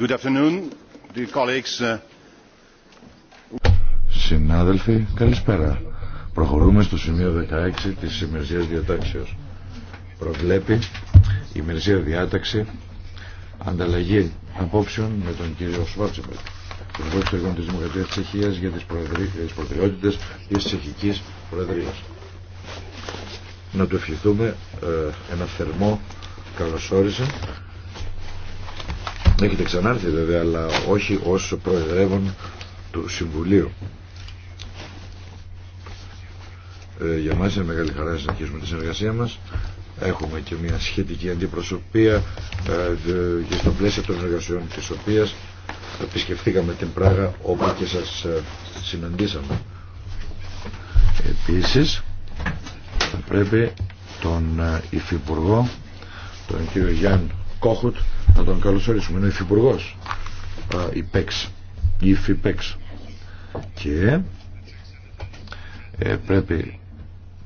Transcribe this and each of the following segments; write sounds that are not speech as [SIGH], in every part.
Good uh, Συνάδελφοι, καλησπέρα. Προχωρούμε στο σημείο 16 της ημερησίας διατάξεως. Προβλέπει η ημερησία διάταξη ανταλλαγή απόψεων με τον κύριο Σβάτσεμπερκ, Τον Εξωτερικών της Δημοκρατίας Τσεχίας για τις προτεραιότητες της Τσεχικής Προεδρίας. Να του ευχηθούμε ε, ένα θερμό καλωσόρισε Έχετε ξανάρθει βέβαια, αλλά όχι ως προεδρεύων του Συμβουλίου. Ε, για μας είναι μεγάλη χαρά να συνεχίσουμε τη συνεργασία μας. Έχουμε και μια σχετική αντιπροσωπεία ε, και στο πλαίσιο των εργασιών της οποίας επισκεφθήκαμε την Πράγα όπου και σας ε, συναντήσαμε. Επίσης πρέπει τον ε, Υφυπουργό τον κύριο Γιάννη Κόχουτ να τον καλωσορίσουμε. Είναι ο υφυπουργό η ΙΦΙΠΕΞ. Και ε, πρέπει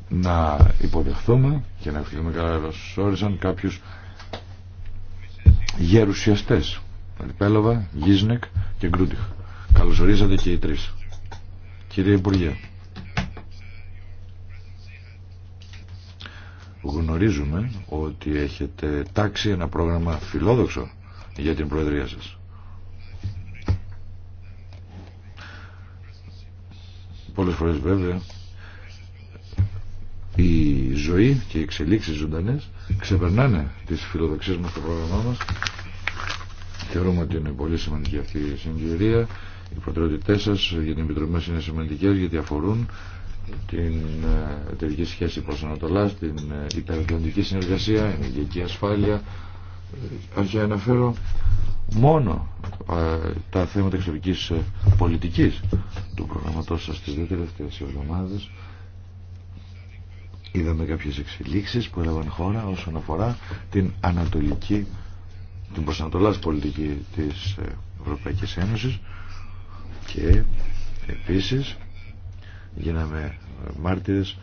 να υποδεχθούμε και να ευχηθούμε καλωσόρισαν κάποιους γερουσιαστές. Πέλοβα, Γίζνεκ και Γκρούτιχ. Καλωσορίσατε και οι τρεις. Κύριε Υπουργέ. γνωρίζουμε ότι έχετε τάξει ένα πρόγραμμα φιλόδοξο για την Προεδρία σας. Πολλές φορές βέβαια η ζωή και οι εξελίξεις ζωντανές ξεπερνάνε τις φιλοδοξίες μας στο πρόγραμμά μας. Θεωρούμε ότι είναι πολύ σημαντική αυτή η συγκυρία. Οι προτεραιότητές σας για την Επιτροπή μας είναι σημαντικές γιατί αφορούν την ε, εταιρική σχέση προς Ανατολάς, την ε, υπερατλαντική συνεργασία, ενεργειακή ασφάλεια. Για ε, αναφέρω μόνο τα θέματα εξωτερική πολιτικής του προγραμματός σας τις δύο τελευταίες εβδομάδες είδαμε κάποιες εξελίξεις που έλαβαν χώρα όσον αφορά την ανατολική την προσανατολάς πολιτική της Ευρωπαϊκής Ένωσης και επίσης γίναμε μάρτυρες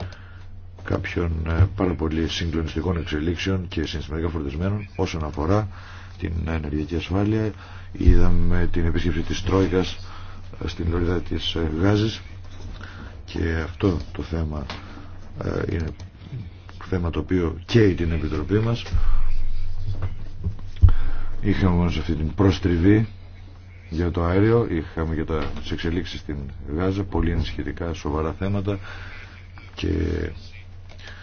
κάποιων ε, πάρα πολύ συγκλονιστικών εξελίξεων και συναισθηματικά φορτισμένων όσον αφορά την ενεργειακή ασφάλεια. Είδαμε την επίσκεψη της Τρόικας ε, στην Λωρίδα της ε, Γάζης και αυτό το θέμα είναι θέμα το οποίο καίει την Επιτροπή μας. Είχαμε όμως αυτή την προστριβή για το αέριο, είχαμε και τι εξελίξει στην Γάζα, πολύ ενισχυτικά σοβαρά θέματα και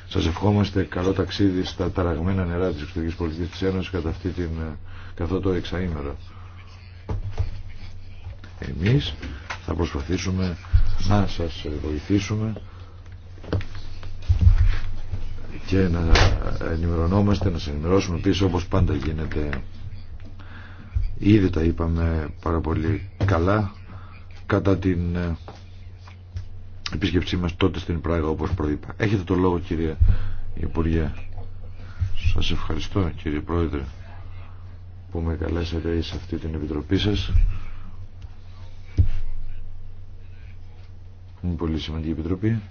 σας ευχόμαστε καλό ταξίδι στα ταραγμένα νερά της εξωτερικής πολιτικής της Ένωσης κατά αυτή την, καθό το εξαήμερο. Εμείς θα προσπαθήσουμε να σας βοηθήσουμε και να ενημερωνόμαστε, να σας ενημερώσουμε πίσω όπως πάντα γίνεται Ήδη τα είπαμε πάρα πολύ καλά κατά την ε, επίσκεψή μας τότε στην Πράγα όπως προείπα. Έχετε το λόγο κύριε Υπουργέ. Σας ευχαριστώ κύριε Πρόεδρε που με καλέσατε σε αυτή την επιτροπή σας. Είναι πολύ σημαντική επιτροπή.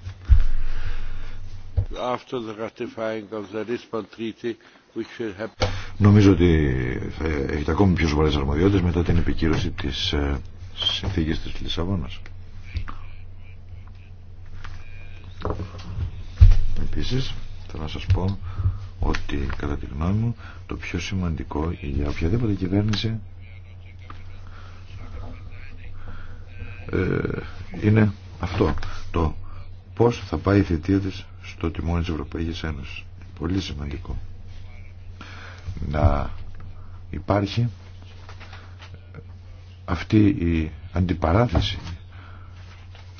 After the ratifying of the Νομίζω ότι θα έχετε ακόμη πιο σοβαρέ αρμοδιότητε μετά την επικύρωση τη ε, συνθήκη τη Λισαβόνα. Επίση, θέλω να σα πω ότι κατά τη γνώμη μου το πιο σημαντικό για οποιαδήποτε κυβέρνηση ε, είναι αυτό το πώς θα πάει η θητεία της στο τιμόνι της Ευρωπαϊκής Ένωσης πολύ σημαντικό να υπάρχει αυτή η αντιπαράθεση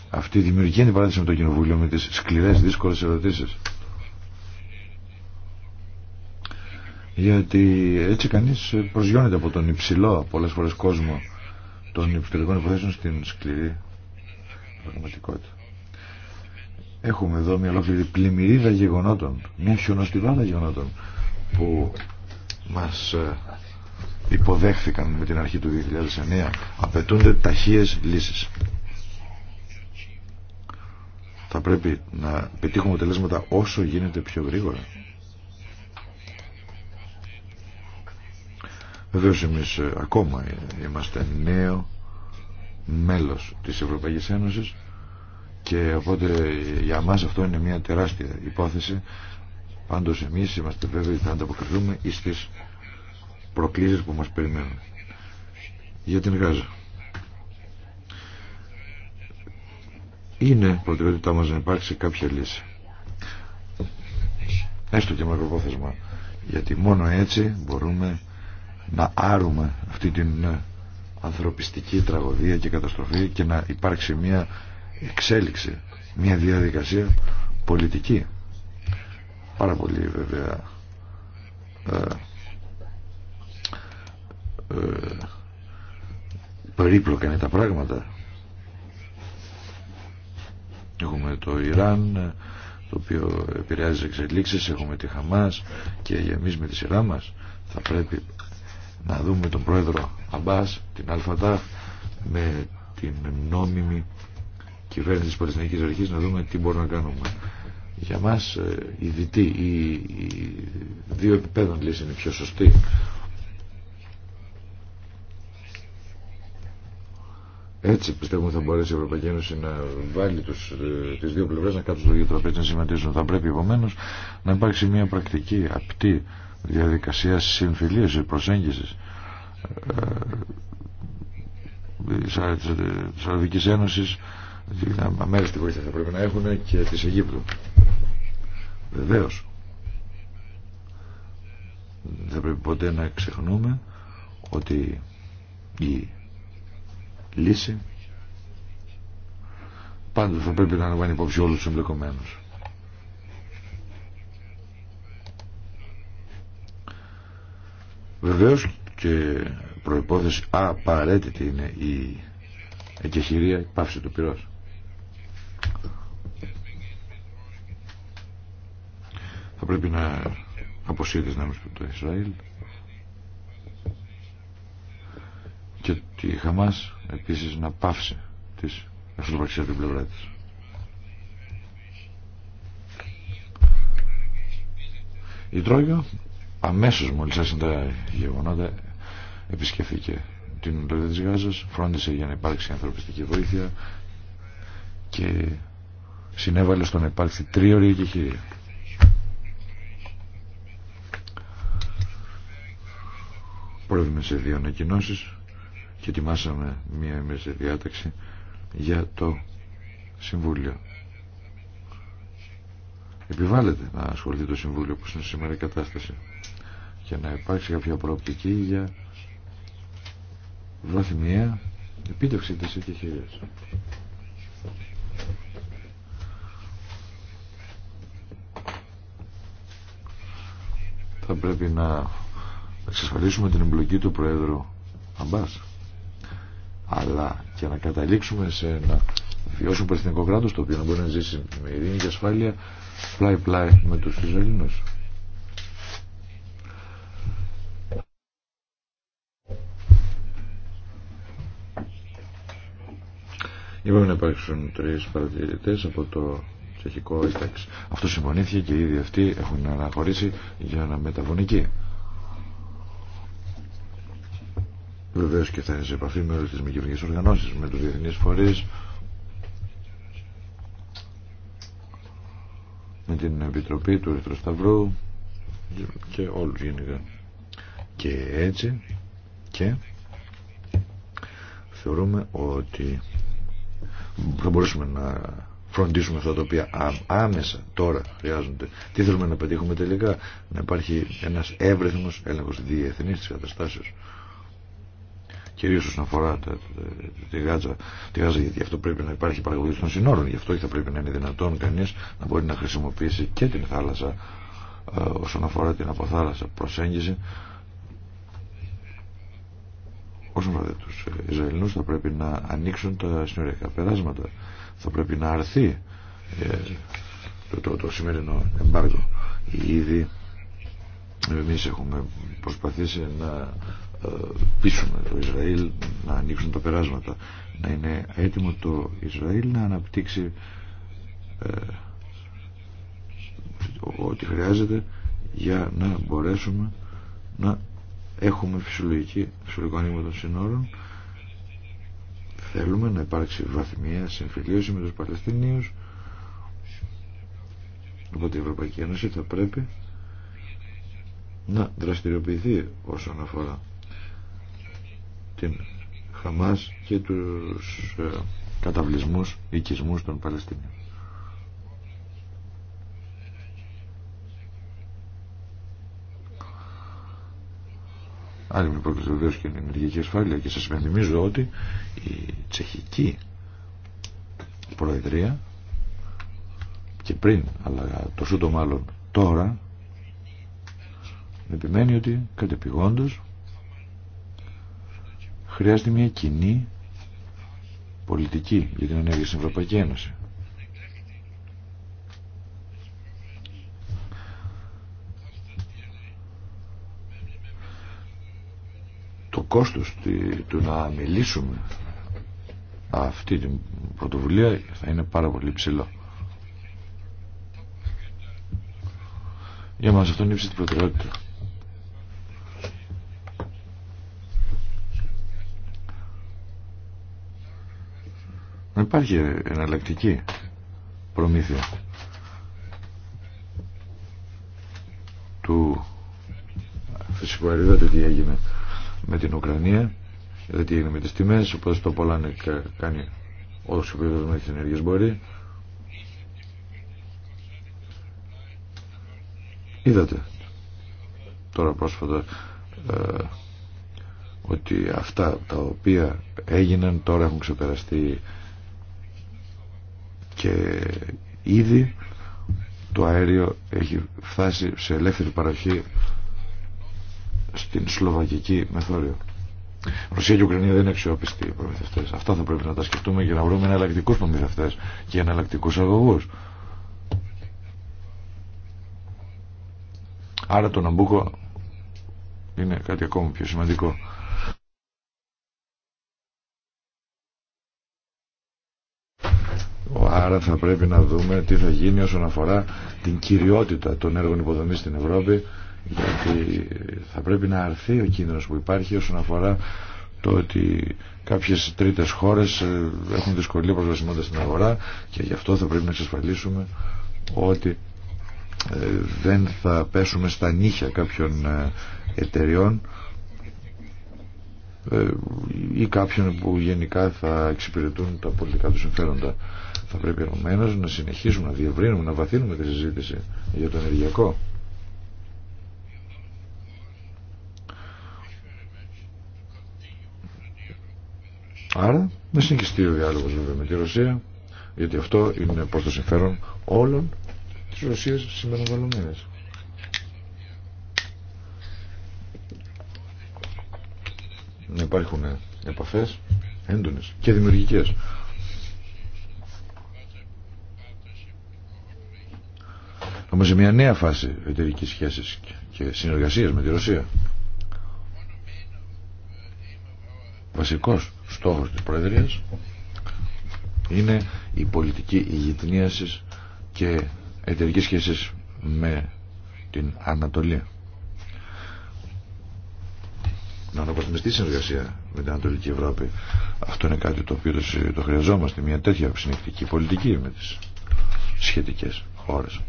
αυτή η δημιουργική αντιπαράθεση με το Κοινοβούλιο με τις σκληρές δύσκολες ερωτήσεις γιατί έτσι κανείς προσγιώνεται από τον υψηλό πολλές φορές κόσμο των υπηρετικών υποθέσεων στην σκληρή πραγματικότητα. Έχουμε εδώ μια ολόκληρη πλημμυρίδα γεγονότων, μια χιονοστιβάδα γεγονότων που μας ε, υποδέχθηκαν με την αρχή του 2009 απαιτούνται ταχείες λύσεις θα πρέπει να πετύχουμε αποτελέσματα όσο γίνεται πιο γρήγορα βεβαίως εμείς ε, ακόμα είμαστε νέο μέλος της Ευρωπαϊκής Ένωσης και οπότε για μας αυτό είναι μια τεράστια υπόθεση Πάντως εμείς είμαστε βέβαιοι θα ανταποκριθούμε εις τις προκλήσεις που μας περιμένουν. Για την Γάζα. Είναι προτεραιότητά μας να υπάρξει κάποια λύση. Έστω και προπόθεσμα Γιατί μόνο έτσι μπορούμε να άρουμε αυτή την ε, ανθρωπιστική τραγωδία και καταστροφή και να υπάρξει μια εξέλιξη, μια διαδικασία πολιτική πάρα πολύ βέβαια ε, ε, περίπλοκα είναι τα πράγματα έχουμε το Ιράν το οποίο επηρεάζει τις εξελίξεις έχουμε τη Χαμάς και εμείς με τη σειρά μας θα πρέπει να δούμε τον πρόεδρο Αμπάς την Αλφατά με την νόμιμη κυβέρνηση της Παλαιστινικής Αρχής να δούμε τι μπορούμε να κάνουμε για μας ε, η δυτή, η, η δύο επιπέδων λύση είναι πιο σωστή. Έτσι πιστεύουμε θα μπορέσει η Ευρωπαϊκή Ένωση να βάλει τους, ε, τις δύο πλευρές να κάτσουν στο ίδιο τραπέζι να συμμετήσουν. Θα πρέπει επομένως να υπάρξει μια πρακτική απτή διαδικασία ή προσέγγισης ε, της Αραβικής Ένωσης αμέσως τη βοήθεια θα πρέπει να έχουν και τη Αιγύπτου. Βεβαίως. Δεν θα πρέπει ποτέ να ξεχνούμε ότι η λύση πάντοτε θα πρέπει να λαμβάνει υπόψη όλους τους εμπλεκομένους. Βεβαίως και προϋπόθεση απαραίτητη είναι η εκεχηρία, η πάυση του πυρός. θα πρέπει να αποσύρει να του το Ισραήλ και τη Χαμάς επίσης να πάυσει τις αυτοπαξίες την πλευρά της. Η Τρόγιο αμέσως μόλις άρχισαν τα γεγονότα επισκεφθήκε την πλευρά της Γάζας, φρόντισε για να υπάρξει ανθρωπιστική βοήθεια και συνέβαλε στο να υπάρξει τρίωρη και πρόβλημα σε δύο ανακοινώσει και ετοιμάσαμε μία μέση διάταξη για το Συμβούλιο. Επιβάλλεται να ασχοληθεί το Συμβούλιο που είναι σήμερα η κατάσταση και να υπάρξει κάποια προοπτική για βαθμία επίτευξη της επιτυχίας. Θα πρέπει να εξασφαλίσουμε την εμπλοκή του Προέδρου Αμπάς αλλά και να καταλήξουμε σε ένα βιώσιμο πολιτικό κράτο, το οποίο να μπορεί να ζήσει με ειρήνη και ασφάλεια πλάι πλάι με του Ισραηλινού. Είπαμε να υπάρξουν τρει παρατηρητέ από το τσεχικό ΙΤΑΞ. Αυτό συμφωνήθηκε και ήδη αυτοί έχουν αναχωρήσει για να μεταβούν Βεβαίως και θα είναι σε επαφή με όλες τις μη οργανώσεις, με τους διεθνείς φορείς, με την Επιτροπή του Ερυθροσταυρού και όλους γενικά. Και έτσι και θεωρούμε ότι θα μπορούσαμε να φροντίσουμε αυτά τα οποία άμεσα τώρα χρειάζονται. Τι θέλουμε να πετύχουμε τελικά, να υπάρχει ένας εύρεθμος έλεγχος διεθνής της καταστάσεως κυρίως όσον αφορά τη Γάζα, τη Γάζα γιατί αυτό πρέπει να υπάρχει παραγωγή των συνόρων γι' αυτό θα πρέπει να είναι δυνατόν κανεί να μπορεί να χρησιμοποιήσει και την θάλασσα ε, όσον αφορά την αποθάλασσα προσέγγιση όσον αφορά τους Ισραηλινού, θα πρέπει να ανοίξουν τα συνοριακά περάσματα θα πρέπει να αρθεί ε, το, το, το σημερινό εμπάργο ήδη εμεί έχουμε προσπαθήσει να πείσουμε το Ισραήλ να ανοίξουν τα περάσματα να είναι έτοιμο το Ισραήλ να αναπτύξει ε, ό,τι χρειάζεται για να μπορέσουμε να έχουμε φυσιολογική φυσιολογικό ανοίγμα των συνόρων θέλουμε να υπάρξει βαθμία συμφιλίωση με τους Παλαιστινίους οπότε η Ευρωπαϊκή Ένωση θα πρέπει να δραστηριοποιηθεί όσον αφορά την Χαμάς και τους ε, καταβλισμούς, οικισμούς των Παλαιστινίων. Άλλη μια πρόκληση βεβαίω και είναι η ενεργειακή ασφάλεια και σας υπενθυμίζω ότι η τσεχική προεδρία και πριν αλλά το μάλλον τώρα επιμένει ότι κατεπηγόντως Χρειάζεται μια κοινή πολιτική για την ενέργεια στην Ευρωπαϊκή Ένωση. Το κόστος του να μιλήσουμε αυτή την πρωτοβουλία θα είναι πάρα πολύ ψηλό. Για μας αυτό είναι η προτεραιότητα. υπάρχει εναλλακτική προμήθεια του φυσικού αερίου, δηλαδή τι έγινε με την Ουκρανία, δηλαδή τι έγινε με τις τιμές, οπότε το πολλά κάνει όσο πιο με τις ενέργειες μπορεί. Είδατε τώρα πρόσφατα ε, ότι αυτά τα οποία έγιναν τώρα έχουν ξεπεραστεί και ήδη το αέριο έχει φτάσει σε ελεύθερη παροχή στην Σλοβακική Μεθόριο. Ρωσία και Ουκρανία δεν είναι αξιόπιστοι προμηθευτέ. Αυτά θα πρέπει να τα σκεφτούμε για να βρούμε εναλλακτικού προμηθευτέ και εναλλακτικού αγωγού. Άρα το Ναμπούκο είναι κάτι ακόμα πιο σημαντικό. Άρα θα πρέπει να δούμε τι θα γίνει όσον αφορά την κυριότητα των έργων υποδομής στην Ευρώπη γιατί θα πρέπει να αρθεί ο κίνδυνος που υπάρχει όσον αφορά το ότι κάποιες τρίτες χώρες ε, έχουν δυσκολία προσβασιμότητα στην αγορά και γι' αυτό θα πρέπει να εξασφαλίσουμε ότι ε, δεν θα πέσουμε στα νύχια κάποιων ε, εταιριών ή κάποιων που γενικά θα εξυπηρετούν τα πολιτικά του συμφέροντα. Θα πρέπει επομένω να συνεχίσουμε να διευρύνουμε, να βαθύνουμε τη συζήτηση για το ενεργειακό. Άρα να συνεχιστεί ο διάλογος με τη Ρωσία γιατί αυτό είναι προ το συμφέρον όλων της Ρωσίας συμμενοβαλλομένες. Να υπάρχουν επαφές έντονες και δημιουργικές Όμω σε μια νέα φάση εταιρική σχέση και συνεργασία με τη Ρωσία. Βασικό στόχος της Προεδρία είναι η πολιτική ηγετνίασης και εταιρική σχέση με την Ανατολή. Να αναβαθμιστεί η συνεργασία με την Ανατολική Ευρώπη. Αυτό είναι κάτι το οποίο το χρειαζόμαστε. Μια τέτοια συνεχτική πολιτική με τις σχετικές χώρες.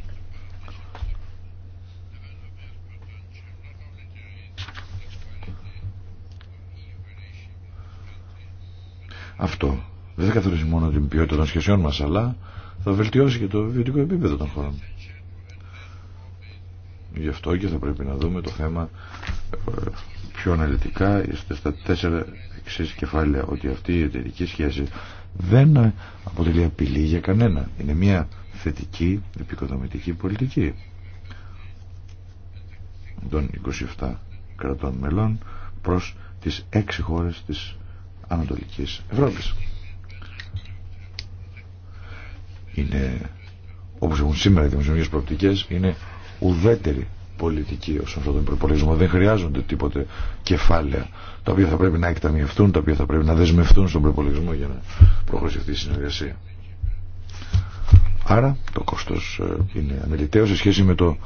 Αυτό δεν θα καθορίσει μόνο την ποιότητα των σχεσιών μας, αλλά θα βελτιώσει και το βιωτικό επίπεδο των χωρών. Γι' αυτό και θα πρέπει να δούμε το θέμα ε, πιο αναλυτικά στα τέσσερα εξή κεφάλαια ότι αυτή η εταιρική σχέση δεν αποτελεί απειλή για κανένα. Είναι μια θετική επικοδομητική πολιτική των 27 κρατών μελών προς τις έξι χώρες της Ανατολικής Ευρώπης. Είναι, όπως έχουν σήμερα οι δημοσιονομικές προοπτικές, είναι ουδέτερη πολιτική όσον αυτόν τον προπολογισμό. Δεν χρειάζονται τίποτε κεφάλαια τα οποία θα πρέπει να εκταμιευτούν, τα οποία θα πρέπει να δεσμευτούν στον προπολογισμό για να προχωρήσει αυτή η συνεργασία. Άρα το κόστος ε, είναι αμεληταίο σε σχέση με το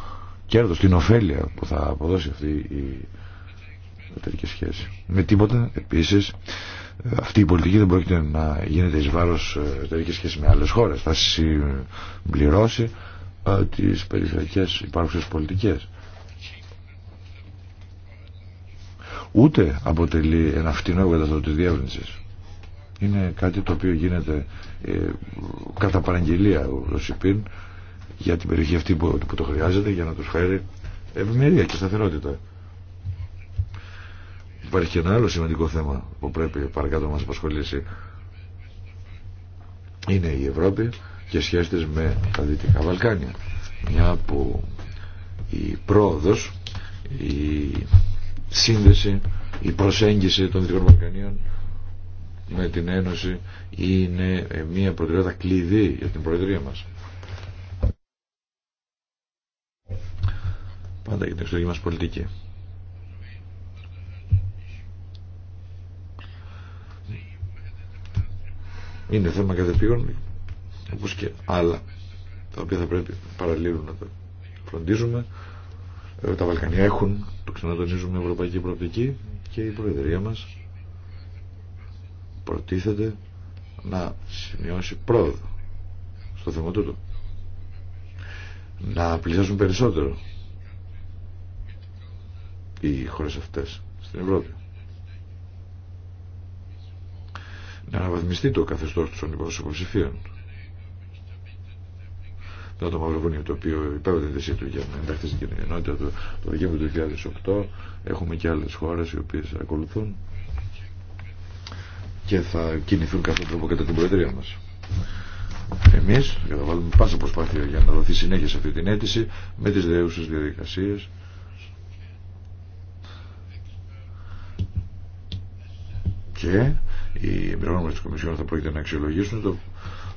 κέρδος, την ωφέλεια που θα αποδώσει αυτή η εταιρική σχέση. Με τίποτα επίσης αυτή η πολιτική δεν πρόκειται να γίνεται εις βάρος ε, εταιρικής σχέση με άλλες χώρες. Θα συμπληρώσει ε, τις περιφερειακές υπάρχουσες πολιτικές. Ούτε αποτελεί ένα φτηνό εγκαταστατό της διεύρυνσης. Είναι κάτι το οποίο γίνεται ε, κατά παραγγελία ο Ρωσιπίν για την περιοχή αυτή που, που το χρειάζεται για να τους φέρει ευημερία και σταθερότητα. Υπάρχει και ένα άλλο σημαντικό θέμα που πρέπει παρακάτω να μας απασχολήσει. Είναι η Ευρώπη και σχέσεις με τα Δυτικά Βαλκάνια. Μια που η πρόοδος, η σύνδεση, η προσέγγιση των Δυτικών Βαλκανίων με την Ένωση είναι μια προτεραιότητα κλειδί για την Προεδρία μας. Πάντα για την εξωτερική μας πολιτική. Είναι θέμα κατεπήγων όπως και άλλα τα οποία θα πρέπει παραλύρου να τα φροντίζουμε. Ε, τα Βαλκανία έχουν, το ξανατονίζουμε, ευρωπαϊκή προοπτική και η Προεδρία μας προτίθεται να σημειώσει πρόοδο στο θέμα τούτο. Να πλησιάσουν περισσότερο οι χώρες αυτές στην Ευρώπη. να αναβαθμιστεί το καθεστώς των υποψηφίων. Μετά το Μαυροβούνιο, το οποίο υπέβαλε τη θέση του για να ενταχθεί στην κοινωνία το, το Δεκέμβριο του 2008, έχουμε και άλλες χώρες οι οποίες ακολουθούν και θα κινηθούν τον τρόπο κατά την Προεδρία μας. Εμείς καταβάλουμε πάσα προσπάθεια για να δοθεί συνέχεια σε αυτή την αίτηση με τις δέουσες διαδικασίες και οι εμπειρογνώμονε τη Κομισιόν θα πρόκειται να αξιολογήσουν το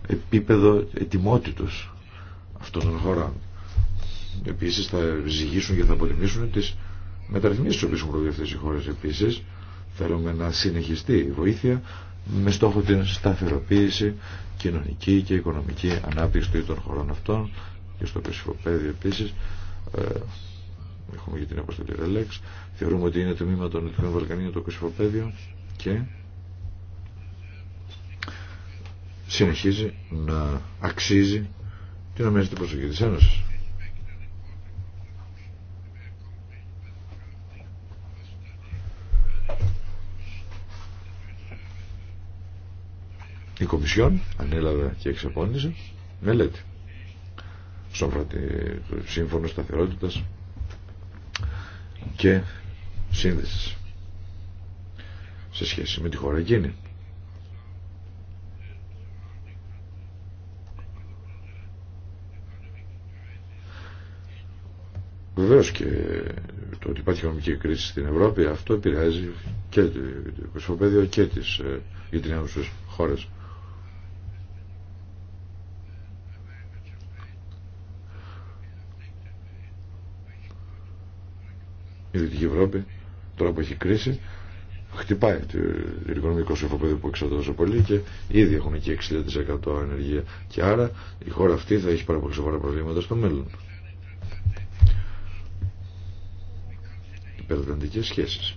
επίπεδο ετοιμότητο αυτών των χωρών. Επίση θα ζυγίσουν και θα αποτιμήσουν τι μεταρρυθμίσει που έχουν προβεί αυτέ οι χώρε επίση. θέλουμε να συνεχιστεί η βοήθεια με στόχο την σταθεροποίηση κοινωνική και οικονομική ανάπτυξη των χωρών αυτών και στο Πεσυφοπέδιο επίση, ε, έχουμε και την αποστολή Ρελέξ θεωρούμε ότι είναι το μήμα των Δυτικών Βαλκανίων το Πεσυφοπέδιο και συνεχίζει να αξίζει την αμέσως προσοχή της Ένωσης. Η Κομισιόν ανέλαβε και εξεπώνησε μελέτη στον σύμφωνο σταθερότητας και σύνδεσης σε σχέση με τη χώρα εκείνη. Βεβαίω και το ότι υπάρχει οικονομική κρίση στην Ευρώπη αυτό επηρεάζει και το κοσμοπέδιο και τις ε, γειτονιάζουσες χώρες. Η Δυτική Ευρώπη τώρα που έχει κρίση χτυπάει το οικονομικό σοφοπέδιο που εξαρτάται τόσο πολύ και ήδη έχουν εκεί 60% ανεργία και άρα η χώρα αυτή θα έχει πάρα πολύ σοβαρά προβλήματα στο μέλλον. διατλαντικές σχέσεις.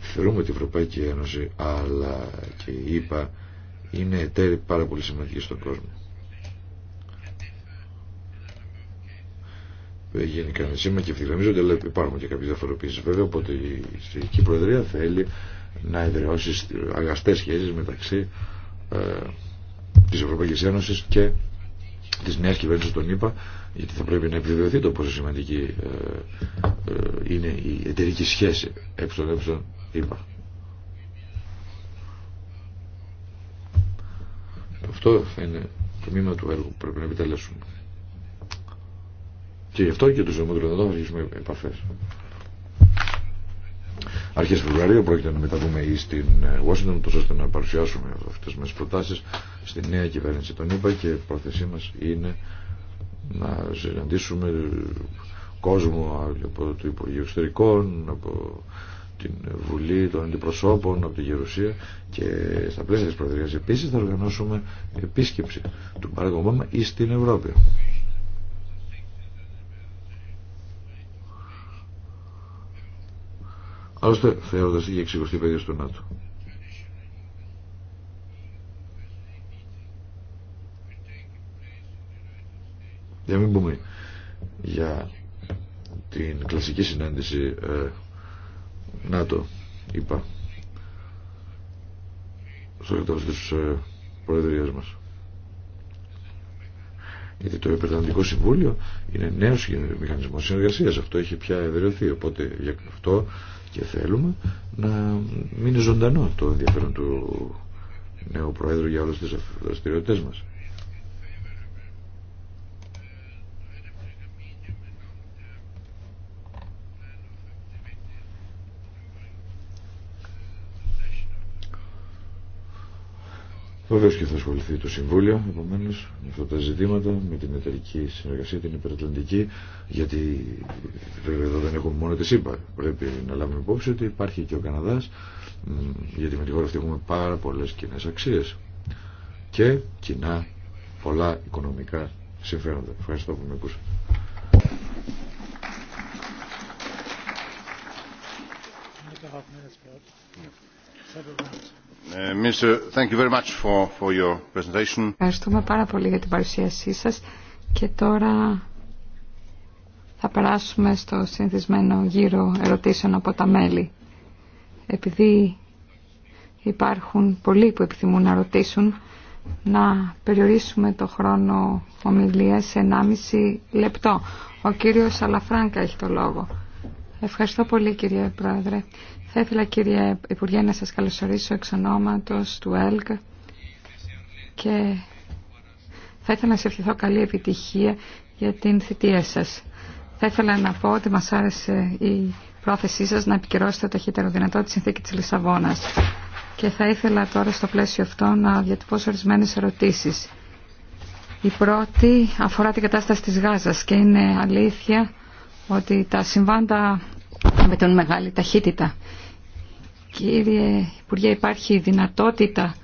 Θεωρούμε ότι η Ευρωπαϊκή Ένωση αλλά και η ΕΠΑ είναι εταίροι πάρα πολύ σημαντικοί στον κόσμο. Γενικά κανένα σήμα και ευθυγραμμίζονται, αλλά υπάρχουν και κάποιε διαφοροποιήσει βέβαια. Οπότε η Συνδική Προεδρία θέλει να εδραιώσει αγαστέ σχέσει μεταξύ ε, τη Ευρωπαϊκή Ένωση και Τη νέα κυβέρνηση των ΗΠΑ γιατί θα πρέπει να επιβεβαιωθεί το πόσο σημαντική ε, ε, είναι η εταιρική σχέση των ΗΠΑ. Αυτό θα είναι το μήμα του έργου που πρέπει να επιτελέσουμε. Και γι' αυτό και του ζωμούντρου του θα αρχίσουμε επαφές αρχές Φεβρουαρίου πρόκειται να μεταβούμε ή στην ε, Washington τόσο ώστε να παρουσιάσουμε αυτές τις προτάσεις στη νέα κυβέρνηση των ΗΠΑ και η πρόθεσή μας είναι να συναντήσουμε κόσμο από το Υπουργείο Εξωτερικών, από την Βουλή των Αντιπροσώπων, από τη Γερουσία και στα πλαίσια της Προεδρίας επίσης θα οργανώσουμε επίσκεψη του Μπαράκ ή στην Ευρώπη. Άλλωστε θεωρώντας είχε εξηγωστεί παιδιά του ΝΑΤΟ. Για μην πούμε για την κλασική συνάντηση ε, ΝΑΤΟ, είπα, στο κατάλληλο της ε, Προεδρίας μας. Γιατί το Υπερταντικό Συμβούλιο είναι νέος μηχανισμός συνεργασίας. Αυτό έχει πια εδραιωθεί. Οπότε για αυτό και θέλουμε να μείνει ζωντανό το ενδιαφέρον του νέου Προέδρου για όλες τις δραστηριότητε μας. Βεβαίω και θα ασχοληθεί το Συμβούλιο, επομένω, με αυτά τα ζητήματα, με την εταιρική συνεργασία, την υπερατλαντική, γιατί βέβαια εδώ δεν έχουμε μόνο τη ΣΥΠΑ. Πρέπει να λάβουμε υπόψη ότι υπάρχει και ο Καναδά, γιατί με τη χώρα αυτή έχουμε πάρα πολλέ κοινέ αξίε και κοινά πολλά οικονομικά συμφέροντα. Ευχαριστώ που με ακούσατε. Ε, Ευχαριστούμε πάρα πολύ για την παρουσίασή σας και τώρα θα περάσουμε στο συνηθισμένο γύρο ερωτήσεων από τα μέλη. Επειδή υπάρχουν πολλοί που επιθυμούν να ρωτήσουν, να περιορίσουμε το χρόνο ομιλίας σε 1,5 λεπτό. Ο κύριος Αλαφράνκα έχει το λόγο. Ευχαριστώ πολύ κύριε Πρόεδρε. Θα ήθελα κύριε Υπουργέ να σας καλωσορίσω εξ ονόματος του ΕΛΚ και θα ήθελα να σε ευχηθώ καλή επιτυχία για την θητεία σας. Θα ήθελα να πω ότι μας άρεσε η πρόθεσή σας να επικυρώσετε το ταχύτερο δυνατό τη συνθήκη της Λισαβόνας. Και θα ήθελα τώρα στο πλαίσιο αυτό να διατυπώσω ορισμένες ερωτήσεις. Η πρώτη αφορά την κατάσταση της Γάζας και είναι αλήθεια ότι τα συμβάντα με τον μεγάλη ταχύτητα Κύριε Υπουργέ, υπάρχει δυνατότητα,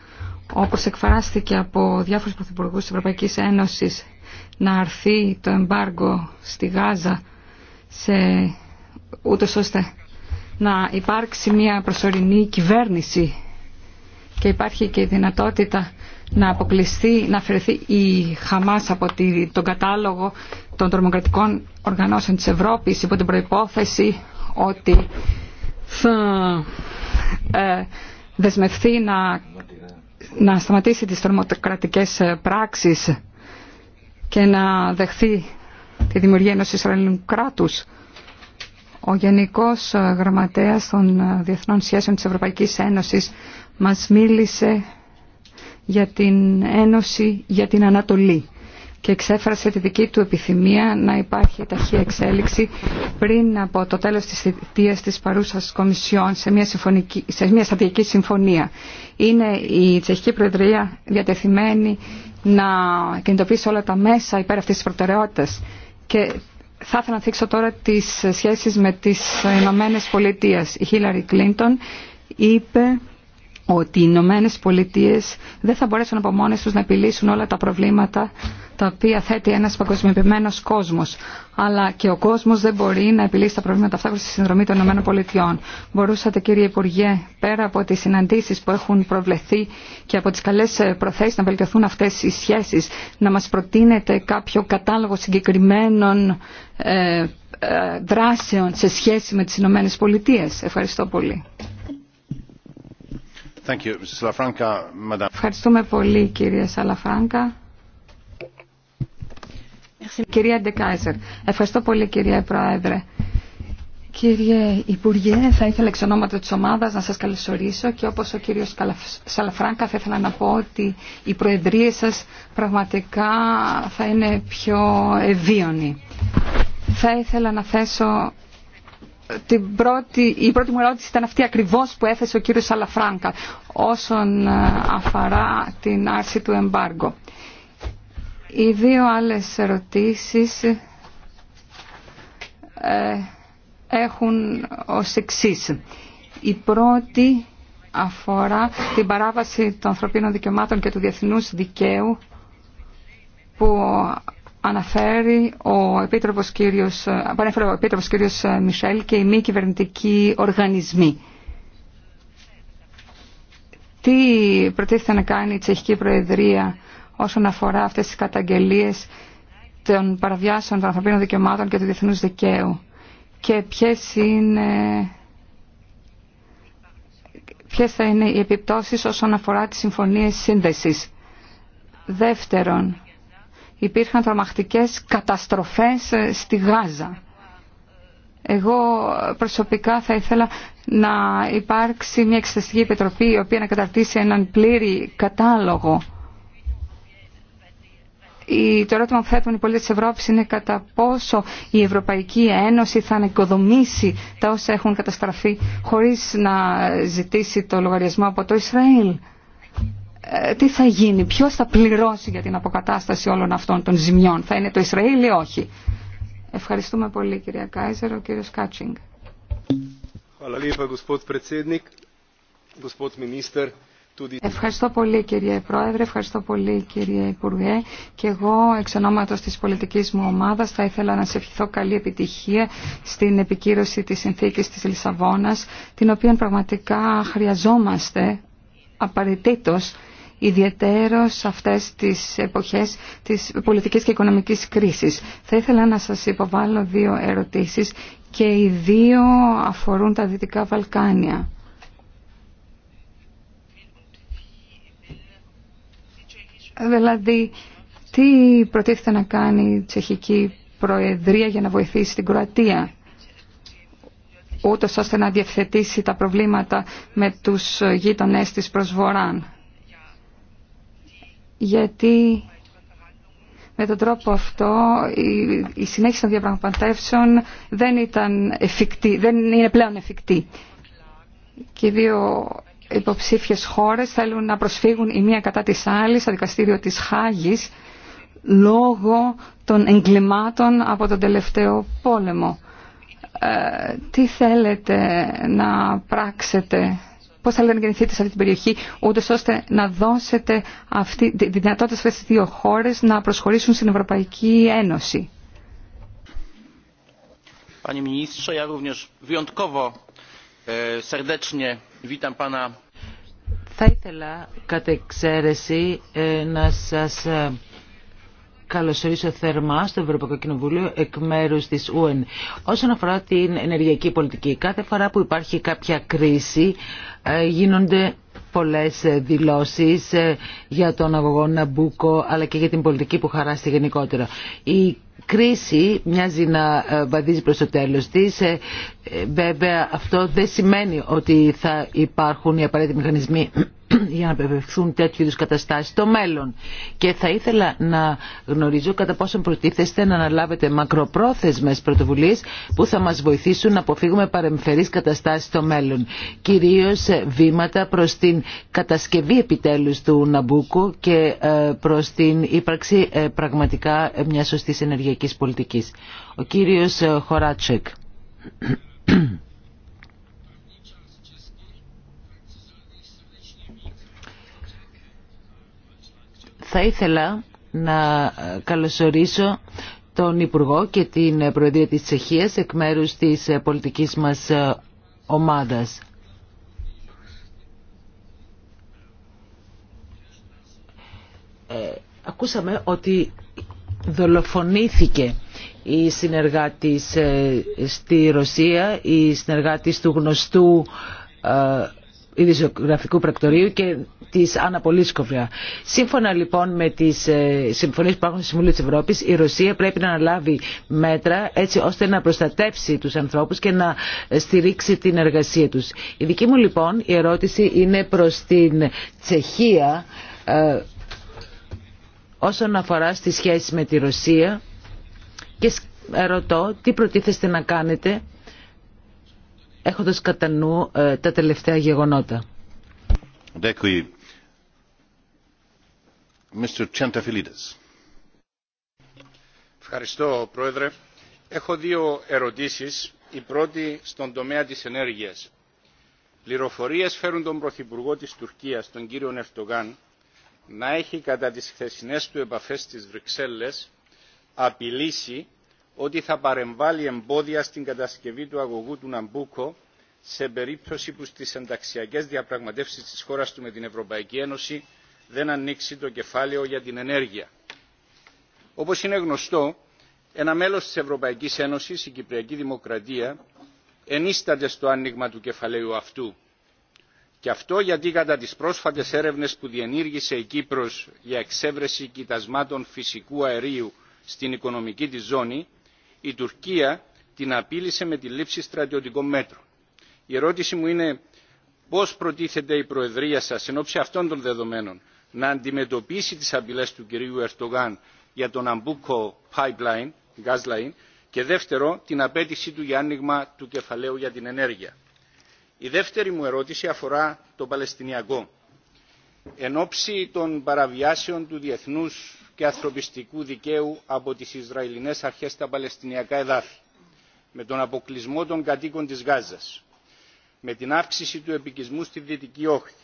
όπως εκφράστηκε από διάφορους πρωθυπουργούς της Ευρωπαϊκής Ένωσης, να αρθεί το εμπάργκο στη Γάζα, σε... ούτως ώστε να υπάρξει μια προσωρινή κυβέρνηση και υπάρχει και η δυνατότητα να αποκλειστεί, να αφαιρεθεί η Χαμάς από τον κατάλογο των τρομοκρατικών οργανώσεων της Ευρώπης υπό την προϋπόθεση ότι ε, δεσμευθεί να, να σταματήσει τις τρομοκρατικές ε, πράξεις και να δεχθεί τη δημιουργία ενός Ισραηλινού κράτους. Ο Γενικός ε, Γραμματέας των Διεθνών Σχέσεων της Ευρωπαϊκής Ένωσης μας μίλησε για την Ένωση για την Ανατολή και εξέφρασε τη δική του επιθυμία να υπάρχει ταχεία εξέλιξη πριν από το τέλος της θητείας της παρούσας Κομισιόν σε μια, συμφωνική, σε μια συμφωνία. Είναι η Τσεχική Προεδρία διατεθειμένη να κινητοποιήσει όλα τα μέσα υπέρ αυτής της προτεραιότητας και θα ήθελα να θίξω τώρα τις σχέσεις με τις Ηνωμένε Πολιτείες. Η Χίλαρη Κλίντον είπε ότι οι Ηνωμένε Πολιτείε δεν θα μπορέσουν από μόνε του να επιλύσουν όλα τα προβλήματα τα οποία θέτει ένα παγκοσμιοποιημένο κόσμο. Αλλά και ο κόσμο δεν μπορεί να επιλύσει τα προβλήματα αυτά χωρί τη συνδρομή των Ηνωμένων Πολιτειών. Μπορούσατε, κύριε Υπουργέ, πέρα από τι συναντήσει που έχουν προβλεφθεί και από τι καλέ ε, προθέσει να βελτιωθούν αυτέ οι σχέσει, να μα προτείνετε κάποιο κατάλογο συγκεκριμένων ε, ε, δράσεων σε σχέση με τι Ηνωμένε Πολιτείε. Ευχαριστώ πολύ. Ευχαριστούμε πολύ κυρία Σαλαφράνκα. Κυρία Ντεκάιζερ, ευχαριστώ πολύ κυρία Πρόεδρε. Κύριε Υπουργέ, θα ήθελα εξ ονόματο τη ομάδα να σα καλωσορίσω και όπω ο κύριο Σαλαφράνκα θα ήθελα να πω ότι η προεδρία σα πραγματικά θα είναι πιο ευίωνη. Θα ήθελα να θέσω πρώτη, η πρώτη μου ερώτηση ήταν αυτή ακριβώς που έθεσε ο κύριος Σαλαφράγκα όσον ε, αφορά την άρση του εμπάργκο. Οι δύο άλλες ερωτήσεις ε, έχουν ως εξής. Η πρώτη αφορά την παράβαση των ανθρωπίνων δικαιωμάτων και του διεθνούς δικαίου που αναφέρει ο Επίτροπος κύριος, παρέφερε ο Επίτροπος κύριος Μισελ και οι μη κυβερνητικοί οργανισμοί. Τι προτίθεται να κάνει η Τσεχική Προεδρία όσον αφορά αυτές τις καταγγελίες των παραβιάσεων των ανθρωπίνων δικαιωμάτων και του διεθνούς δικαίου και ποιες ποιες θα είναι οι επιπτώσεις όσον αφορά τις συμφωνίες σύνδεσης. Δεύτερον, υπήρχαν τρομακτικές καταστροφές ε, στη Γάζα. Εγώ προσωπικά θα ήθελα να υπάρξει μια εξεταστική επιτροπή η οποία να καταρτήσει έναν πλήρη κατάλογο. Το ερώτημα που θέτουν οι πολίτες της Ευρώπης είναι κατά πόσο η Ευρωπαϊκή Ένωση θα ανεκοδομήσει τα όσα έχουν καταστραφεί χωρίς να ζητήσει το λογαριασμό από το Ισραήλ. Ε, τι θα γίνει, ποιο θα πληρώσει για την αποκατάσταση όλων αυτών των ζημιών, θα είναι το Ισραήλ ή όχι. Ευχαριστούμε πολύ κυρία Κάιζερ, ο κύριος Κάτσινγκ. Ευχαριστώ πολύ κύριε Πρόεδρε, ευχαριστώ πολύ κύριε Υπουργέ και εγώ εξ ονόματος της πολιτικής μου ομάδας θα ήθελα να σε ευχηθώ καλή επιτυχία στην επικύρωση της συνθήκης της Λισαβόνας την οποία πραγματικά χρειαζόμαστε απαραίτητος Ιδιαίτερο σε αυτές τις εποχές της πολιτικής και οικονομικής κρίσης. Θα ήθελα να σας υποβάλω δύο ερωτήσεις και οι δύο αφορούν τα Δυτικά Βαλκάνια. Δηλαδή, τι προτίθεται να κάνει η Τσεχική Προεδρία για να βοηθήσει την Κροατία ούτως ώστε να διευθετήσει τα προβλήματα με τους γείτονές της προσβοράν γιατί με τον τρόπο αυτό η, συνέχιση των διαπραγματεύσεων δεν, ήταν εφικτή, δεν είναι πλέον εφικτή. Και οι δύο υποψήφιες χώρες θέλουν να προσφύγουν η μία κατά της άλλης στο δικαστήριο της Χάγης λόγω των εγκλημάτων από τον τελευταίο πόλεμο. Ε, τι θέλετε να πράξετε πώς θα λένε γεννηθείτε σε αυτή την περιοχή, ούτως ώστε να δώσετε αυτή, τη δυνατότητα σε αυτές τις δύο χώρες να προσχωρήσουν στην Ευρωπαϊκή Ένωση. E, θα ήθελα κατ' εξαίρεση ε, να σας ε, καλωσορίσω θερμά στο Ευρωπαϊκό Κοινοβούλιο εκ μέρους της ΟΕΝ. Όσον αφορά την ενεργειακή πολιτική, κάθε φορά που υπάρχει κάποια κρίση, ε, γίνονται πολλές ε, δηλώσεις ε, για τον αγωγό Ναμπούκο αλλά και για την πολιτική που χαράστηκε γενικότερα. Η κρίση μοιάζει να βαδίζει προς το τέλος της. Βέβαια αυτό δεν σημαίνει ότι θα υπάρχουν οι απαραίτητοι μηχανισμοί [CLEARS THROAT] για να απευθυνθούν τέτοιου είδου καταστάσει στο μέλλον. Και θα ήθελα να γνωρίζω κατά πόσον προτίθεστε να αναλάβετε μακροπρόθεσμε πρωτοβουλίε που θα μα βοηθήσουν να αποφύγουμε παρεμφερεί καταστάσει στο μέλλον. Κυρίω ε, βήματα προ την κατασκευή επιτέλου του Ναμπούκου και ε, προ την ύπαρξη ε, πραγματικά μια σωστή ενεργειακή πολιτική. Ο κύριο Χωράτσεκ. Θα ήθελα να καλωσορίσω τον Υπουργό και την Προεδρία της Τσεχίας εκ μέρους της πολιτικής μας ομάδας. Ε, ακούσαμε ότι δολοφονήθηκε η συνεργάτης ε, στη Ρωσία, η συνεργάτης του γνωστού ε, ειδησιογραφικού πρακτορείου και της Άννα Σύμφωνα λοιπόν με τις ε, συμφωνίες που υπάρχουν στη Συμβουλή της Ευρώπης, η Ρωσία πρέπει να αναλάβει μέτρα έτσι ώστε να προστατεύσει τους ανθρώπους και να στηρίξει την εργασία τους. Η δική μου λοιπόν η ερώτηση είναι προς την Τσεχία όσον αφορά στις σχέσεις με τη Ρωσία και ρωτώ τι προτίθεστε να κάνετε έχοντας κατά νου ε, τα τελευταία γεγονότα. Ευχαριστώ, Πρόεδρε. Έχω δύο ερωτήσεις. Η πρώτη στον τομέα της ενέργειας. Πληροφορίες φέρουν τον Πρωθυπουργό της Τουρκίας, τον κύριο Νευτογάν, να έχει κατά τις χθεσινές του επαφές στις Βρυξέλλες απειλήσει ότι θα παρεμβάλλει εμπόδια στην κατασκευή του αγωγού του Ναμπούκο σε περίπτωση που στις ενταξιακές διαπραγματεύσεις της χώρας του με την Ευρωπαϊκή Ένωση δεν ανοίξει το κεφάλαιο για την ενέργεια. Όπως είναι γνωστό, ένα μέλος της Ευρωπαϊκής Ένωσης, η Κυπριακή Δημοκρατία, ενίσταται στο άνοιγμα του κεφαλαίου αυτού. Και αυτό γιατί κατά τις πρόσφατες έρευνες που διενήργησε η Κύπρος για εξέβρεση κοιτασμάτων φυσικού αερίου στην οικονομική της ζώνη, η Τουρκία την απείλησε με τη λήψη στρατιωτικών μέτρων. Η ερώτηση μου είναι πώς προτίθεται η Προεδρία σας εν ώψη αυτών των δεδομένων να αντιμετωπίσει τις απειλές του κυρίου Ερτογάν για τον Αμπούκο Pipeline, line, και δεύτερο την απέτηση του για άνοιγμα του κεφαλαίου για την ενέργεια. Η δεύτερη μου ερώτηση αφορά το Παλαιστινιακό. Εν ώψη των παραβιάσεων του διεθνούς και ανθρωπιστικού δικαίου από τις Ισραηλινές αρχές στα Παλαιστινιακά εδάφη, με τον αποκλεισμό των κατοίκων της Γάζας, με την αύξηση του επικισμού στη Δυτική Όχθη,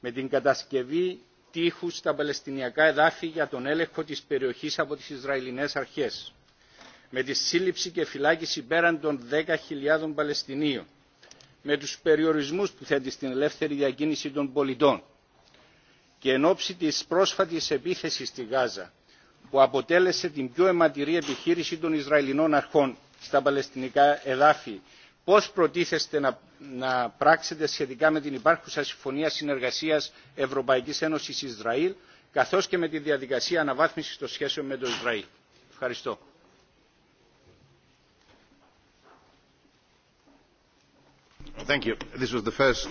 με την κατασκευή τείχου στα Παλαιστινιακά εδάφη για τον έλεγχο της περιοχής από τις Ισραηλινές αρχές, με τη σύλληψη και φυλάκιση πέραν των 10.000 Παλαιστινίων, με τους περιορισμούς που θέτει στην ελεύθερη διακίνηση των πολιτών, και εν ώψη της πρόσφατης επίθεσης στη Γάζα, που αποτέλεσε την πιο αιματηρή επιχείρηση των Ισραηλινών αρχών στα Παλαιστινικά εδάφη, πώς προτίθεστε να, να πράξετε σχετικά με την υπάρχουσα Συμφωνία Συνεργασίας Ευρωπαϊκής Ένωσης Ισραήλ, καθώς και με τη διαδικασία αναβάθμισης των σχέσεων με το Ισραήλ. Ευχαριστώ. Thank you. This was the first...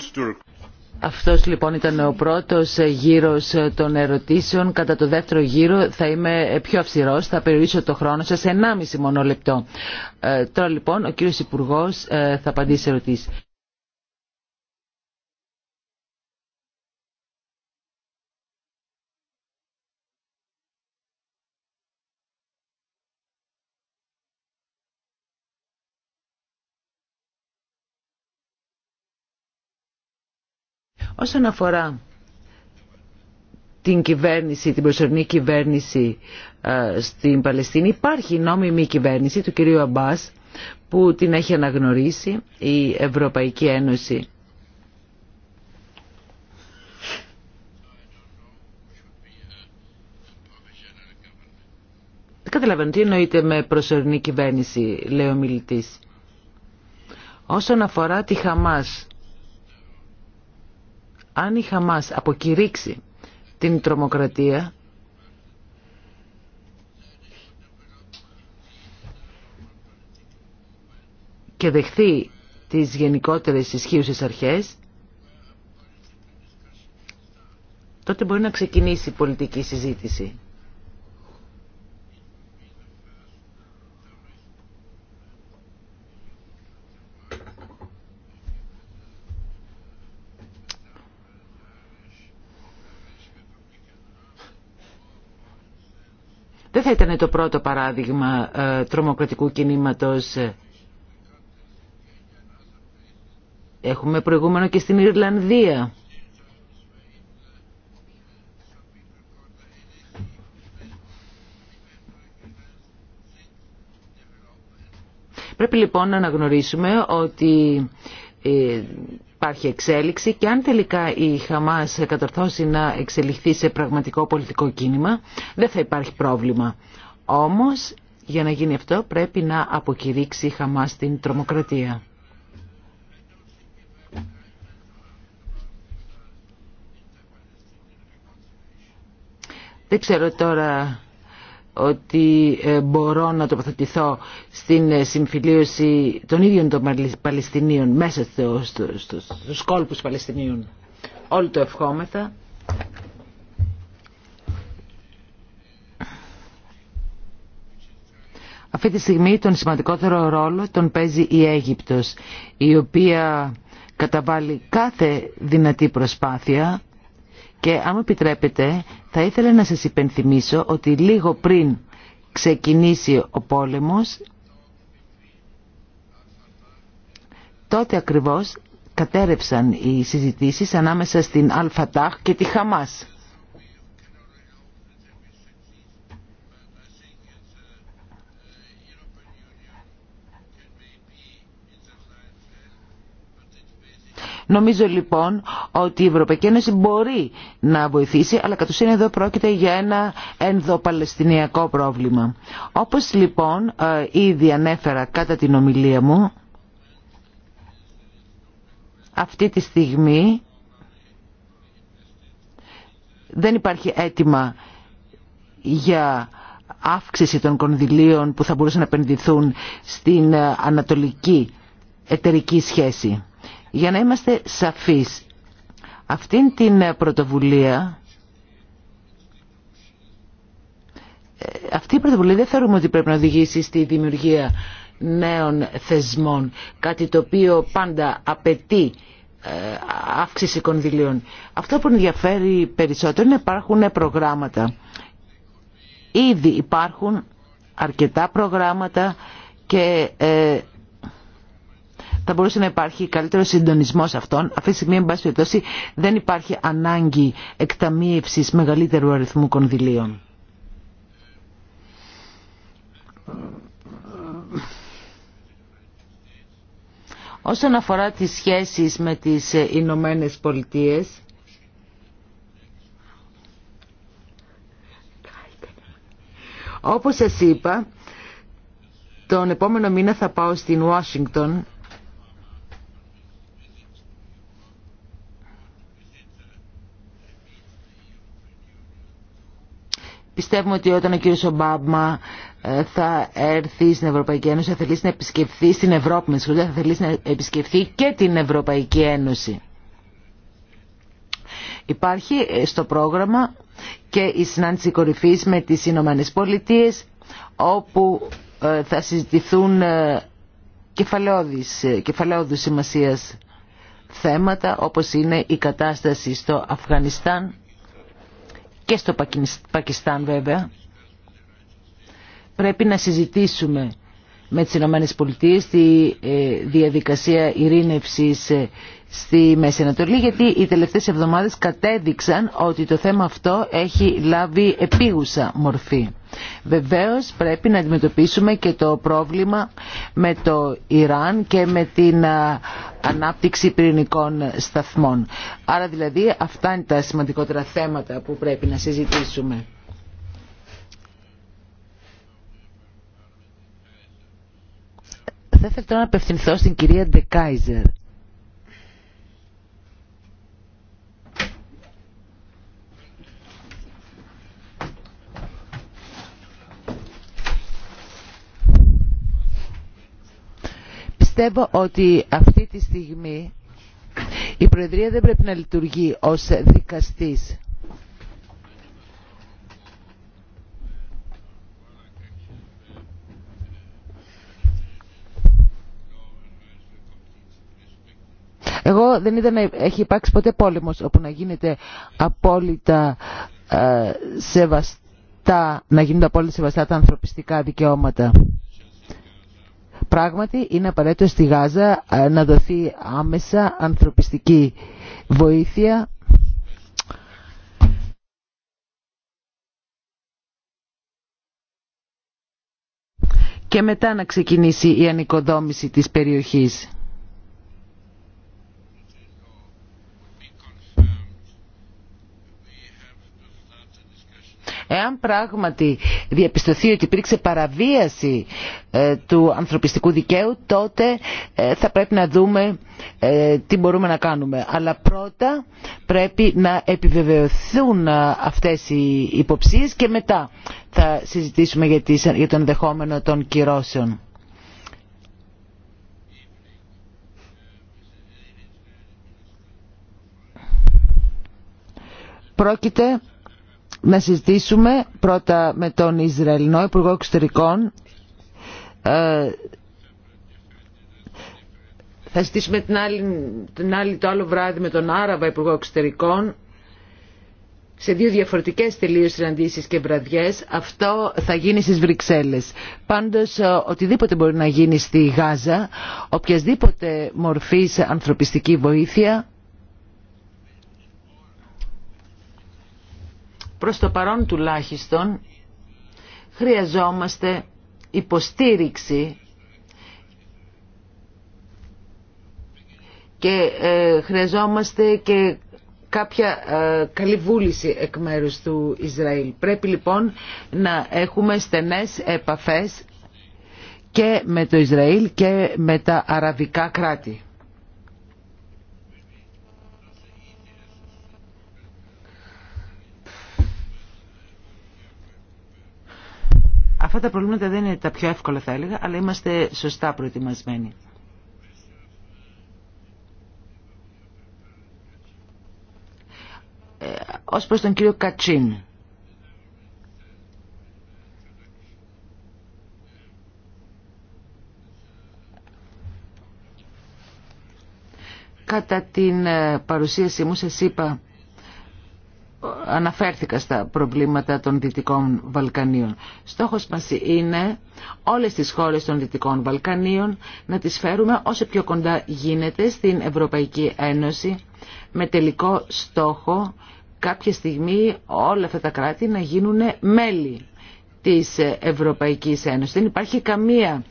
Αυτός λοιπόν ήταν ο πρώτος γύρος των ερωτήσεων. Κατά το δεύτερο γύρο θα είμαι πιο αυστηρός, θα περιορίσω το χρόνο σας σε 1,5 μόνο λεπτό. Ε, τώρα λοιπόν ο κύριος Υπουργός ε, θα απαντήσει ερωτήσεις. Όσον αφορά την κυβέρνηση, την προσωρινή κυβέρνηση ε, στην Παλαιστίνη, υπάρχει νόμιμη κυβέρνηση του κυρίου Αμπάς που την έχει αναγνωρίσει η Ευρωπαϊκή Ένωση. Δεν καταλαβαίνω τι εννοείται με προσωρινή κυβέρνηση, λέει ο μιλητής. Όσον αφορά τη Χαμάς, αν η Χαμάς αποκηρύξει την τρομοκρατία και δεχθεί τις γενικότερες ισχύουσες αρχές, τότε μπορεί να ξεκινήσει η πολιτική συζήτηση. δεν θα ήταν το πρώτο παράδειγμα ε, τρομοκρατικού κινήματος. Έχουμε προηγούμενο και στην Ιρλανδία. Πρέπει λοιπόν να αναγνωρίσουμε ότι ε, υπάρχει εξέλιξη και αν τελικά η Χαμάς κατορθώσει να εξελιχθεί σε πραγματικό πολιτικό κίνημα δεν θα υπάρχει πρόβλημα. Όμως για να γίνει αυτό πρέπει να αποκηρύξει η Χαμάς την τρομοκρατία. Δεν ξέρω τώρα ότι ε, μπορώ να τοποθετηθώ στην ε, συμφιλίωση των ίδιων των Παλαιστινίων μέσα στο, στο, στους κόλπους Παλαιστινίων. Όλοι το ευχόμεθα. Αυτή τη στιγμή τον σημαντικότερο ρόλο τον παίζει η Αίγυπτος, η οποία καταβάλει κάθε δυνατή προσπάθεια και αν μου επιτρέπετε, θα ήθελα να σας υπενθυμίσω ότι λίγο πριν ξεκινήσει ο πόλεμος, τότε ακριβώς κατέρευσαν οι συζητήσεις ανάμεσα στην Αλφατάχ και τη Χαμάς. Νομίζω λοιπόν ότι η Ευρωπαϊκή Ένωση μπορεί να βοηθήσει, αλλά κατ' ουσίαν εδώ πρόκειται για ένα ενδοπαλαιστινιακό πρόβλημα. Όπως λοιπόν ε, ήδη ανέφερα κατά την ομιλία μου, αυτή τη στιγμή δεν υπάρχει αίτημα για αύξηση των κονδυλίων που θα μπορούσαν να επενδυθούν στην ε, ανατολική εταιρική σχέση. Για να είμαστε σαφείς, αυτήν την ε, πρωτοβουλία, ε, αυτή η πρωτοβουλία δεν θεωρούμε ότι πρέπει να οδηγήσει στη δημιουργία νέων θεσμών, κάτι το οποίο πάντα απαιτεί ε, αύξηση κονδυλίων. Αυτό που ενδιαφέρει περισσότερο είναι υπάρχουν προγράμματα. Ήδη υπάρχουν αρκετά προγράμματα και θα μπορούσε να υπάρχει καλύτερο συντονισμό αυτών. Αυτή τη στιγμή, εν πάση περιπτώσει, δεν υπάρχει ανάγκη εκταμείευση μεγαλύτερου αριθμού κονδυλίων. Όσον αφορά τις σχέσεις με τις Ηνωμένε Πολιτείε. όπως σας είπα, τον επόμενο μήνα θα πάω στην Ουάσιγκτον Πιστεύουμε ότι όταν ο κύριος Ομπάμα ε, θα έρθει στην Ευρωπαϊκή Ένωση θα θελήσει να επισκεφθεί στην Ευρώπη με θα θελήσει να επισκεφθεί και την Ευρωπαϊκή Ένωση. Υπάρχει ε, στο πρόγραμμα και η συνάντηση κορυφής με τις Ηνωμένες Πολιτείες όπου ε, θα συζητηθούν κεφαλαιόδους σημασίας θέματα όπως είναι η κατάσταση στο Αφγανιστάν και στο Πακιστάν βέβαια. Πρέπει να συζητήσουμε με τις Ηνωμένες Πολιτείες τη ε, διαδικασία ειρήνευσης ε, στη Μέση Ανατολή γιατί οι τελευταίες εβδομάδες κατέδειξαν ότι το θέμα αυτό έχει λάβει επίγουσα μορφή. Βεβαίως πρέπει να αντιμετωπίσουμε και το πρόβλημα με το Ιράν και με την ανάπτυξη πυρηνικών σταθμών. Άρα δηλαδή αυτά είναι τα σημαντικότερα θέματα που πρέπει να συζητήσουμε. Θα ήθελα να απευθυνθώ στην κυρία Ντεκάιζερ. Πιστεύω ότι αυτή τη στιγμή η Προεδρία δεν πρέπει να λειτουργεί ως δικαστής. Εγώ δεν είδα να έχει υπάρξει ποτέ πόλεμος όπου να γίνεται απόλυτα ε, σεβαστά, να γίνονται απόλυτα σεβαστά τα ανθρωπιστικά δικαιώματα πράγματι είναι απαραίτητο στη Γάζα ε, να δοθεί άμεσα ανθρωπιστική βοήθεια και μετά να ξεκινήσει η ανοικοδόμηση της περιοχής. Εάν πράγματι διαπιστωθεί ότι υπήρξε παραβίαση ε, του ανθρωπιστικού δικαίου, τότε ε, θα πρέπει να δούμε ε, τι μπορούμε να κάνουμε. Αλλά πρώτα πρέπει να επιβεβαιωθούν αυτές οι υποψίες και μετά θα συζητήσουμε για τον δεχόμενο των κυρώσεων. Πρόκειται να συζητήσουμε πρώτα με τον Ισραηλινό Υπουργό Εξωτερικών ε, θα συζητήσουμε την άλλη, το άλλο βράδυ με τον Άραβα Υπουργό Εξωτερικών σε δύο διαφορετικές τελείως συναντήσεις και βραδιές. Αυτό θα γίνει στις Βρυξέλλες. Πάντως, ε, οτιδήποτε μπορεί να γίνει στη Γάζα, οποιασδήποτε σε ανθρωπιστική βοήθεια, Προς το παρόν τουλάχιστον χρειαζόμαστε υποστήριξη και ε, χρειαζόμαστε και κάποια ε, καλή βούληση εκ μέρους του Ισραήλ. Πρέπει λοιπόν να έχουμε στενές επαφές και με το Ισραήλ και με τα αραβικά κράτη. Αυτά τα προβλήματα δεν είναι τα πιο εύκολα θα έλεγα, αλλά είμαστε σωστά προετοιμασμένοι. Ε, ως τον κύριο Κατσίν. Κατά την ε, παρουσίασή μου σας είπα αναφέρθηκα στα προβλήματα των Δυτικών Βαλκανίων. Στόχος μας είναι όλες τις χώρες των Δυτικών Βαλκανίων να τις φέρουμε όσο πιο κοντά γίνεται στην Ευρωπαϊκή Ένωση με τελικό στόχο κάποια στιγμή όλα αυτά τα κράτη να γίνουν μέλη της Ευρωπαϊκής Ένωσης. Δεν υπάρχει καμία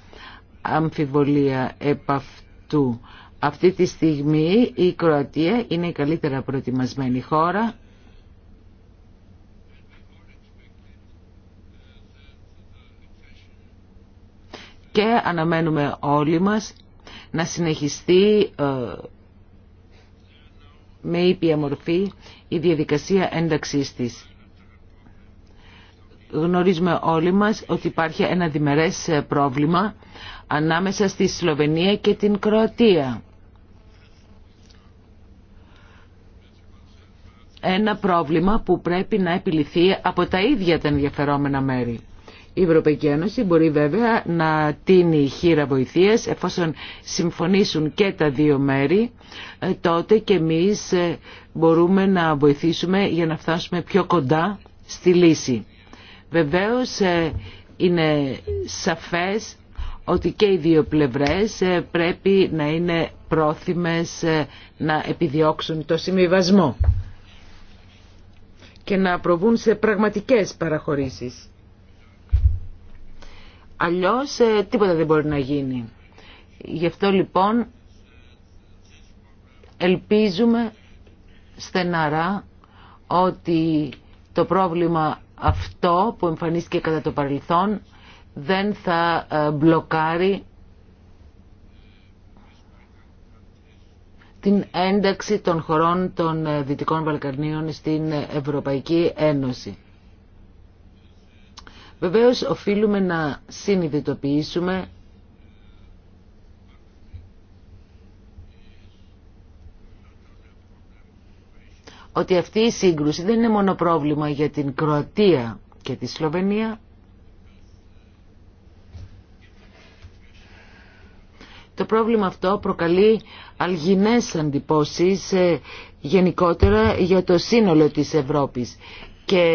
αμφιβολία επ' αυτού. Αυτή τη στιγμή η Κροατία είναι η καλύτερα προετοιμασμένη χώρα και αναμένουμε όλοι μας να συνεχιστεί ε, με ήπια μορφή η διαδικασία ένταξής της. Γνωρίζουμε όλοι μας ότι υπάρχει ένα διμερές ε, πρόβλημα ανάμεσα στη Σλοβενία και την Κροατία. Ένα πρόβλημα που πρέπει να επιληθεί από τα ίδια τα ενδιαφερόμενα μέρη. Η Ευρωπαϊκή Ένωση μπορεί βέβαια να τίνει χείρα βοηθείας εφόσον συμφωνήσουν και τα δύο μέρη ε, τότε και εμείς ε, μπορούμε να βοηθήσουμε για να φτάσουμε πιο κοντά στη λύση. Βεβαίως ε, είναι σαφές ότι και οι δύο πλευρές πρέπει να είναι πρόθυμες να επιδιώξουν το συμβιβασμό και να προβούν σε πραγματικές παραχωρήσεις. Αλλιώς ε, τίποτα δεν μπορεί να γίνει. Γι' αυτό λοιπόν ελπίζουμε στεναρά ότι το πρόβλημα αυτό που εμφανίστηκε κατά το παρελθόν δεν θα ε, μπλοκάρει την ένταξη των χωρών των ε, Δυτικών Βαλκανίων στην Ευρωπαϊκή Ένωση. Βεβαίως οφείλουμε να συνειδητοποιήσουμε ότι αυτή η σύγκρουση δεν είναι μόνο πρόβλημα για την Κροατία και τη Σλοβενία. Το πρόβλημα αυτό προκαλεί αλγινές αντιπώσεις ε, γενικότερα για το σύνολο της Ευρώπης και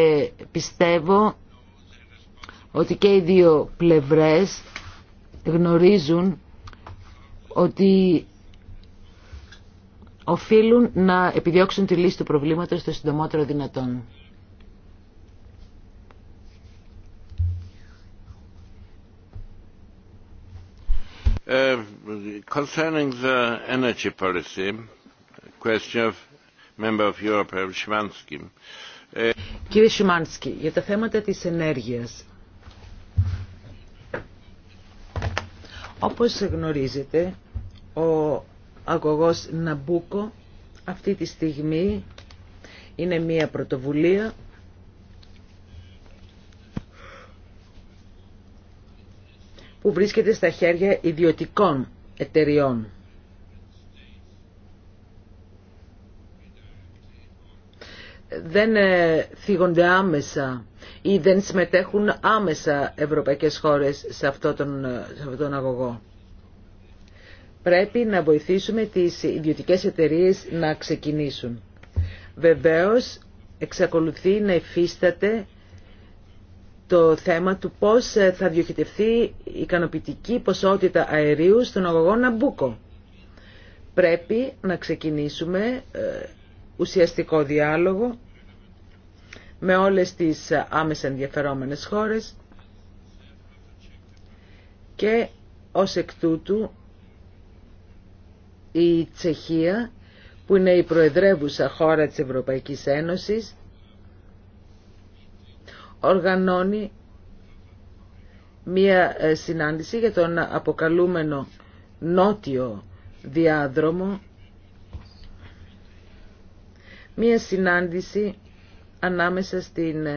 πιστεύω ότι και οι δύο πλευρές γνωρίζουν ότι οφείλουν να επιδιώξουν τη λύση του προβλήματος το συντομότερο δυνατόν. Uh, concerning the energy policy, question of member of Europe, Szymanski. Uh, Κύριε Σιμάνσκι, για τα θέματα της ενέργειας, Όπως γνωρίζετε, ο αγωγός Ναμπούκο αυτή τη στιγμή είναι μια πρωτοβουλία που βρίσκεται στα χέρια ιδιωτικών εταιριών. Δεν ε, θίγονται άμεσα ή δεν συμμετέχουν άμεσα ευρωπαϊκές χώρες σε αυτόν τον, αυτό τον αγωγό. Πρέπει να βοηθήσουμε τις ιδιωτικές εταιρείες να ξεκινήσουν. Βεβαίως, εξακολουθεί να υφίσταται το θέμα του πώς θα η ικανοποιητική ποσότητα αερίου στον αγωγό Ναμπούκο. Πρέπει να ξεκινήσουμε ε, ουσιαστικό διάλογο με όλες τις άμεσα ενδιαφερόμενες χώρες και ως εκ τούτου η Τσεχία που είναι η προεδρεύουσα χώρα της Ευρωπαϊκής Ένωσης οργανώνει μία ε, συνάντηση για τον αποκαλούμενο νότιο διάδρομο μία συνάντηση ανάμεσα στην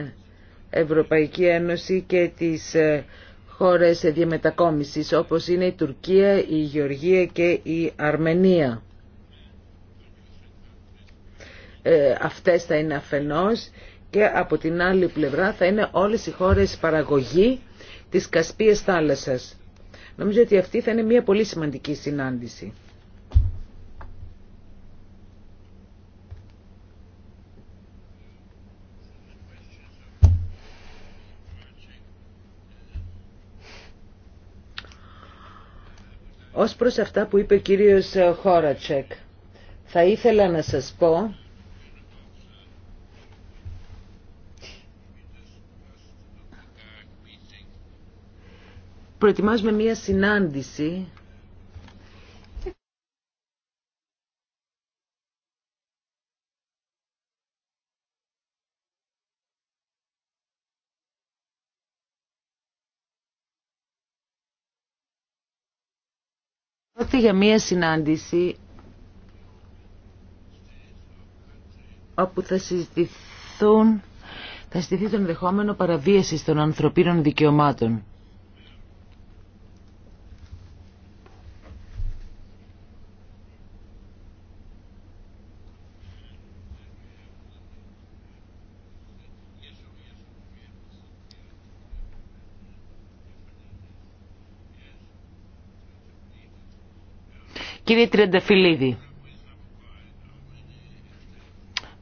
Ευρωπαϊκή Ένωση και τις ε, χώρες διαμετακόμισης όπως είναι η Τουρκία, η Γεωργία και η Αρμενία. Ε, αυτές θα είναι αφενός και από την άλλη πλευρά θα είναι όλες οι χώρες παραγωγή της Κασπίας θάλασσας. Νομίζω ότι αυτή θα είναι μια πολύ σημαντική συνάντηση. Ως προς αυτά που είπε ο κύριος ε, Χόρατσεκ, θα ήθελα να σας πω προετοιμάζουμε μία συνάντηση Πρόκειται για μία συνάντηση όπου θα συζητηθούν θα συζητηθεί το ενδεχόμενο παραβίαση των ανθρωπίνων δικαιωμάτων. Κύριε Τριανταφυλλίδη,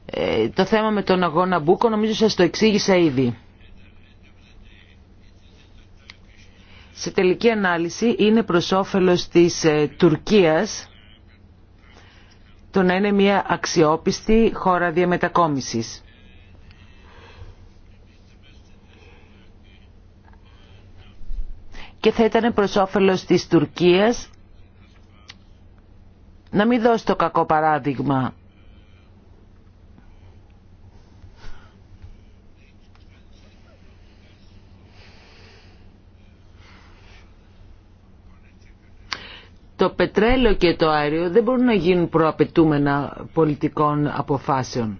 ε, το θέμα με τον αγώνα Μπούκο νομίζω σας το εξήγησα ήδη. Σε τελική ανάλυση είναι προς όφελος της ε, Τουρκίας το να είναι μια αξιόπιστη χώρα διαμετακόμισης. Και θα ήταν προς όφελος της Τουρκίας να μην δώσω το κακό παράδειγμα. Το πετρέλαιο και το αέριο δεν μπορούν να γίνουν προαπαιτούμενα πολιτικών αποφάσεων.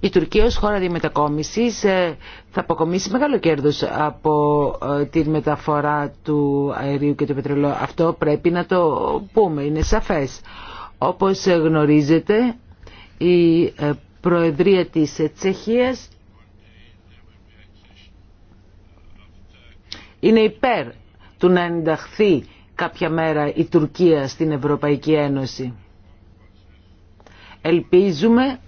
Η Τουρκία ως χώρα διαμετακόμισης ε, θα αποκομίσει μεγάλο κέρδος από ε, τη μεταφορά του αερίου και του πετρελαίου. Αυτό πρέπει να το πούμε, είναι σαφές. Όπως γνωρίζετε, η ε, Προεδρία της Τσεχίας είναι υπέρ του να ενταχθεί κάποια μέρα η Τουρκία στην Ευρωπαϊκή Ένωση. Ελπίζουμε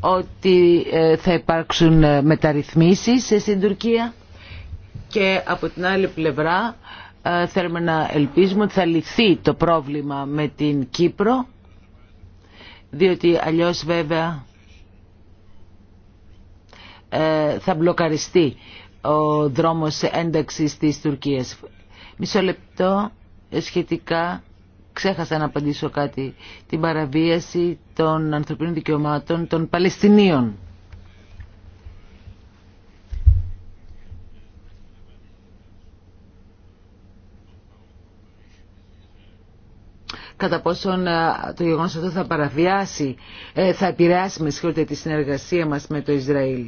ότι ε, θα υπάρξουν ε, μεταρρυθμίσεις ε, στην Τουρκία και από την άλλη πλευρά θέλουμε να ελπίζουμε ότι θα λυθεί το πρόβλημα με την Κύπρο διότι αλλιώς βέβαια θα μπλοκαριστεί ο δρόμος ένταξης της Τουρκίας. Μισό λεπτό σχετικά ξέχασα να απαντήσω κάτι, την παραβίαση των ανθρωπίνων δικαιωμάτων των Παλαιστινίων. κατά πόσον ε, το γεγονός αυτό θα παραβιάσει, ε, θα επηρεάσει με συγχωρείτε τη συνεργασία μας με το Ισραήλ.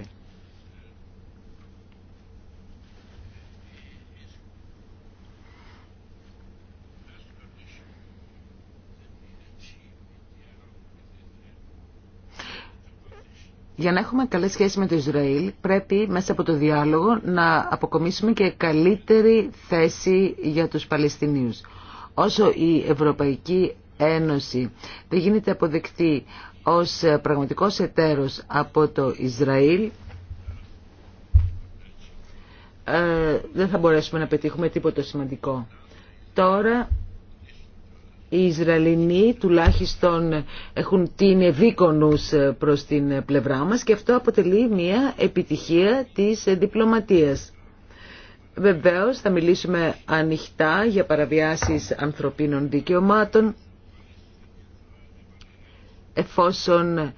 Για να έχουμε καλές σχέσεις με το Ισραήλ πρέπει μέσα από το διάλογο να αποκομίσουμε και καλύτερη θέση για τους Παλαιστινίους. Όσο η Ευρωπαϊκή Ένωση δεν γίνεται αποδεκτή ως πραγματικός εταίρος από το Ισραήλ, ε, δεν θα μπορέσουμε να πετύχουμε τίποτα σημαντικό. Τώρα οι Ισραηλινοί τουλάχιστον έχουν την ευήκονους ε, προς την πλευρά μας και αυτό αποτελεί μια επιτυχία της διπλωματίας. Βεβαίως θα μιλήσουμε ανοιχτά για παραβιάσεις ανθρωπίνων δικαιωμάτων εφόσον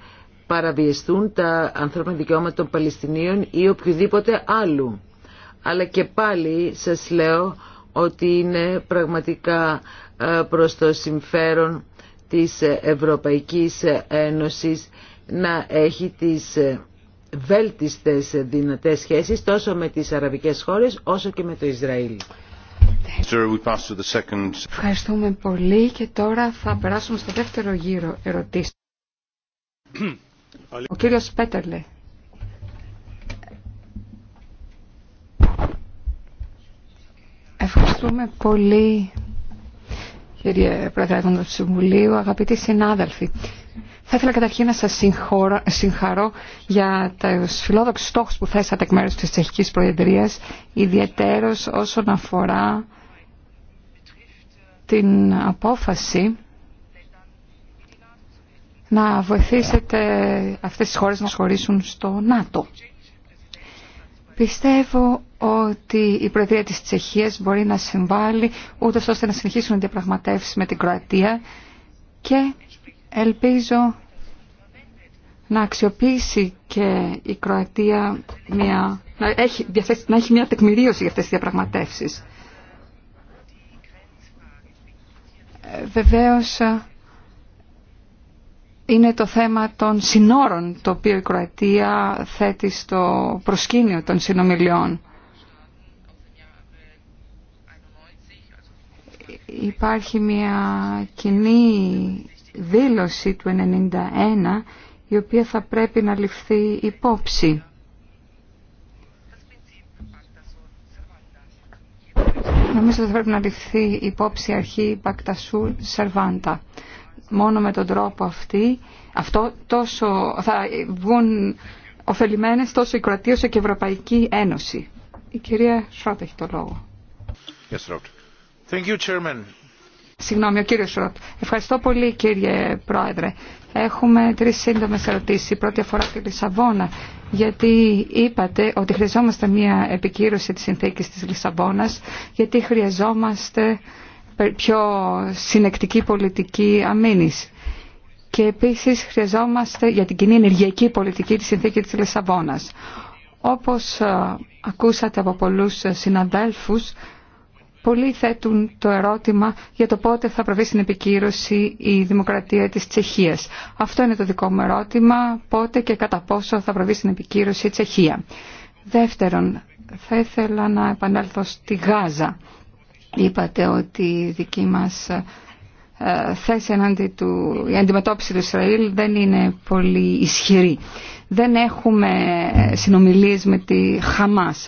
παραβιεστούν τα ανθρώπινα δικαιώματα των Παλαιστινίων ή οποιοδήποτε άλλου. Αλλά και πάλι σας λέω ότι είναι πραγματικά ε, προς το συμφέρον της Ευρωπαϊκής Ένωσης να έχει τις ε, βέλτιστες δυνατές σχέσεις τόσο με τις αραβικές χώρες όσο και με το Ισραήλ. Ευχαριστούμε πολύ και τώρα θα περάσουμε στο δεύτερο γύρο ερωτήσεων. Ο κύριος Πέτερλε. Ευχαριστούμε πολύ κύριε Πρόεδρε του Συμβουλίου, αγαπητοί συνάδελφοι. Θα ήθελα καταρχήν να σας συγχαρώ για τους φιλόδοξους στόχους που θέσατε εκ μέρους της Τσεχικής Προεδρίας, ιδιαίτερος όσον αφορά την απόφαση να βοηθήσετε αυτές τις χώρες να χωρίσουν στο ΝΑΤΟ. Πιστεύω ότι η Προεδρία της Τσεχίας μπορεί να συμβάλλει ούτως ώστε να συνεχίσουν οι διαπραγματεύσεις με την Κροατία και ελπίζω να αξιοποιήσει και η Κροατία μια, να, έχει, να έχει μια τεκμηρίωση για αυτές τις διαπραγματεύσεις. Ε, βεβαίως είναι το θέμα των συνόρων το οποίο η Κροατία θέτει στο προσκήνιο των συνομιλιών. Υπάρχει μια κοινή δήλωση του 1991 η οποία θα πρέπει να ληφθεί υπόψη. Νομίζω ότι θα πρέπει να ληφθεί υπόψη αρχή Πακτασού Σερβάντα. Μόνο με τον τρόπο αυτή, αυτό τόσο, θα βγουν ωφελημένες τόσο η Κροατία όσο και η Ευρωπαϊκή Ένωση. Η κυρία Σρότ έχει το λόγο. Συγγνώμη, ο κύριος Σρότ. Ευχαριστώ πολύ κύριε Πρόεδρε. Έχουμε τρεις σύντομες ερωτήσεις. Η πρώτη αφορά τη Λισαβόνα, γιατί είπατε ότι χρειαζόμαστε μια επικύρωση της συνθήκης της Λισαβόνας, γιατί χρειαζόμαστε πιο συνεκτική πολιτική αμήνης. Και επίσης χρειαζόμαστε για την κοινή ενεργειακή πολιτική τη συνθήκη της Λισαβόνας. Όπως ε, ακούσατε από πολλούς ε, συναδέλφους, πολλοί θέτουν το ερώτημα για το πότε θα προβεί στην επικύρωση η δημοκρατία της Τσεχίας. Αυτό είναι το δικό μου ερώτημα, πότε και κατά πόσο θα προβεί στην επικύρωση η Τσεχία. Δεύτερον, θα ήθελα να επανέλθω στη Γάζα. Είπατε ότι η δική μας ε, θέση του, η αντιμετώπιση του Ισραήλ δεν είναι πολύ ισχυρή. Δεν έχουμε συνομιλίες με τη Χαμάς.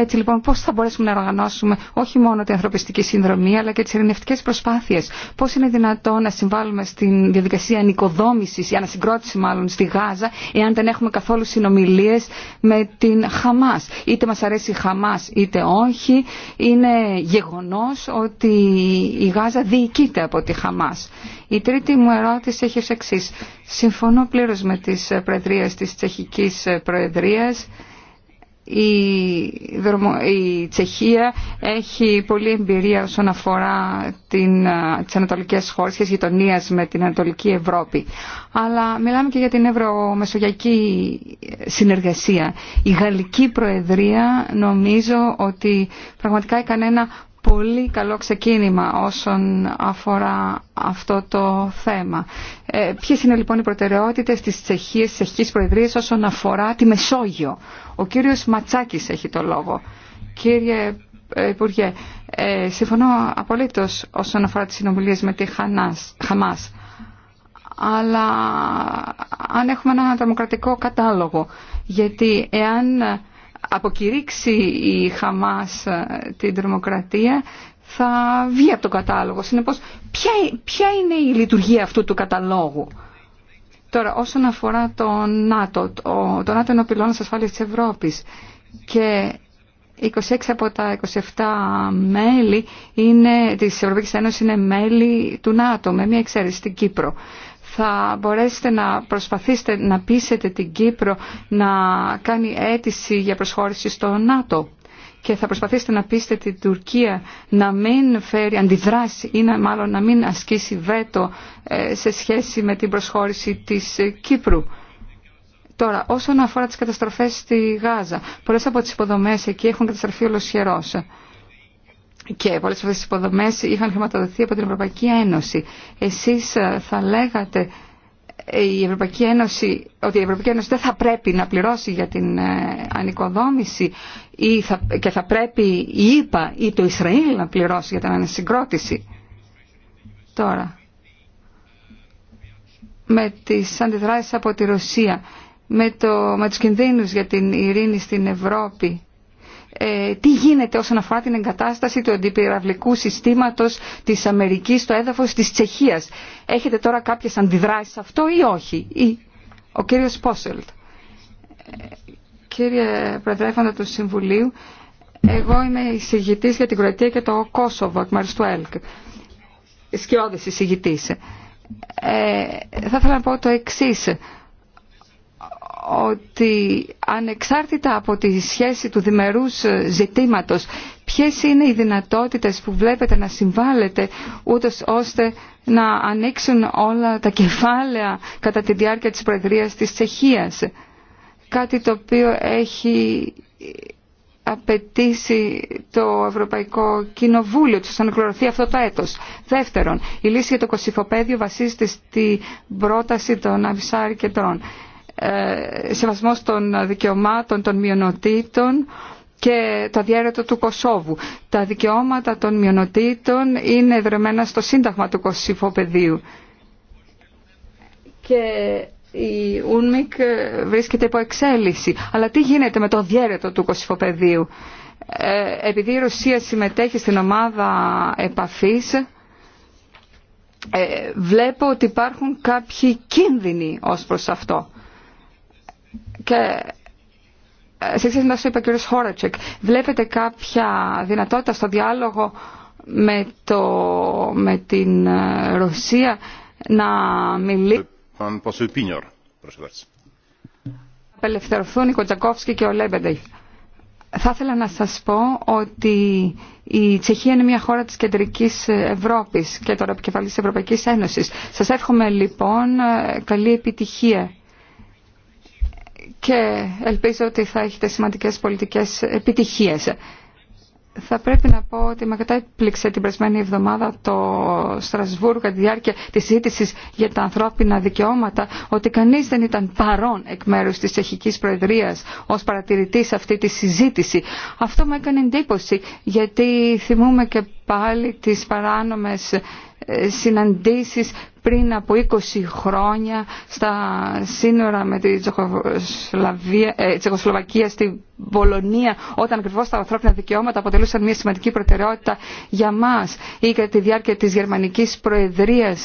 Έτσι λοιπόν πώ θα μπορέσουμε να οργανώσουμε όχι μόνο την ανθρωπιστική συνδρομή αλλά και τι ειρηνευτικές προσπάθειες. Πώ είναι δυνατόν να συμβάλλουμε στην διαδικασία ανοικοδόμηση, ή ανασυγκρότηση μάλλον στη Γάζα εάν δεν έχουμε καθόλου συνομιλίε με την χαμά, Είτε μα αρέσει η Χαμάς είτε όχι είναι γεγονό ότι η Γάζα διοικείται από τη χαμά. Η τρίτη μου ερώτηση έχει ω εξή. Συμφωνώ πλήρω με τι Προεδρίες τη τσεχική Προεδρία η, Τσεχία έχει πολλή εμπειρία όσον αφορά την, ε, τις ανατολικές χώρες και γειτονία με την Ανατολική Ευρώπη. Αλλά μιλάμε και για την ευρωμεσογειακή συνεργασία. Η Γαλλική Προεδρία νομίζω ότι πραγματικά έκανε ένα πολύ καλό ξεκίνημα όσον αφορά αυτό το θέμα. Ε, ποιες είναι λοιπόν οι προτεραιότητε τη Τσεχία, τη Τσεχική προεδρία, όσον αφορά τη Μεσόγειο. Ο κύριος Ματσάκης έχει το λόγο. Κύριε ε, Υπουργέ, ε, συμφωνώ απολύτως όσον αφορά τις συνομιλίες με τη Χανάς, Χαμάς. Αλλά αν έχουμε έναν δημοκρατικό κατάλογο, γιατί εάν αποκηρύξει η Χαμάς ε, την τρομοκρατία θα βγει από το κατάλογο. Συνεπώς, ποια, είναι η λειτουργία αυτού του καταλόγου. Τώρα, όσον αφορά το ΝΑΤΟ, το, το ΝΑΤΟ είναι ο πυλώνας ασφάλειας της Ευρώπης και 26 από τα 27 μέλη είναι, της Ευρωπαϊκής Ένωσης είναι μέλη του ΝΑΤΟ, με μια εξαίρεση στην Κύπρο θα μπορέσετε να προσπαθήσετε να πείσετε την Κύπρο να κάνει αίτηση για προσχώρηση στο ΝΑΤΟ και θα προσπαθήσετε να πείσετε την Τουρκία να μην φέρει αντιδράση ή να, μάλλον να μην ασκήσει βέτο ε, σε σχέση με την προσχώρηση της Κύπρου. Τώρα, όσον αφορά τις καταστροφές στη Γάζα, πολλές από τις υποδομές εκεί έχουν καταστραφεί ολοσχερός και πολλές αυτές τις υποδομέ είχαν χρηματοδοτηθεί από την Ευρωπαϊκή Ένωση. Εσείς ε, θα λέγατε ε, η Ευρωπαϊκή Ένωση, ότι η Ευρωπαϊκή Ένωση δεν θα πρέπει να πληρώσει για την ε, ανοικοδόμηση ή θα, και θα πρέπει η ΕΕ ή το Ισραήλ να πληρώσει για την ανασυγκρότηση. Τώρα, με τις αντιδράσεις από τη Ρωσία, με, το, με τους κινδύνους για την ειρήνη στην Ευρώπη, ε, τι γίνεται όσον αφορά την εγκατάσταση του αντιπυραυλικού συστήματος της Αμερικής στο έδαφος της Τσεχίας. Έχετε τώρα κάποιες αντιδράσεις σε αυτό ή όχι. Ή... Ο κύριος Πόσελτ. Ε, κύριε Προεδρεύοντα του Συμβουλίου, εγώ είμαι εισηγητής για την Κροατία και το Κόσοβο, εκ του ΕΛΚ. Σκιώδης εισηγητής. Ε, θα ήθελα να πω το εξής ότι ανεξάρτητα από τη σχέση του διμερούς ζητήματος ποιες είναι οι δυνατότητες που βλέπετε να συμβάλλετε ούτως ώστε να ανοίξουν όλα τα κεφάλαια κατά τη διάρκεια της Προεδρίας της Τσεχίας. Κάτι το οποίο έχει απαιτήσει το Ευρωπαϊκό Κοινοβούλιο, του να ολοκληρωθεί αυτό το έτος. Δεύτερον, η λύση για το κοσυφοπαίδιο βασίζεται στη πρόταση των Αβυσάρ ε, σεβασμός των δικαιωμάτων των μειονοτήτων και το αδιέρετο του Κωσόβου. Τα δικαιώματα των μειονοτήτων είναι εδρεμένα στο Σύνταγμα του Κωσυφοπεδίου. Και η ΟΝΜΙΚ βρίσκεται υπό εξέλιξη. Αλλά τι γίνεται με το αδιέρετο του Κωσυφοπεδίου. Ε, επειδή η Ρωσία συμμετέχει στην ομάδα επαφής, ε, βλέπω ότι υπάρχουν κάποιοι κίνδυνοι ως προς αυτό. Και ε, σε σχέση με σου είπε ο κ. βλέπετε κάποια δυνατότητα στο διάλογο με, το, με την ε, Ρωσία να μιλήσει. Απελευθερωθούν οι Κοτζακόφσκι και ο Λέμπεντεχ. Θα ήθελα να σας πω ότι η Τσεχία είναι μια χώρα της κεντρικής Ευρώπης και τώρα επικεφαλής της Ευρωπαϊκής Ένωσης. Σας εύχομαι λοιπόν ε, καλή επιτυχία και ελπίζω ότι θα έχετε σημαντικές πολιτικές επιτυχίες. Θα πρέπει να πω ότι με κατάπληξε την περασμένη εβδομάδα το Στρασβούργο κατά τη διάρκεια της συζήτηση για τα ανθρώπινα δικαιώματα ότι κανείς δεν ήταν παρόν εκ μέρους της Τσεχικής Προεδρίας ως παρατηρητής αυτή τη συζήτηση. Αυτό μου έκανε εντύπωση γιατί θυμούμε και πάλι τις παράνομες ε, συναντήσεις πριν από 20 χρόνια στα σύνορα με τη ε, Τσεχοσλοβακία στη Πολωνία, όταν ακριβώ τα ανθρώπινα δικαιώματα αποτελούσαν μια σημαντική προτεραιότητα για μα ή κατά τη διάρκεια τη Γερμανική Προεδρία.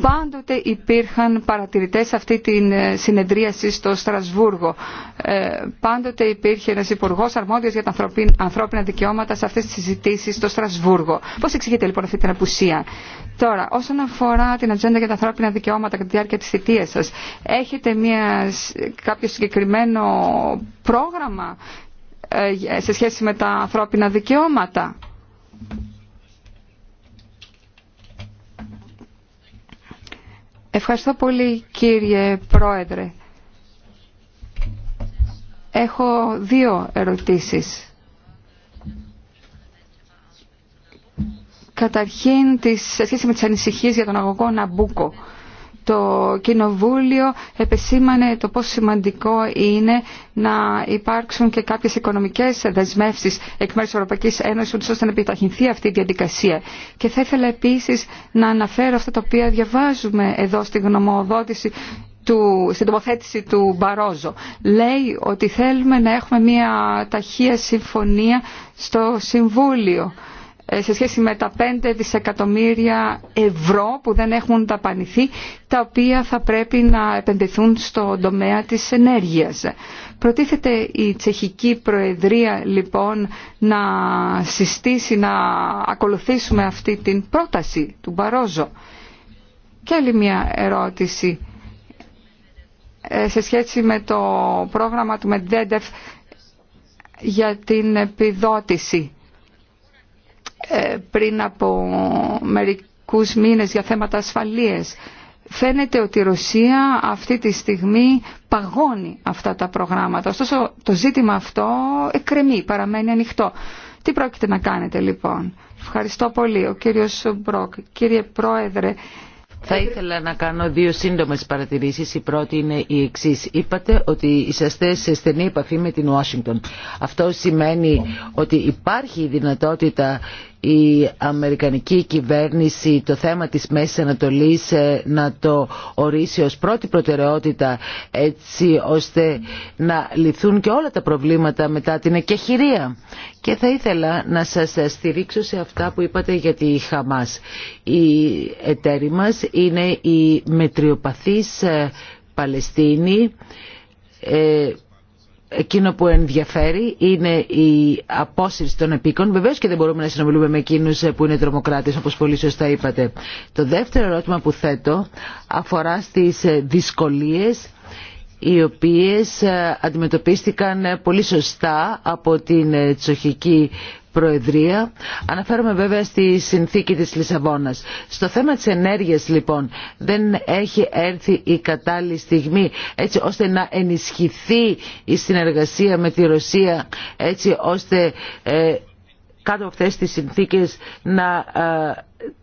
Πάντοτε υπήρχαν παρατηρητέ σε αυτή τη ε, συνεδρίαση στο Στρασβούργο. Ε, πάντοτε υπήρχε ένα υπουργό αρμόδιο για τα ανθρώπινα δικαιώματα σε αυτέ τι συζητήσει στο Στρασβούργο. Πώ εξηγείται λοιπόν αυτή την απουσία. Τώρα, όσον αφορά την ατζέντα για τα ανθρώπινα δικαιώματα κατά τη διάρκεια της θητείας σας. Έχετε μια, κάποιο συγκεκριμένο πρόγραμμα ε, σε σχέση με τα ανθρώπινα δικαιώματα. Ευχαριστώ πολύ κύριε Πρόεδρε. Έχω δύο ερωτήσεις. Καταρχήν, σε σχέση με τις ανησυχίες για τον αγωγό Ναμπούκο, το Κοινοβούλιο επεσήμανε το πόσο σημαντικό είναι να υπάρξουν και κάποιες οικονομικές δεσμεύσεις εκ μέρους της Ευρωπαϊκής Ένωσης ώστε να επιταχυνθεί αυτή η διαδικασία. Και θα ήθελα επίσης να αναφέρω αυτά τα οποία διαβάζουμε εδώ γνωμοδότηση του, στην τοποθέτηση του Μπαρόζο. Λέει ότι θέλουμε να έχουμε μια ταχεία συμφωνία στο Συμβούλιο ε, σε σχέση με τα 5 δισεκατομμύρια ευρώ που δεν έχουν ταπανηθεί, τα οποία θα πρέπει να επενδυθούν στον τομέα της ενέργειας. Προτίθεται η Τσεχική Προεδρία λοιπόν να συστήσει να ακολουθήσουμε αυτή την πρόταση του Μπαρόζο. Και άλλη μια ερώτηση ε, σε σχέση με το πρόγραμμα του Μεντέντεφ για την επιδότηση ε, πριν από μερικούς μήνες για θέματα ασφαλείας. Φαίνεται ότι η Ρωσία αυτή τη στιγμή παγώνει αυτά τα προγράμματα. Ωστόσο το ζήτημα αυτό εκκρεμεί, παραμένει ανοιχτό. Τι πρόκειται να κάνετε λοιπόν. Ευχαριστώ πολύ ο κύριος Μπρόκ. Κύριε Πρόεδρε, θα ήθελα να κάνω δύο σύντομες παρατηρήσεις. Η πρώτη είναι η εξής. Είπατε ότι είσαστε σε στενή επαφή με την Ουάσιγκτον. Αυτό σημαίνει ότι υπάρχει η δυνατότητα η Αμερικανική κυβέρνηση το θέμα της Μέσης Ανατολής ε, να το ορίσει ως πρώτη προτεραιότητα έτσι ώστε να λυθούν και όλα τα προβλήματα μετά την εκεχηρία. Και θα ήθελα να σας στηρίξω σε αυτά που είπατε για τη Χαμάς. Η εταίροι μας είναι η μετριοπαθής ε, Παλαιστίνη ε, εκείνο που ενδιαφέρει είναι η απόσυρση των επίκων. Βεβαίω και δεν μπορούμε να συνομιλούμε με εκείνου που είναι τρομοκράτε, όπω πολύ σωστά είπατε. Το δεύτερο ερώτημα που θέτω αφορά στις δυσκολίε οι οποίες ε, αντιμετωπίστηκαν πολύ σωστά από την ε, τσοχική Προεδρία. Αναφέρομαι βέβαια στη συνθήκη της Λισαβόνας. Στο θέμα της ενέργειας λοιπόν δεν έχει έρθει η κατάλληλη στιγμή έτσι ώστε να ενισχυθεί η συνεργασία με τη Ρωσία έτσι ώστε ε, κάτω από αυτές τις συνθήκες να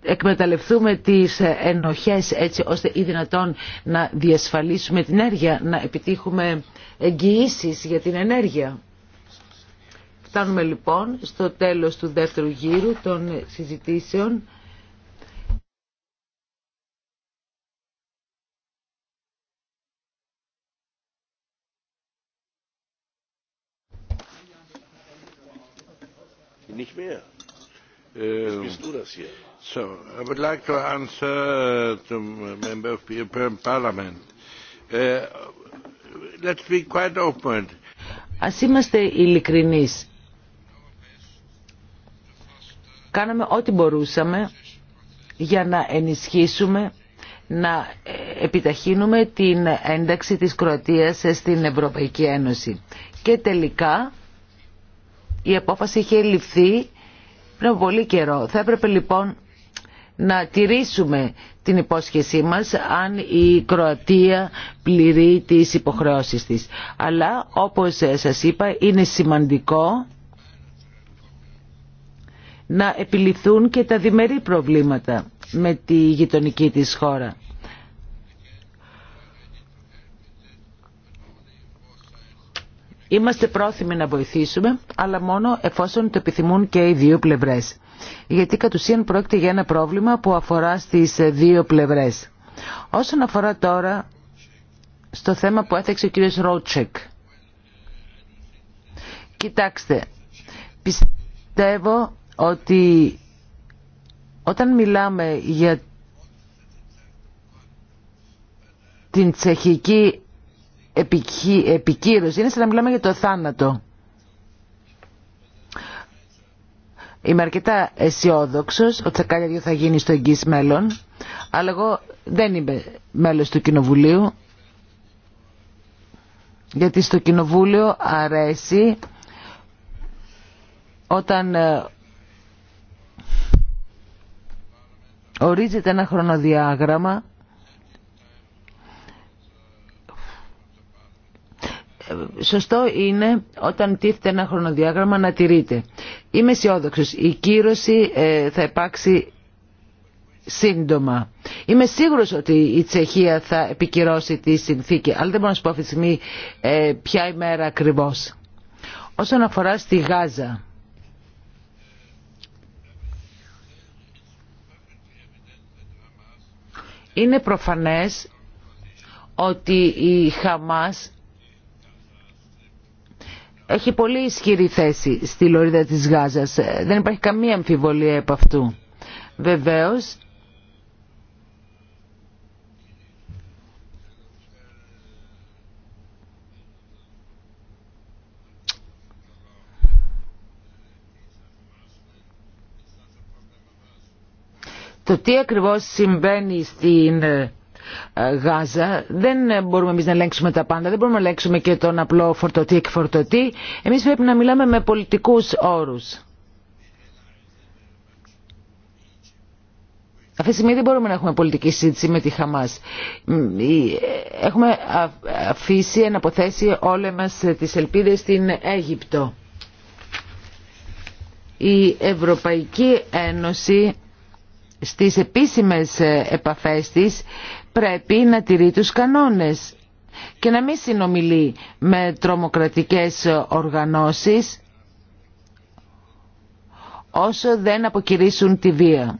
ε, εκμεταλλευτούμε τις ενοχές έτσι ώστε ή δυνατόν να διασφαλίσουμε την ενέργεια, να επιτύχουμε εγγυήσεις για την ενέργεια. Φτάνουμε λοιπόν στο τέλος του δεύτερου γύρου των συζητήσεων. Nicht mehr. bist du das hier? So, I would like to answer to member of the European Parliament. Uh, let's be quite open. Ας είμαστε ειλικρινείς. Κάναμε ό,τι μπορούσαμε για να ενισχύσουμε να επιταχύνουμε την ένταξη της Κροατίας στην Ευρωπαϊκή Ένωση. Και τελικά η απόφαση είχε ληφθεί πριν από πολύ καιρό. Θα έπρεπε λοιπόν να τηρήσουμε την υπόσχεσή μας αν η Κροατία πληρεί τις υποχρεώσεις της. Αλλά όπως σας είπα είναι σημαντικό να επιληθούν και τα διμερή προβλήματα με τη γειτονική της χώρα. Είμαστε πρόθυμοι να βοηθήσουμε, αλλά μόνο εφόσον το επιθυμούν και οι δύο πλευρές. Γιατί κατ' ουσίαν πρόκειται για ένα πρόβλημα που αφορά στις δύο πλευρές. Όσον αφορά τώρα στο θέμα που έθεξε ο κ. Ρότσεκ. Κοιτάξτε, πιστεύω ότι όταν μιλάμε για την τσεχική επικύρωση, είναι σαν να μιλάμε για το θάνατο. Είμαι αρκετά αισιόδοξο ότι κάτι δύο θα γίνει στο εγγύς μέλλον, αλλά εγώ δεν είμαι μέλος του Κοινοβουλίου, γιατί στο Κοινοβούλιο αρέσει όταν ε, ορίζεται ένα χρονοδιάγραμμα σωστό είναι όταν τίθεται ένα χρονοδιάγραμμα να τηρείται. Είμαι αισιόδοξο. Η κύρωση ε, θα υπάρξει σύντομα. Είμαι σίγουρος ότι η Τσεχία θα επικυρώσει τη συνθήκη, αλλά δεν μπορώ να σου πω αυτή τη στιγμή ε, ποια ημέρα ακριβώς. Όσον αφορά στη Γάζα, Είναι προφανές ότι η Χαμάς έχει πολύ ισχυρή θέση στη λωρίδα της Γάζας. Ε, δεν υπάρχει καμία αμφιβολία από αυτού. Βεβαίως Το τι ακριβώς συμβαίνει στην ε, Γάζα δεν μπορούμε εμείς να ελέγξουμε τα πάντα, δεν μπορούμε να ελέγξουμε και τον απλό φορτωτή και φορτωτή. Εμείς πρέπει να μιλάμε με πολιτικούς όρους. Αυτή τη στιγμή δεν μπορούμε να έχουμε πολιτική συζήτηση με τη Χαμάς. Ε, έχουμε αφήσει εναποθέσει όλε όλες μας τις ελπίδες στην Αίγυπτο. Η Ευρωπαϊκή Ένωση στις επίσημες ε, επαφές της πρέπει να τηρεί τους κανόνες και να μην συνομιλεί με τρομοκρατικές οργανώσεις όσο δεν αποκηρύσουν τη βία.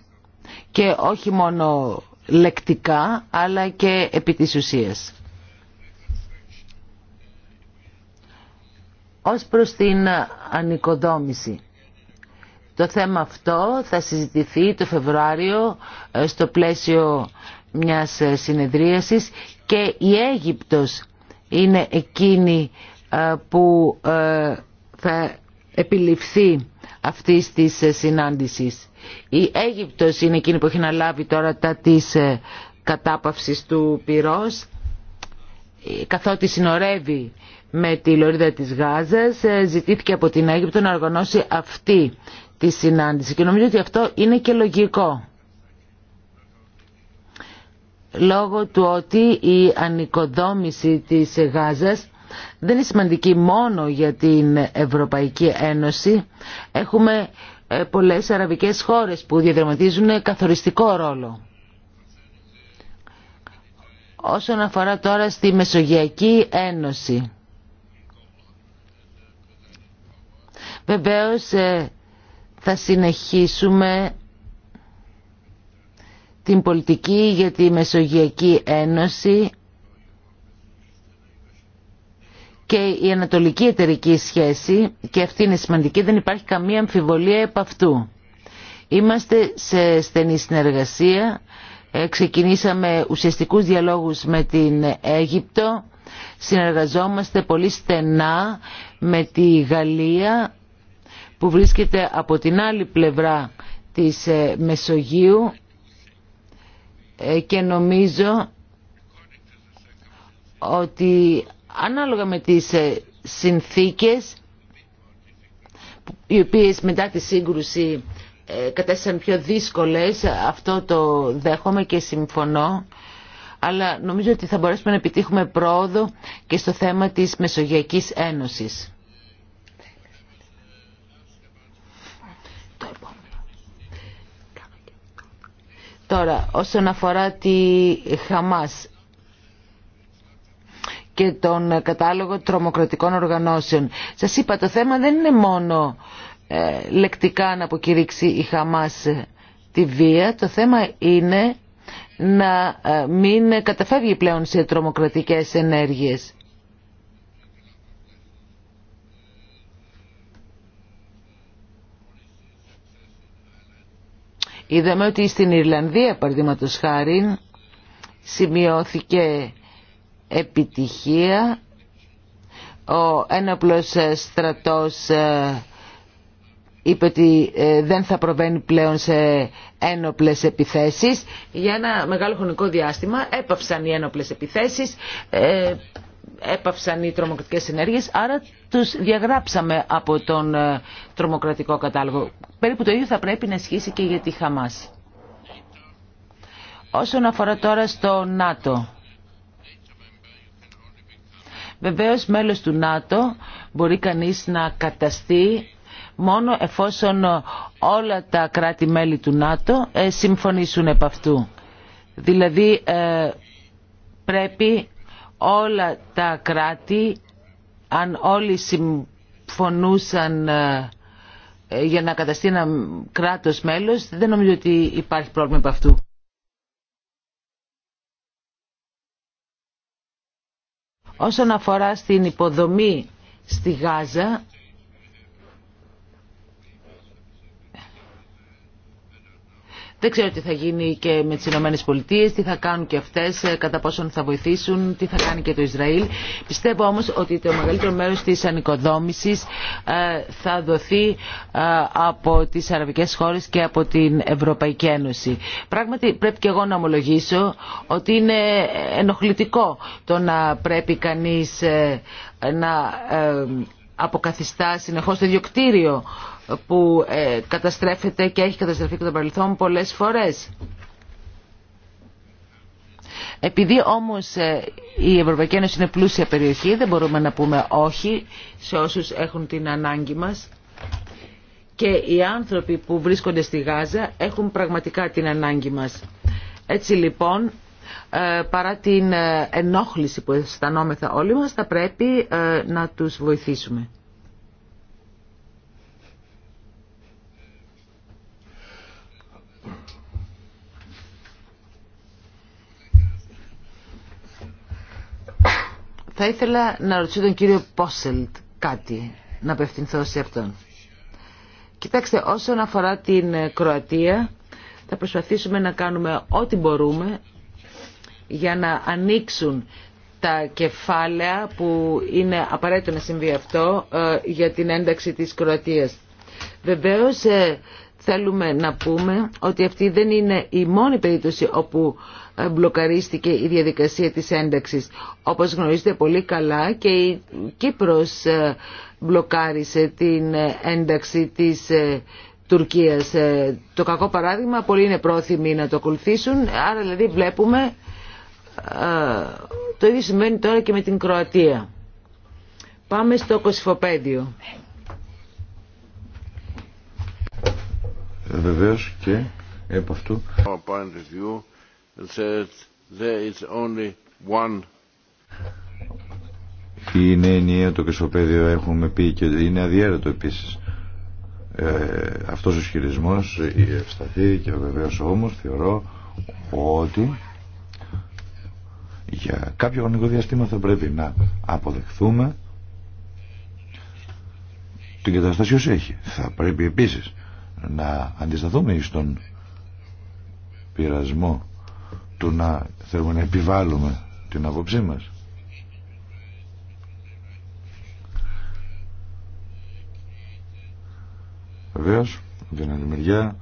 Και όχι μόνο λεκτικά, αλλά και επί της ουσίας. Ως προς την ανοικοδόμηση. Το θέμα αυτό θα συζητηθεί το Φεβρουάριο ε, στο πλαίσιο μιας ε, συνεδρίασης και η Αίγυπτος είναι εκείνη ε, που θα επιληφθεί αυτής της συνάντησης. Η Αίγυπτος είναι εκείνη που έχει να λάβει τώρα τα της κατάπαυσης του πυρός καθότι συνορεύει με τη λωρίδα της Γάζας ζητήθηκε από την Αίγυπτο να οργανώσει αυτή τη συνάντηση και νομίζω ότι αυτό είναι και λογικό λόγω του ότι η ανοικοδόμηση της Γάζας δεν είναι σημαντική μόνο για την Ευρωπαϊκή Ένωση. Έχουμε ε, πολλές αραβικές χώρες που διαδραματίζουν καθοριστικό ρόλο. Όσον αφορά τώρα στη Μεσογειακή Ένωση. Βεβαίως ε, θα συνεχίσουμε την πολιτική για τη Μεσογειακή Ένωση και η ανατολική εταιρική σχέση και αυτή είναι σημαντική, δεν υπάρχει καμία αμφιβολία επ' αυτού. Είμαστε σε στενή συνεργασία, ε, ξεκινήσαμε ουσιαστικούς διαλόγους με την Αίγυπτο, συνεργαζόμαστε πολύ στενά με τη Γαλλία που βρίσκεται από την άλλη πλευρά της ε, Μεσογείου ε, και νομίζω ότι ανάλογα με τις ε, συνθήκες οι οποίες μετά τη σύγκρουση κατέστησαν πιο δύσκολες αυτό το δέχομαι και συμφωνώ αλλά νομίζω ότι θα μπορέσουμε να επιτύχουμε πρόοδο και στο θέμα της Μεσογειακής Ένωσης. Τώρα, όσον αφορά τη Χαμάς και τον κατάλογο τρομοκρατικών οργανώσεων. Σας είπα, το θέμα δεν είναι μόνο ε, λεκτικά να αποκηρύξει η Χαμάς ε, τη βία. Το θέμα είναι να ε, μην καταφεύγει πλέον σε τρομοκρατικές ενέργειες. Είδαμε ότι στην Ιρλανδία, παραδείγματο χάρη, σημειώθηκε επιτυχία. Ο ένοπλος ε, στρατός ε, είπε ότι ε, δεν θα προβαίνει πλέον σε ένοπλες επιθέσεις. Για ένα μεγάλο χρονικό διάστημα έπαυσαν οι ένοπλες επιθέσεις έπαυσαν οι τρομοκρατικές ενέργειες, άρα τους διαγράψαμε από τον ε, τρομοκρατικό κατάλογο. Περίπου το ίδιο θα πρέπει να ισχύσει και για τη Όσον αφορά τώρα στο ΝΑΤΟ. Βεβαίως μέλος του ΝΑΤΟ μπορεί κανείς να καταστεί μόνο εφόσον όλα τα κράτη-μέλη του ΝΑΤΟ ε, συμφωνήσουν επ' αυτού. Δηλαδή ε, πρέπει όλα τα κράτη, αν όλοι συμφωνούσαν ε, ε, για να καταστεί ένα κράτος μέλος, δεν νομίζω ότι υπάρχει πρόβλημα από αυτού. Όσον αφορά στην υποδομή στη Γάζα, Δεν ξέρω τι θα γίνει και με τι Ηνωμένε Πολιτείε, τι θα κάνουν και αυτές, ε, κατά πόσον θα βοηθήσουν, τι θα κάνει και το Ισραήλ. Πιστεύω όμως ότι το μεγαλύτερο μέρος της ανοικοδόμησης ε, θα δοθεί ε, από τις αραβικές χώρες και από την Ευρωπαϊκή Ένωση. Πράγματι πρέπει και εγώ να ομολογήσω ότι είναι ενοχλητικό το να πρέπει κανεί να αποκαθιστά συνεχώ το κτίριο που ε, καταστρέφεται και έχει και το παρελθόν πολλές φορές. Επειδή όμως ε, η Ευρωπαϊκή Ένωση είναι πλούσια περιοχή, δεν μπορούμε να πούμε όχι σε όσους έχουν την ανάγκη μας. Και οι άνθρωποι που βρίσκονται στη Γάζα έχουν πραγματικά την ανάγκη μας. Έτσι λοιπόν, ε, παρά την ενόχληση που αισθανόμεθα όλοι μας, θα πρέπει να τους βοηθήσουμε. Θα ήθελα να ρωτήσω τον κύριο Πόσελτ κάτι, να απευθυνθώ σε αυτόν. Κοιτάξτε, όσον αφορά την ε, Κροατία, θα προσπαθήσουμε να κάνουμε ό,τι μπορούμε για να ανοίξουν τα κεφάλαια που είναι απαραίτητο να συμβεί αυτό ε, για την ένταξη της Κροατίας. Βεβαίως ε, θέλουμε να πούμε ότι αυτή δεν είναι η μόνη περίπτωση όπου μπλοκαρίστηκε η διαδικασία της ένταξης. Όπως γνωρίζετε πολύ καλά και η Κύπρος ε, μπλοκάρισε την ε, ένταξη της ε, Τουρκίας. Το κακό παράδειγμα, πολλοί είναι πρόθυμοι να το ακολουθήσουν, άρα δηλαδή βλέπουμε το ίδιο συμβαίνει τώρα και με την Κροατία. Πάμε στο Κωσυφοπέδιο. Βεβαίως και από αυτού είναι ενιαίο το κεσοπέδιο έχουμε πει και είναι αδιέρετο επίσης ε, αυτός ο ισχυρισμό ε, ευσταθεί και βεβαίω όμως θεωρώ ότι για κάποιο χρονικό διαστήμα θα πρέπει να αποδεχθούμε την κατάσταση όσο έχει. Θα πρέπει επίσης να αντισταθούμε στον πειρασμό του να θέλουμε να επιβάλλουμε την άποψή μας. Βεβαίω, από την άλλη μεριά,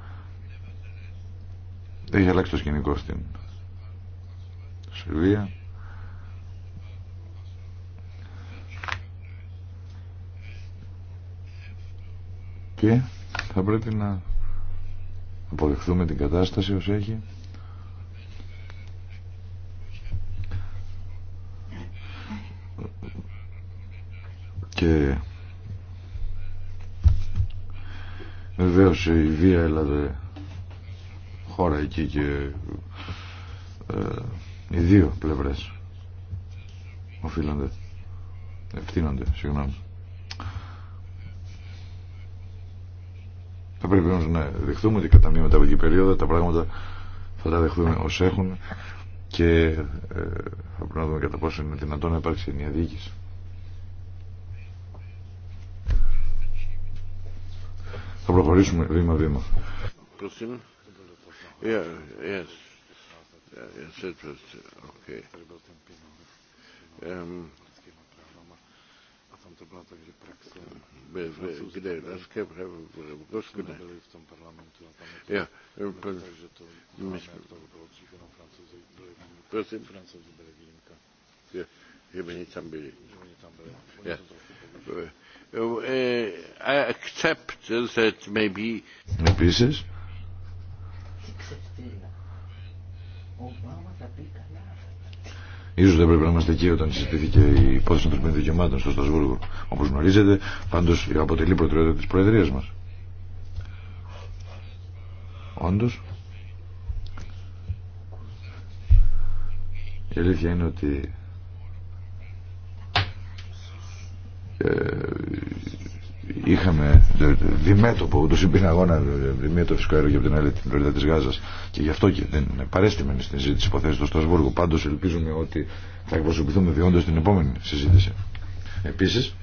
έχει αλλάξει το σκηνικό στην Σερβία. Και θα πρέπει να αποδεχθούμε την κατάσταση όσο έχει. και βεβαίω η βία έλαβε χώρα εκεί και ε, οι δύο πλευρές οφείλονται ευθύνονται συγγνώμη θα πρέπει όμως να δεχθούμε ότι κατά μία μεταβλητική περίοδο τα πράγματα θα τα δεχθούμε ως έχουν και ε, θα πρέπει να δούμε κατά πόσο είναι δυνατόν να υπάρξει μια διοίκηση θα προχωρήσουμε βήμα-βήμα. Yeah, Επίση. Ε, that Ίσως δεν πρέπει να είμαστε εκεί όταν συζητήθηκε η υπόθεση των δικαιωμάτων στο Στασβούργο. Όπως γνωρίζετε, πάντως αποτελεί προτεραιότητα της Προεδρίας μας. Όντως. Η αλήθεια είναι ότι Ε, είχαμε διμέτωπο ούτως είπε αγώνα το φυσικό αέριο και από την άλλη την προϊόντα της Γάζας και γι' αυτό και δεν είναι παρέστημενη στην συζήτηση υποθέσεις του Στρασβούργου πάντως ελπίζουμε ότι θα εκπροσωπηθούμε βιώντας την επόμενη συζήτηση επίσης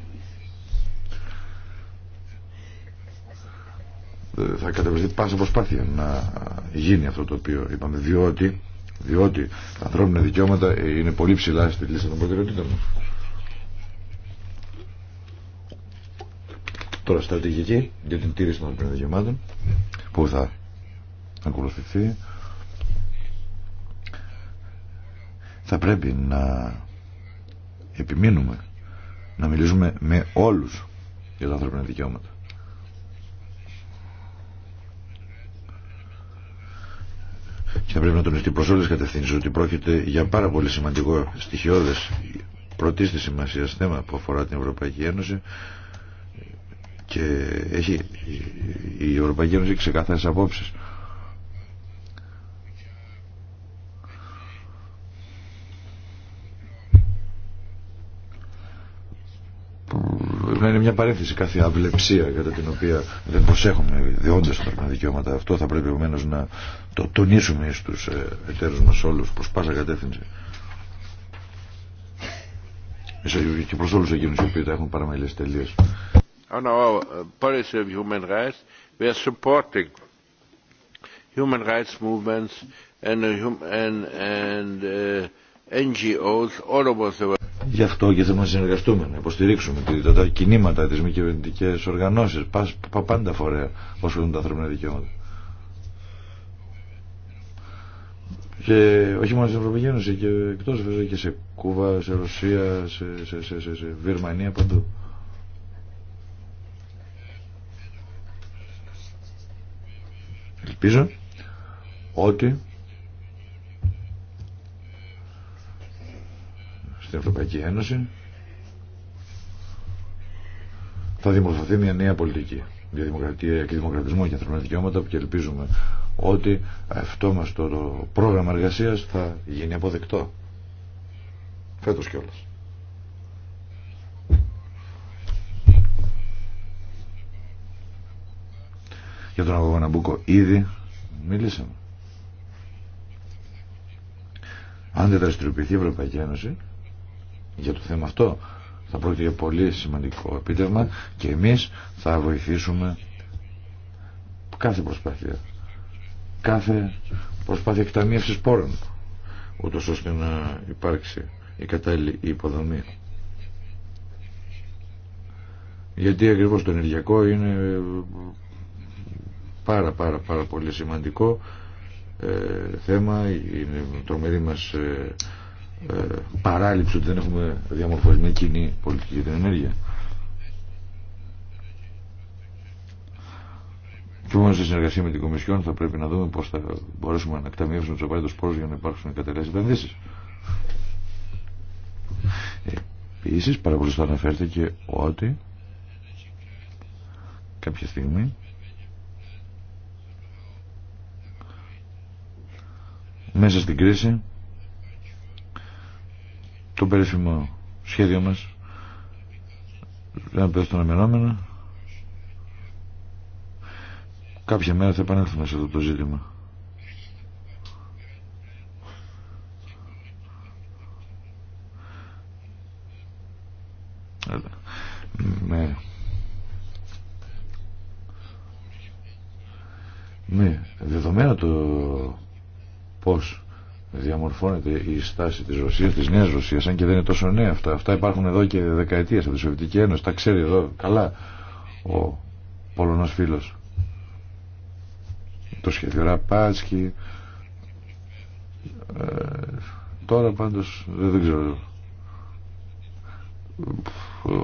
ε, θα καταβληθεί πάσα προσπάθεια να γίνει αυτό το οποίο είπαμε διότι, διότι τα ανθρώπινα δικαιώματα ε, είναι πολύ ψηλά στη λίστα των προτεραιοτήτων Τώρα στρατηγική για την τήρηση των δικαιωμάτων που θα ακολουθηθεί θα πρέπει να επιμείνουμε να μιλήσουμε με όλους για τα ανθρώπινα δικαιώματα. Και θα πρέπει να τονιστεί προς όλες κατευθύνσεις ότι πρόκειται για πάρα πολύ σημαντικό στοιχειώδες πρωτής σημασία θέμα που αφορά την Ευρωπαϊκή Ένωση και έχει η Ευρωπαϊκή Ένωση ξεκάθαρες απόψεις να είναι μια παρένθεση κάθε αυλεψία κατά την οποία δεν προσέχουμε διόντες τα δικαιώματα. Αυτό θα πρέπει επομένως να το τονίσουμε στους ε, εταίρους μας όλους προς πάσα κατεύθυνση. Και προς όλους εκείνους οι οποίοι τα έχουν παραμελήσει τελείως on our uh, policy of human rights. We are supporting human rights movements and uh, and, NGOs uh, all over the world. Γι' αυτό και θέλουμε να συνεργαστούμε, να υποστηρίξουμε τα, τα κινήματα, τις μη κυβερνητικέ οργανώσεις, πα, πα, πάντα φορέα όσο έχουν τα ανθρώπινα δικαιώματα. Και όχι μόνο στην Ευρωπαϊκή Ένωση, και εκτός βέβαια και σε Κούβα, σε Ρωσία, σε, σε, σε, σε, σε Βυρμανία, παντού. Ελπίζω ότι στην Ευρωπαϊκή Ένωση θα δημορφωθεί μια νέα πολιτική για δημοκρατία και δημοκρατισμό και ανθρώπινα δικαιώματα που και ελπίζουμε ότι αυτό μας το πρόγραμμα εργασίας θα γίνει αποδεκτό φέτος κιόλας. για τον αγώνα Ναμπούκο ήδη μίλησαμε. Αν δεν δραστηριοποιηθεί η Ευρωπαϊκή Ένωση για το θέμα αυτό θα πρόκειται για πολύ σημαντικό επίτευγμα και εμείς θα βοηθήσουμε κάθε προσπάθεια κάθε προσπάθεια εκταμίευσης πόρων ούτως ώστε να υπάρξει η κατάλληλη υποδομή γιατί ακριβώς το ενεργειακό είναι πάρα πάρα πάρα πολύ σημαντικό ε, θέμα είναι τρομερή μας ε, ε, παράληψη ότι δεν έχουμε διαμορφωσμένη κοινή πολιτική για την ενέργεια και μόνο σε συνεργασία με την Κομισιόν θα πρέπει να δούμε πώς θα μπορέσουμε να εκταμιεύσουμε τους απαραίτητους πόρους για να υπάρξουν κατελέσεις επενδύσεις ε, Επίσης παρακολουθώ να αναφέρθηκε ότι κάποια στιγμή μέσα στην κρίση το περίφημο σχέδιο μας δεν πέφτουν αμενόμενα κάποια μέρα θα επανέλθουμε σε αυτό το ζήτημα με με δεδομένα το πώς διαμορφώνεται η στάση της Ρωσίας, της νέας Ρωσίας, αν και δεν είναι τόσο νέα αυτά. Αυτά υπάρχουν εδώ και δεκαετίες από τη Σοβιετική Ένωση, τα ξέρει εδώ καλά ο Πολωνός φίλος. Το σχέδιο Ραπάτσκι, ε, τώρα πάντως δεν, δεν ξέρω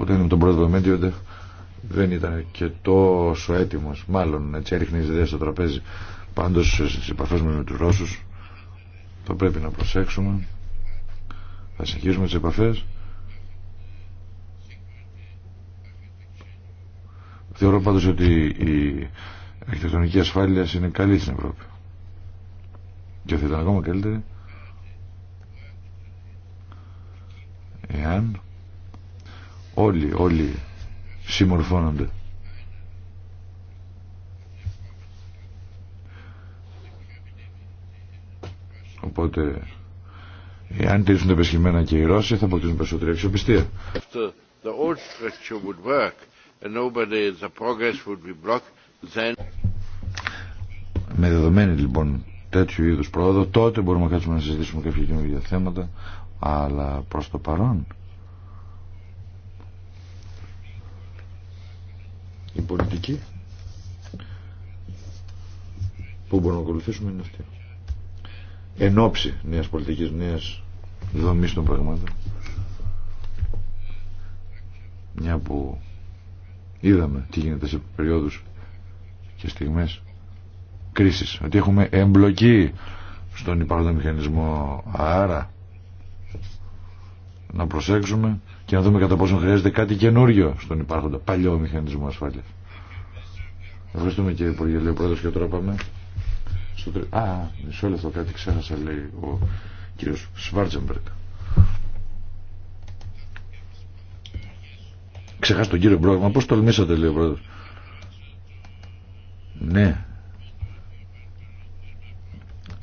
είναι με τον πρόεδρο Μέντιο δεν ήταν και τόσο έτοιμος μάλλον έτσι έριχνε ιδέες στο τραπέζι πάντως σε επαφές με τους Ρώσους θα πρέπει να προσέξουμε θα συνεχίσουμε τις επαφές θεωρώ πάντως ότι η αρχιτεκτονική ασφάλεια είναι καλή στην Ευρώπη και θα ήταν ακόμα καλύτερη εάν όλοι όλοι συμμορφώνονται Οπότε, αν τηρήσουν τα επεσχημένα και οι Ρώσοι, θα αποκτήσουν περισσότερη αξιοπιστία. Με δεδομένη λοιπόν τέτοιου είδους πρόοδο, τότε μπορούμε να κάτσουμε να συζητήσουμε κάποια καινούργια θέματα, αλλά προς το παρόν η πολιτική που μπορούμε να ακολουθήσουμε είναι αυτή εν ώψη νέας πολιτικής, νέας δομής των πραγμάτων. Μια που είδαμε τι γίνεται σε περιόδους και στιγμές κρίσης, ότι έχουμε εμπλοκή στον υπάρχοντα μηχανισμό. Άρα να προσέξουμε και να δούμε κατά πόσο χρειάζεται κάτι καινούριο στον υπάρχοντα παλιό μηχανισμό ασφάλειας. Ευχαριστούμε κύριε Υπουργέ, λέει ο και τώρα πάμε τρίτο. Α, μισό λεπτό κάτι ξέχασα λέει ο κύριος Σβάρτζεμπεργκ. Ξεχάσα τον κύριο πρόγραμμα. Πώς τολμήσατε λέει ο πρόεδρος. Ναι.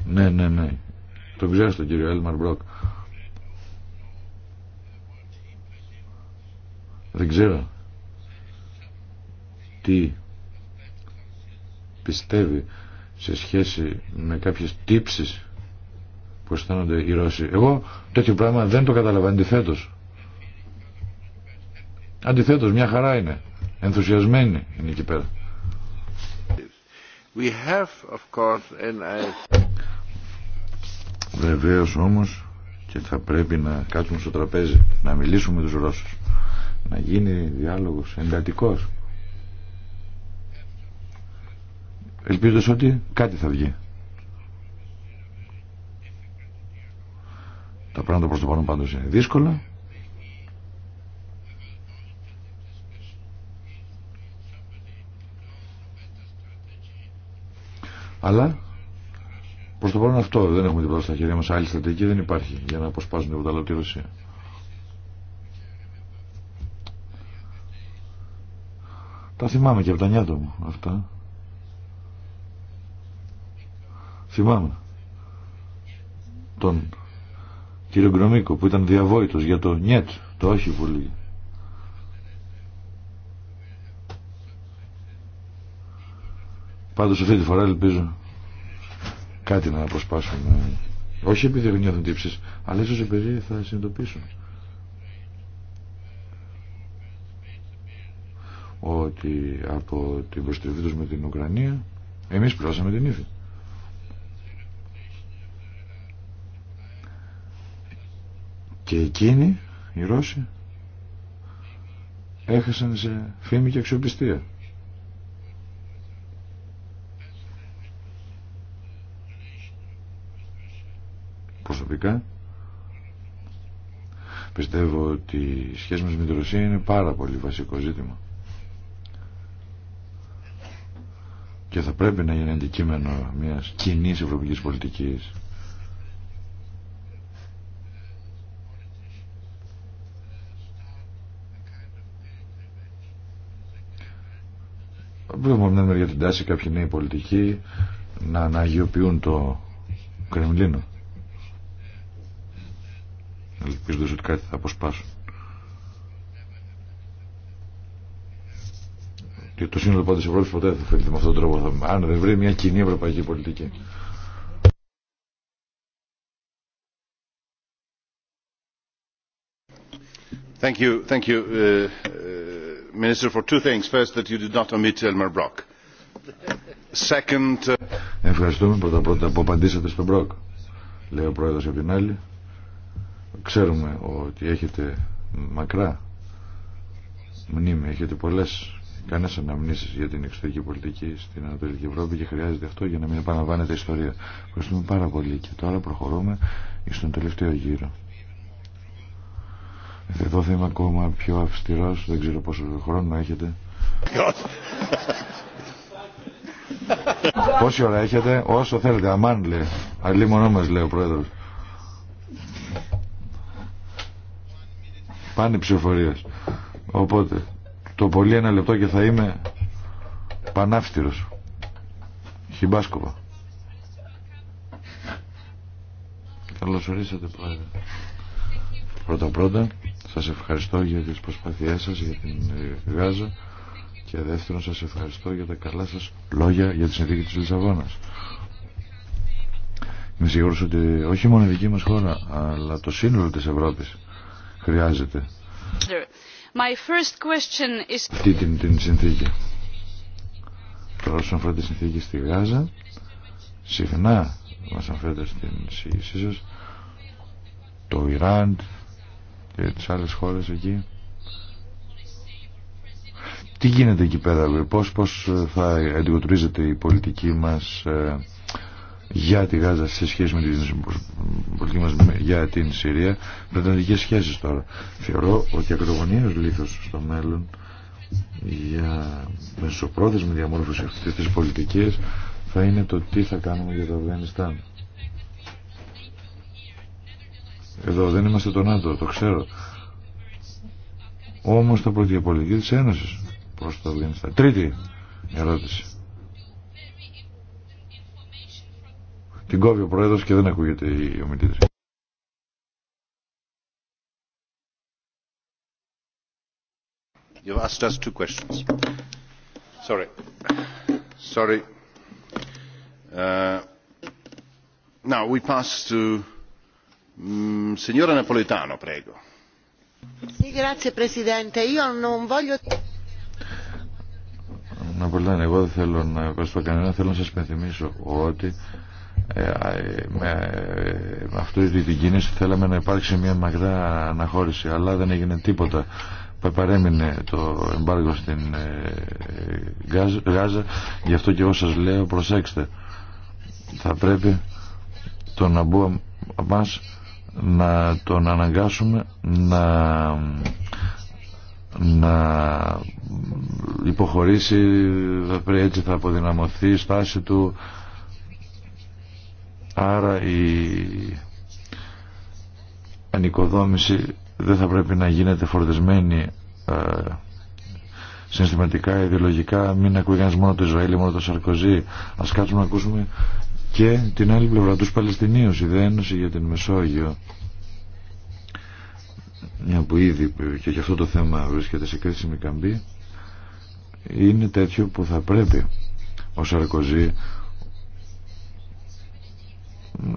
Ναι, ναι, ναι. Τον ξέρω τον κύριο Έλμαρ Μπρόκ. Δεν ξέρω τι πιστεύει σε σχέση με κάποιες τύψεις που αισθάνονται οι Ρώσοι. Εγώ τέτοιο πράγμα δεν το καταλαβαίνω αντιθέτω. Αντιθέτω, μια χαρά είναι. Ενθουσιασμένοι είναι εκεί πέρα. We όμω, όμως και θα πρέπει να κάτσουμε στο τραπέζι, να μιλήσουμε με τους Ρώσους, να γίνει διάλογος εντατικός. ελπίζοντας ότι κάτι θα βγει. Τα πράγματα προς το παρόν πάντως είναι δύσκολα. Αλλά προ το παρόν αυτό δεν έχουμε τίποτα στα χέρια μα. Άλλη στρατηγική δεν υπάρχει για να αποσπάσουν τίποτα άλλο τη Ρωσία. Τα θυμάμαι και από τα νιάτα μου αυτά. Θυμάμαι τον κύριο Γκρομίκο που ήταν διαβόητος για το νιέτ, το όχι πολύ. Πάντως αυτή τη φορά ελπίζω κάτι να αποσπάσουμε. Όχι επειδή έχουν νιώθουν τύψεις, αλλά ίσως επειδή θα συνειδητοποιήσουν. ότι από την προστριβή τους με την Ουκρανία εμείς πλώσαμε την ίδια. Και εκείνοι, οι Ρώσοι, έχασαν σε φήμη και αξιοπιστία. Προσωπικά, πιστεύω ότι η σχέση μας με τη Ρωσία είναι πάρα πολύ βασικό ζήτημα. Και θα πρέπει να γίνει αντικείμενο μιας κοινής ευρωπαϊκής πολιτικής. βλέπουμε από μια μεριά την τάση κάποιοι νέοι πολιτικοί να αναγιοποιούν το Κρεμλίνο. Ελπίζοντας ότι κάτι θα αποσπάσουν. Και το σύνολο πάντως Ευρώπης ποτέ δεν θα φέρει με αυτόν τον τρόπο. αν δεν βρει μια κοινή ευρωπαϊκή πολιτική. Thank you, thank you, uh, uh... Minister, for two things. First, that you did not omit Elmar Second... Uh, Ευχαριστούμε πρώτα πρώτα που απαντήσατε στον Μπροκ. Λέει ο Πρόεδρος από την άλλη. Ξέρουμε ότι έχετε μακρά μνήμη, έχετε πολλές κανένα αναμνήσεις για την εξωτερική πολιτική στην Ανατολική Ευρώπη και χρειάζεται αυτό για να μην επαναλαμβάνεται η ιστορία. Ευχαριστούμε πάρα πολύ και τώρα προχωρούμε στον τελευταίο γύρο. Εδώ θα είμαι ακόμα πιο αυστήρο, δεν ξέρω πόσο χρόνο έχετε. Πόση ώρα έχετε, όσο θέλετε, αμάν λέει. Αλλή μονό μας λέει ο πρόεδρο. Πάνε ψηφοφορία. Οπότε, το πολύ ένα λεπτό και θα είμαι πανάυστηρος. Χιμπάσκοβα. Χιμπάσκοπα. ορίσατε πρόεδρε. Πρώτα πρώτα σας ευχαριστώ για τις προσπάθειές σας, για την ε, Γάζα και δεύτερον σας ευχαριστώ για τα καλά σας λόγια για τη συνθήκη της Λισαβόνας. Είμαι σίγουρος ότι όχι μόνο η δική μας χώρα, αλλά το σύνολο της Ευρώπης χρειάζεται My is... αυτή την, την συνθήκη. Τώρα όσον αφορά τη συνθήκη στη Γάζα, συχνά μας αναφέρετε στην εισηγησή σας, το Ιράν, και τις άλλες χώρες εκεί. Τι γίνεται εκεί πέρα, ε, πώς, πώς ε, θα αντικοτουρίζεται η πολιτική μας ε, για τη Γάζα σε σχέση με την πολιτική μας για την Συρία με σχέσεις τώρα. Θεωρώ ότι ακρογωνίας λίθος στο μέλλον για μεσοπρόθεσμη διαμόρφωση αυτής της πολιτικής θα είναι το τι θα κάνουμε για το Αφγανιστάν. Εδώ δεν είμαστε το ΝΑΤΟ, το ξέρω. Όμως το πρώτη της Ένωσης προς το Αφγανιστάν. Τρίτη ερώτηση. Την κόβει ο Πρόεδρος και δεν ακούγεται η ομιλήτρια. You've asked us two questions. Sorry. Sorry. Uh, now we pass to Mm, signora Napoletano, prego. Grazie Presidente. Io non voglio... Ναπολιτάνο, εγώ δεν θέλω να επασπώ κανένα, θέλω να σας πενθυμίσω ότι ε, ε, με αυτή την κίνηση θέλαμε να υπάρξει μια μαγδά αναχώρηση αλλά δεν έγινε τίποτα παρέμεινε το εμπάργο στην ε, Γάζα γι' αυτό και εγώ σας λέω προσέξτε θα πρέπει το να μπούμε μας να τον αναγκάσουμε να να υποχωρήσει έτσι θα αποδυναμωθεί η στάση του άρα η ανοικοδόμηση δεν θα πρέπει να γίνεται φορτισμένη ε, συναισθηματικά, ιδεολογικά μην ακούγεται μόνο το Ισραήλ, μόνο το Σαρκοζή ας κάτσουμε να ακούσουμε και την άλλη πλευρά τους Παλαιστινίους η Δένωση για την Μεσόγειο μια που ήδη και για αυτό το θέμα βρίσκεται σε κρίσιμη καμπή είναι τέτοιο που θα πρέπει ο Σαρκοζή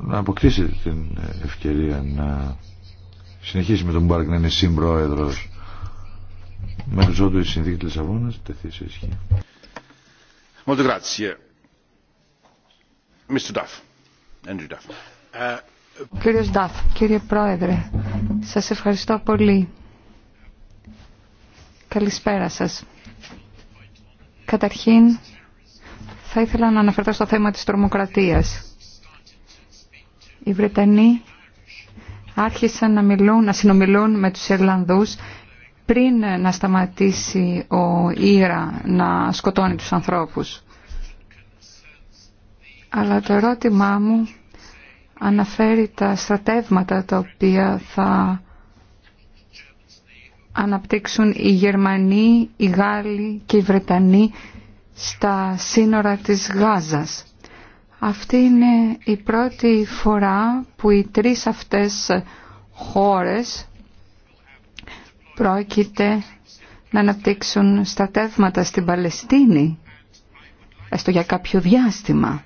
να αποκτήσει την ευκαιρία να συνεχίσει με τον Μπάρκ να είναι συμπρόεδρος μέχρι ότου η συνθήκη της Λισαβόνας τεθεί σε ισχύ. Duff. Uh, κύριε Πρόεδρε, σας ευχαριστώ πολύ. Καλησπέρα σας. Καταρχήν, θα ήθελα να αναφερθώ στο θέμα της τρομοκρατίας. Οι Βρετανοί άρχισαν να, μιλούν, να συνομιλούν με τους Ιρλανδούς πριν να σταματήσει ο Ήρα να σκοτώνει τους ανθρώπους αλλά το ερώτημά μου αναφέρει τα στρατεύματα τα οποία θα αναπτύξουν οι Γερμανοί, οι Γάλλοι και οι Βρετανοί στα σύνορα της Γάζας. Αυτή είναι η πρώτη φορά που οι τρεις αυτές χώρες πρόκειται να αναπτύξουν στρατεύματα στην Παλαιστίνη, έστω για κάποιο διάστημα.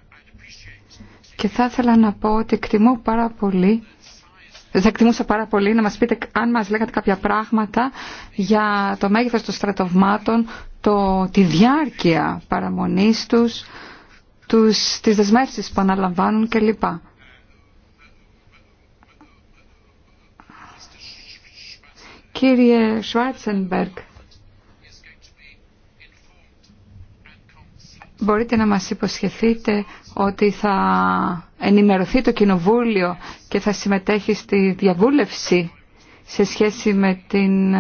Και θα ήθελα να πω ότι εκτιμώ πάρα πολύ θα εκτιμούσα πάρα πολύ να μας πείτε αν μας λέγατε κάποια πράγματα για το μέγεθος των στρατευμάτων, το, τη διάρκεια παραμονής τους, τους, τις δεσμεύσεις που αναλαμβάνουν κλπ. Κύριε Σουάρτσενμπεργκ, μπορείτε να μας υποσχεθείτε ότι θα ενημερωθεί το Κοινοβούλιο και θα συμμετέχει στη διαβούλευση σε σχέση με την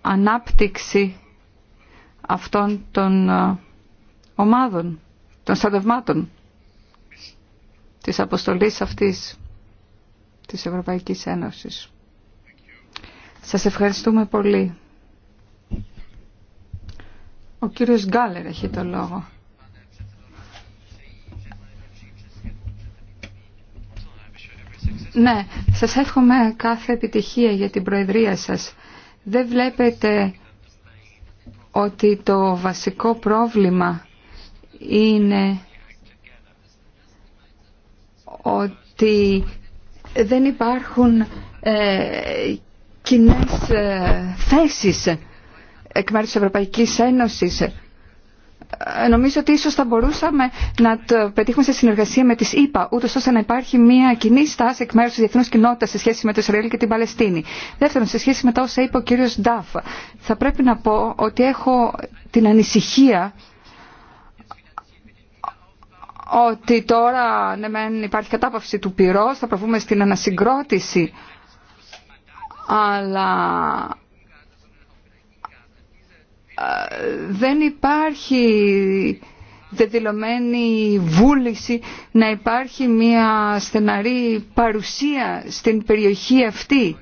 ανάπτυξη αυτών των ε, ομάδων, των στρατευμάτων της αποστολής αυτής της Ευρωπαϊκής Ένωσης. Σας ευχαριστούμε πολύ. Ο κύριος Γκάλερ έχει το λόγο. Ναι, σας εύχομαι κάθε επιτυχία για την Προεδρία σας. Δεν βλέπετε ότι το βασικό πρόβλημα είναι ότι δεν υπάρχουν ε, κοινέ ε, θέσεις εκ μέρους της Ευρωπαϊκής Ένωσης ε, νομίζω ότι ίσως θα μπορούσαμε να το πετύχουμε σε συνεργασία με τις ΗΠΑ, ούτως ώστε να υπάρχει μια κοινή στάση εκ μέρους της διεθνούς κοινότητας σε σχέση με το Ισραήλ και την Παλαιστίνη. Δεύτερον, σε σχέση με τα όσα είπε ο κύριος Ντάφ, θα πρέπει να πω ότι έχω την ανησυχία ότι τώρα ναι, μεν υπάρχει κατάπαυση του πυρός, θα προβούμε στην ανασυγκρότηση, αλλά δεν υπάρχει δεδηλωμένη βούληση να υπάρχει μια στεναρή παρουσία στην περιοχή αυτή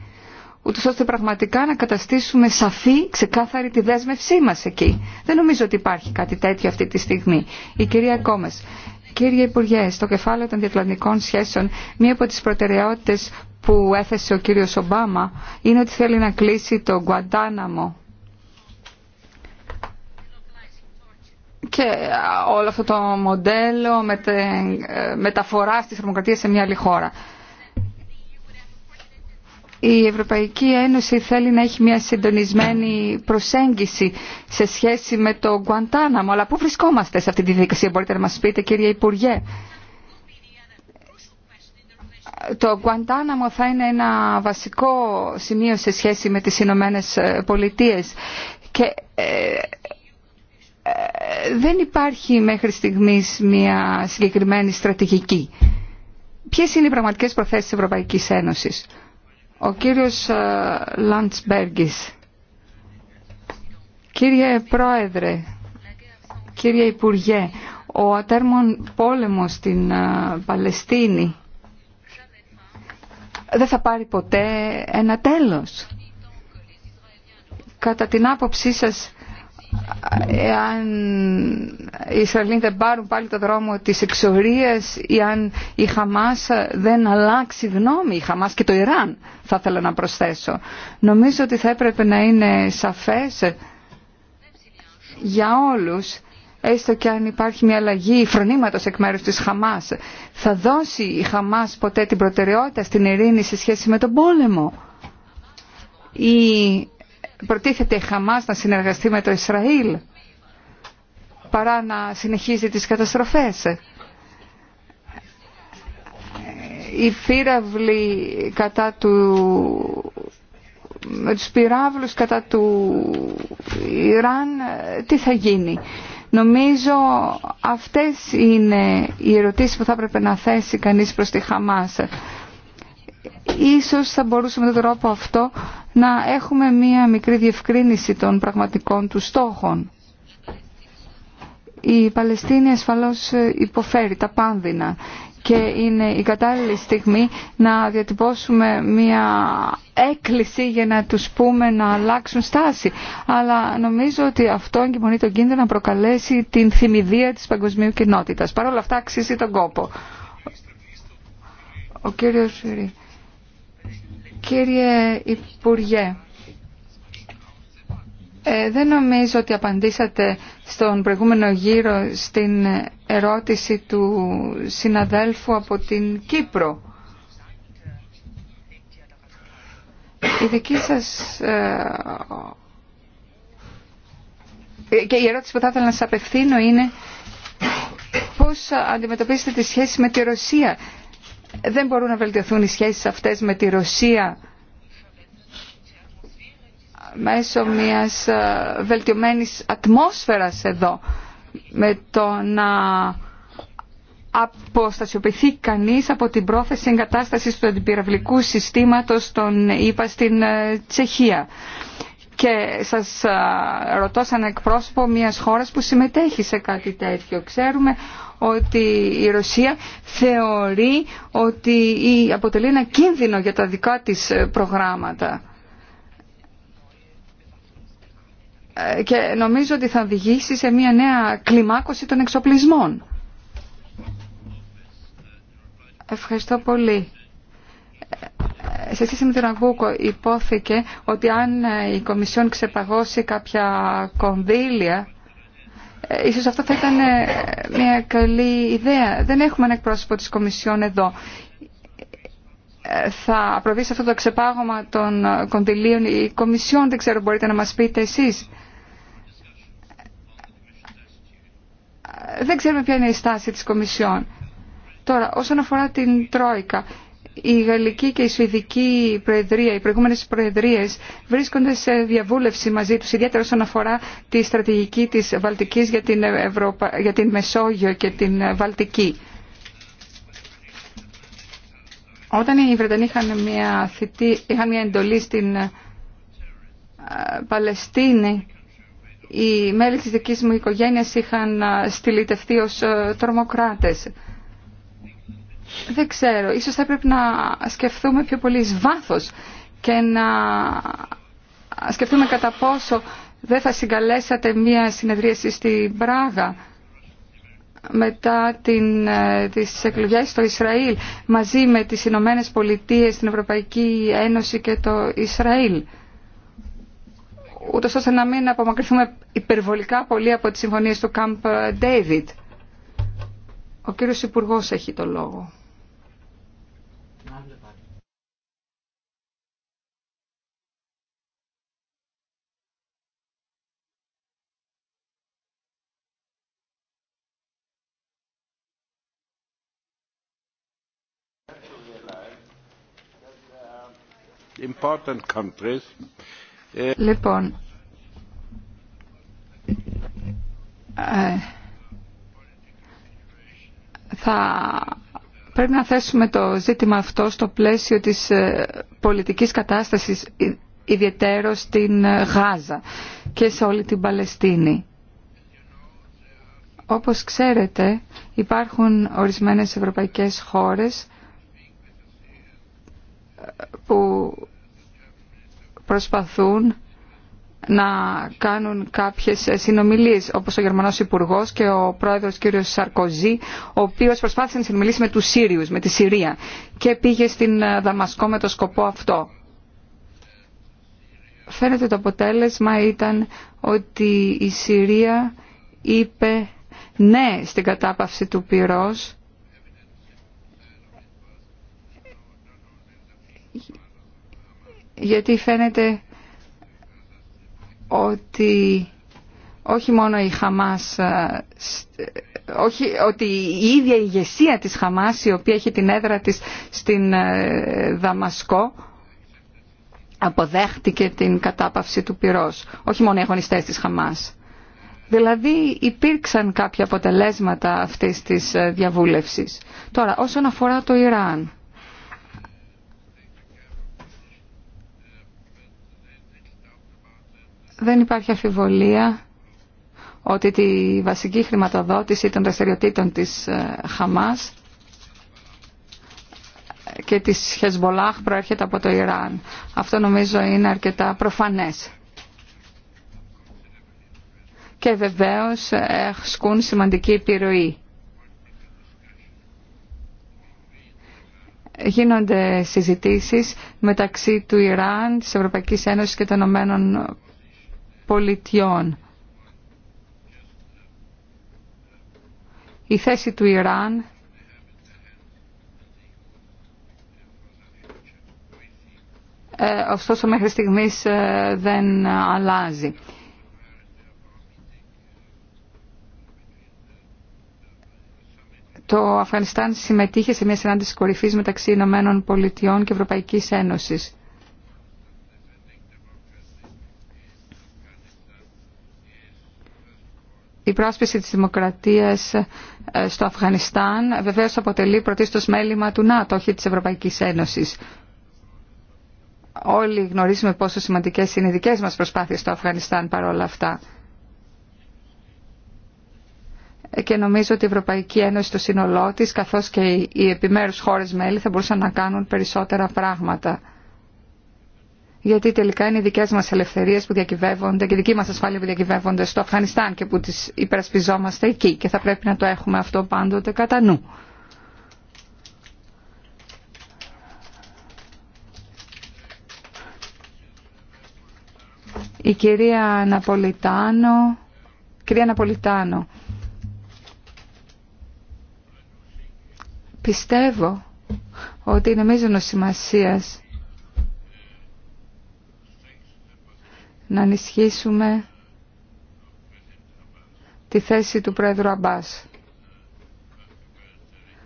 ούτως ώστε πραγματικά να καταστήσουμε σαφή, ξεκάθαρη τη δέσμευσή μας εκεί. Δεν νομίζω ότι υπάρχει κάτι τέτοιο αυτή τη στιγμή. Η κυρία Κόμες, κύριε Υπουργέ, στο κεφάλαιο των διατλαντικών σχέσεων, μία από τις προτεραιότητες που έθεσε ο κύριος Ομπάμα είναι ότι θέλει να κλείσει το Γκουαντάναμο και όλο αυτό το μοντέλο με μεταφορά της σε μια άλλη χώρα. Η Ευρωπαϊκή Ένωση θέλει να έχει μια συντονισμένη προσέγγιση σε σχέση με το Γκουαντάναμο. Αλλά πού βρισκόμαστε σε αυτή τη διαδικασία; μπορείτε να μας πείτε κύριε Υπουργέ. Το Γκουαντάναμο θα είναι ένα βασικό σημείο σε σχέση με τις Ηνωμένε Πολιτείε. Και ε, δεν υπάρχει μέχρι στιγμής μια συγκεκριμένη στρατηγική. Ποιες είναι οι πραγματικές προθέσεις της Ευρωπαϊκής Ένωσης. Ο κύριος ε, Λαντσμπέργκης. Κύριε Πρόεδρε, κύριε Υπουργέ, ο ατέρμον πόλεμος στην ε, Παλαιστίνη δεν θα πάρει ποτέ ένα τέλος. Κατά την άποψή σας, εάν οι Ισραηλοί δεν πάρουν πάλι το δρόμο της εξορίας ή αν η Χαμάς δεν αλλάξει γνώμη, η Χαμάς και το Ιράν θα ήθελα να προσθέσω. Νομίζω ότι θα έπρεπε να είναι σαφές για όλους έστω και αν υπάρχει μια αλλαγή φρονήματος εκ μέρους της Χαμάς. Θα δώσει η Χαμάς ποτέ την προτεραιότητα στην ειρήνη σε σχέση με τον πόλεμο. Η προτίθεται η Χαμάς να συνεργαστεί με το Ισραήλ παρά να συνεχίζει τις καταστροφές. Οι πύραυλοι κατά του... Με τους πυράβλους κατά του Ιράν τι θα γίνει. Νομίζω αυτές είναι οι ερωτήσεις που θα έπρεπε να θέσει κανείς προς τη Χαμάς ίσως θα μπορούσαμε με τον τρόπο αυτό να έχουμε μία μικρή διευκρίνηση των πραγματικών του στόχων. Η Παλαιστίνη ασφαλώς υποφέρει τα πάνδυνα και είναι η κατάλληλη στιγμή να διατυπώσουμε μία έκκληση για να τους πούμε να αλλάξουν στάση. Αλλά νομίζω ότι αυτό εγκυμονεί τον κίνδυνο να προκαλέσει την θυμηδία της παγκοσμίου κοινότητας. Παρ' όλα αυτά αξίζει τον κόπο. Ο κύριος Κύριε Υπουργέ, ε, δεν νομίζω ότι απαντήσατε στον προηγούμενο γύρο στην ερώτηση του συναδέλφου από την Κύπρο. Η δική ε, και η ερώτηση που θα ήθελα να σας απευθύνω είναι πώς αντιμετωπίσετε τη σχέση με τη Ρωσία δεν μπορούν να βελτιωθούν οι σχέσεις αυτές με τη Ρωσία μέσω μιας ε, βελτιωμένης ατμόσφαιρας εδώ με το να αποστασιοποιηθεί κανείς από την πρόθεση εγκατάστασης του αντιπυραυλικού συστήματος των ΙΠΑ στην ε, Τσεχία. Και σας ε, ρωτώ σαν εκπρόσωπο μιας χώρας που συμμετέχει σε κάτι τέτοιο. Ξέρουμε ότι η Ρωσία θεωρεί ότι αποτελεί ένα κίνδυνο για τα δικά της ε, προγράμματα. Ε, και νομίζω ότι θα οδηγήσει σε μια νέα κλιμάκωση των εξοπλισμών. Ευχαριστώ πολύ. Ε, σε σχέση με τον υπόθηκε ότι αν η Κομισιόν ξεπαγώσει κάποια κονδύλια Ίσως αυτό θα ήταν ε, μια καλή ιδέα. Δεν έχουμε ένα εκπρόσωπο της Κομισιόν εδώ. Ε, θα προβεί σε αυτό το ξεπάγωμα των κοντιλίων η Κομισιόν, δεν ξέρω, μπορείτε να μας πείτε εσείς. Ε, δεν ξέρουμε ποια είναι η στάση της Κομισιόν. Τώρα, όσον αφορά την Τρόικα, η Γαλλική και η Σουηδική Προεδρία, οι προηγούμενες Προεδρίες βρίσκονται σε διαβούλευση μαζί του ιδιαίτερα όσον αφορά τη στρατηγική της Βαλτική για την, Ευρωπα... για την Μεσόγειο και την Βαλτική. Όταν οι Βρετανοί είχαν μια, θητή, είχαν μια εντολή στην Παλαιστίνη, οι μέλη της δικής μου οικογένειας είχαν στυλιτευτεί ως τρομοκράτες. Δεν ξέρω, ίσως θα πρέπει να σκεφτούμε πιο πολύ εις βάθος και να σκεφτούμε κατά πόσο δεν θα συγκαλέσατε μία συνεδρίαση στην Πράγα μετά την, ε, τις εκλογές στο Ισραήλ μαζί με τις Ηνωμένε Πολιτείες, την Ευρωπαϊκή Ένωση και το Ισραήλ ούτως ώστε να μην απομακρυνθούμε υπερβολικά πολύ από τις συμφωνίες του Καμπ Ντέιβιτ. Ο κύριος Υπουργός έχει το λόγο. important Λοιπόν, ε, θα πρέπει να θέσουμε το ζήτημα αυτό στο πλαίσιο της ε, πολιτικής κατάστασης ε, ιδιαίτερο στην Γάζα και σε όλη την Παλαιστίνη. Όπως ξέρετε υπάρχουν ορισμένες ευρωπαϊκές χώρες που προσπαθούν να κάνουν κάποιες συνομιλίες όπως ο Γερμανός Υπουργός και ο πρόεδρος κ. Σαρκοζή ο οποίος προσπάθησε να συνομιλήσει με τους Σύριους, με τη Συρία και πήγε στην Δαμασκό με το σκοπό αυτό. Φαίνεται το αποτέλεσμα ήταν ότι η Συρία είπε ναι στην κατάπαυση του πυρός γιατί φαίνεται ότι όχι μόνο η Χαμάς, ε, ε, όχι, ότι η ίδια ηγεσία της Χαμάς, η οποία έχει την έδρα της στην ε, Δαμασκό, αποδέχτηκε την κατάπαυση του πυρός. Όχι μόνο οι αγωνιστές της Χαμάς. Δηλαδή υπήρξαν κάποια αποτελέσματα αυτής της διαβούλευσης. Τώρα, όσον αφορά το Ιράν, Δεν υπάρχει αφιβολία ότι τη βασική χρηματοδότηση των δραστηριοτήτων της ε, Χαμάς και της Χεσμολάχ προέρχεται από το Ιράν. Αυτό νομίζω είναι αρκετά προφανές. Και βεβαίως έχουν σημαντική επιρροή. Γίνονται συζητήσεις μεταξύ του Ιράν, της Ευρωπαϊκής Ένωσης και των Ηνωμένων πολιτιών. Η θέση του Ιράν ε, ωστόσο μέχρι στιγμής ε, δεν αλλάζει. Το Αφγανιστάν συμμετείχε σε μια συνάντηση κορυφής μεταξύ Ηνωμένων Πολιτειών και Ευρωπαϊκής Ένωσης. η πρόσπιση της δημοκρατίας ε, στο Αφγανιστάν βεβαίως αποτελεί πρωτίστως μέλημα του ΝΑΤΟ, όχι της Ευρωπαϊκής Ένωσης. Όλοι γνωρίζουμε πόσο σημαντικές είναι οι δικές μας προσπάθειες στο Αφγανιστάν παρόλα αυτά. Ε, και νομίζω ότι η Ευρωπαϊκή Ένωση στο σύνολό τη, καθώς και οι επιμέρους χώρες μέλη θα μπορούσαν να κάνουν περισσότερα πράγματα γιατί τελικά είναι οι δικέ μας ελευθερίες που διακυβεύονται και η δική μας ασφάλεια που διακυβεύονται στο Αφγανιστάν και που τις υπερασπιζόμαστε εκεί και θα πρέπει να το έχουμε αυτό πάντοτε κατά νου. Η κυρία Ναπολιτάνο, κυρία Ναπολιτάνο, πιστεύω ότι είναι μείζονος σημασίας να ενισχύσουμε τη θέση του Πρόεδρου Αμπάς.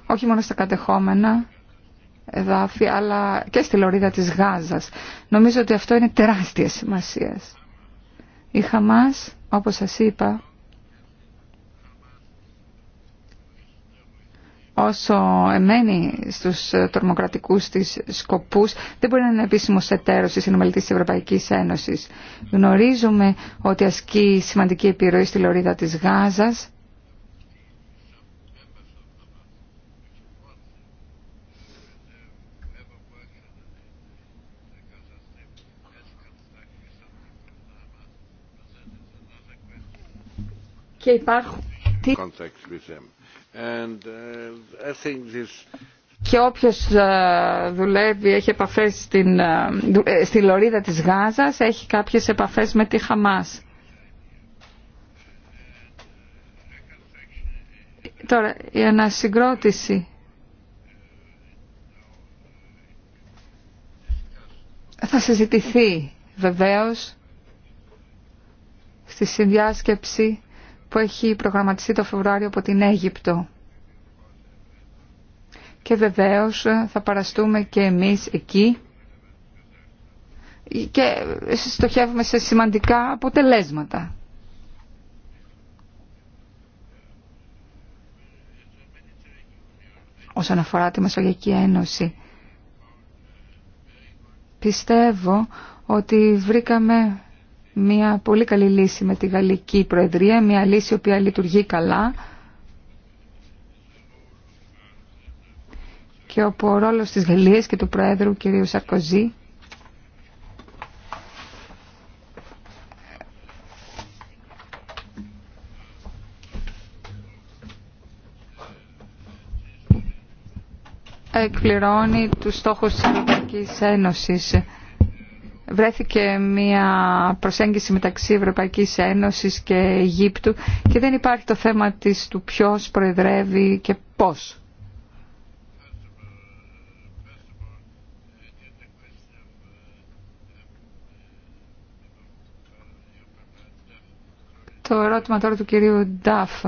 Όχι μόνο στα κατεχόμενα εδάφη, αλλά και στη λωρίδα της Γάζας. Νομίζω ότι αυτό είναι τεράστια σημασία. Η Χαμάς, όπως σας είπα, όσο εμένει στους ε, τρομοκρατικούς της σκοπούς δεν μπορεί να είναι επίσημος εταίρος της της Ευρωπαϊκής Ένωσης. Γνωρίζουμε ότι ασκεί σημαντική επιρροή στη λωρίδα της Γάζας και υπάρχουν Uh, Και όποιος ε, δουλεύει, έχει επαφές στην, ε, ε, στη λωρίδα της Γάζας, έχει κάποιες επαφές με τη Χαμάς. Τώρα, η ανασυγκρότηση. Θα συζητηθεί βεβαίως στη συνδιάσκεψη που έχει προγραμματιστεί το Φεβρουάριο από την Αίγυπτο. Και βεβαίως ε, θα παραστούμε και εμείς εκεί και ε, στοχεύουμε σε σημαντικά αποτελέσματα. Όσον αφορά τη Μεσογειακή Ένωση, πιστεύω ότι βρήκαμε μια πολύ καλή λύση με τη Γαλλική Προεδρία, μια λύση η οποία λειτουργεί καλά και όπου ο ρόλος της Γαλλίας και του Προέδρου κ. Σαρκοζή εκπληρώνει τους στόχους της Ευρωπαϊκής Ένωσης βρέθηκε μια προσέγγιση μεταξύ Ευρωπαϊκής Ένωσης και Αιγύπτου και δεν υπάρχει το θέμα της του ποιος προεδρεύει και πώς. Το ερώτημα τώρα του κυρίου Νταφ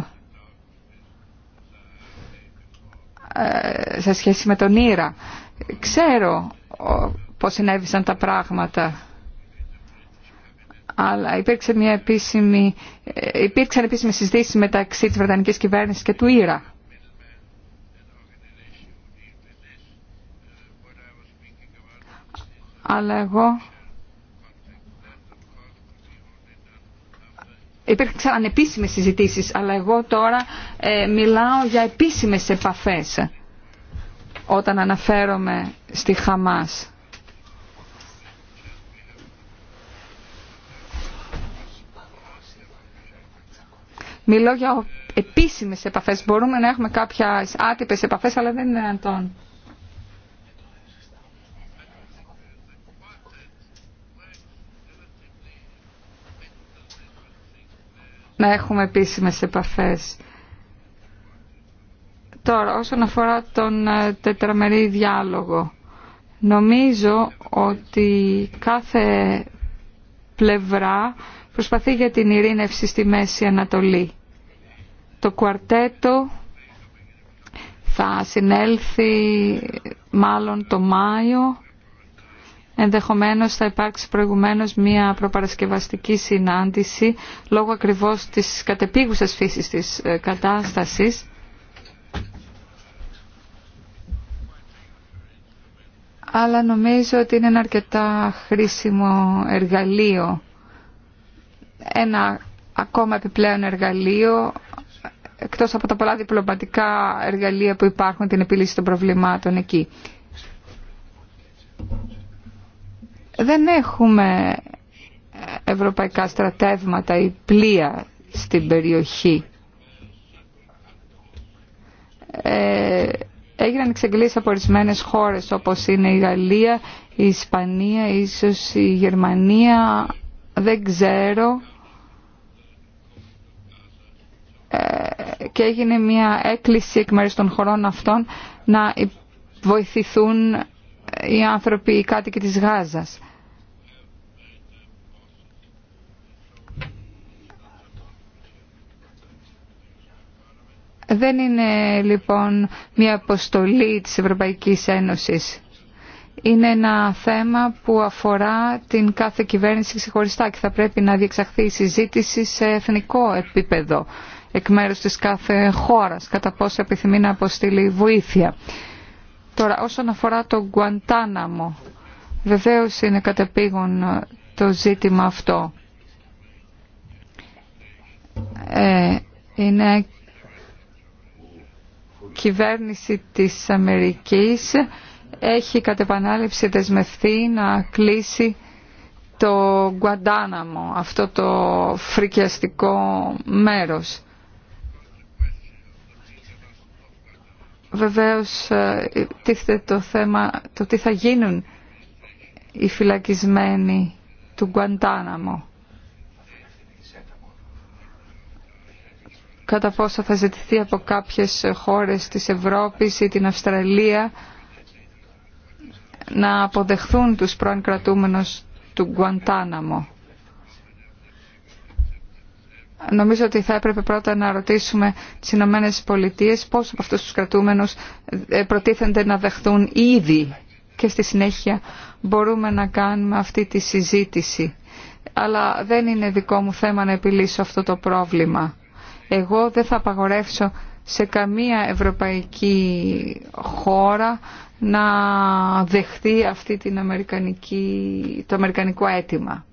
ε, σε σχέση με τον Ήρα. Ξέρω πώς συνέβησαν τα πράγματα. Αλλά υπήρξε μια επίσημη, ε, υπήρξαν επίσημες συζητήσεις μεταξύ της Βρετανικής κυβέρνησης και του Ήρα. Αλλά εγώ υπήρξαν ανεπίσημες συζητήσεις, αλλά εγώ τώρα ε, μιλάω για επίσημες επαφές όταν αναφέρομαι στη Χαμάς. Μιλώ για επίσημες επαφές. Μπορούμε να έχουμε κάποιες άτυπες επαφές, αλλά δεν είναι δυνατόν. να έχουμε επίσημες επαφές. Τώρα, όσον αφορά τον ε, τετραμερή διάλογο, νομίζω ότι κάθε πλευρά προσπαθεί για την ειρήνευση στη Μέση Ανατολή. Το κουαρτέτο θα συνέλθει μάλλον το Μάιο. Ενδεχομένως θα υπάρξει προηγουμένως μία προπαρασκευαστική συνάντηση λόγω ακριβώς της κατεπίγουσας φύσης της ε, κατάστασης. Αλλά νομίζω ότι είναι ένα αρκετά χρήσιμο εργαλείο ένα ακόμα επιπλέον εργαλείο εκτός από τα πολλά διπλωματικά εργαλεία που υπάρχουν την επίλυση των προβλημάτων εκεί. Δεν έχουμε ευρωπαϊκά στρατεύματα ή πλοία στην περιοχή. Ε, έγιναν εξεγγλίες από ορισμένε χώρες όπως είναι η πλοια στην περιοχη εγιναν εξεγγλιες απο ορισμενε χωρες οπως ειναι η Ισπανία, ίσως η Γερμανία, δεν ξέρω. και έγινε μια έκκληση εκ μέρους των χωρών αυτών να βοηθηθούν οι άνθρωποι, οι κάτοικοι της Γάζας. Δεν είναι λοιπόν μια αποστολή της Ευρωπαϊκής Ένωσης. Είναι ένα θέμα που αφορά την κάθε κυβέρνηση ξεχωριστά και θα πρέπει να διεξαχθεί η συζήτηση σε εθνικό επίπεδο εκ μέρους της κάθε χώρας κατά πόσο επιθυμεί να αποστείλει βοήθεια. Τώρα όσον αφορά το Γκουαντάναμο, βεβαίως είναι κατεπήγον ε, το ζήτημα αυτό. Ε, είναι κυβέρνηση της Αμερικής έχει κατ' επανάληψη δεσμευθεί να κλείσει το Γκουαντάναμο, αυτό το φρικιαστικό μέρος. Βεβαίως ε, τίθεται το θέμα το τι θα γίνουν οι φυλακισμένοι του Γκουαντάναμο. Κατά πόσο θα ζητηθεί από κάποιες χώρες της Ευρώπης ή την Αυστραλία να αποδεχθούν τους πρώην κρατούμενους του Γκουαντάναμο. Νομίζω ότι θα έπρεπε πρώτα να ρωτήσουμε τις Ηνωμένε Πολιτείε πώς από αυτούς τους κρατούμενους ε, προτίθενται να δεχθούν ήδη και στη συνέχεια μπορούμε να κάνουμε αυτή τη συζήτηση. Αλλά δεν είναι δικό μου θέμα να επιλύσω αυτό το πρόβλημα. Εγώ δεν θα απαγορεύσω σε καμία ευρωπαϊκή χώρα να δεχτεί αυτή την αμερικανική, το αμερικανικό αίτημα.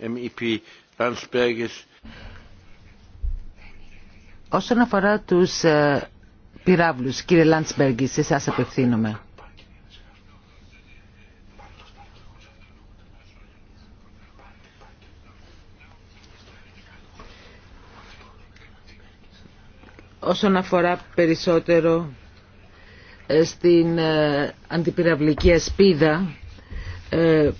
MEP Όσον αφορά τους πυράβλους, κύριε σε εσάς απευθύνομαι. όσον αφορά περισσότερο ε, στην ε, αντιπυραυλική ασπίδα ε,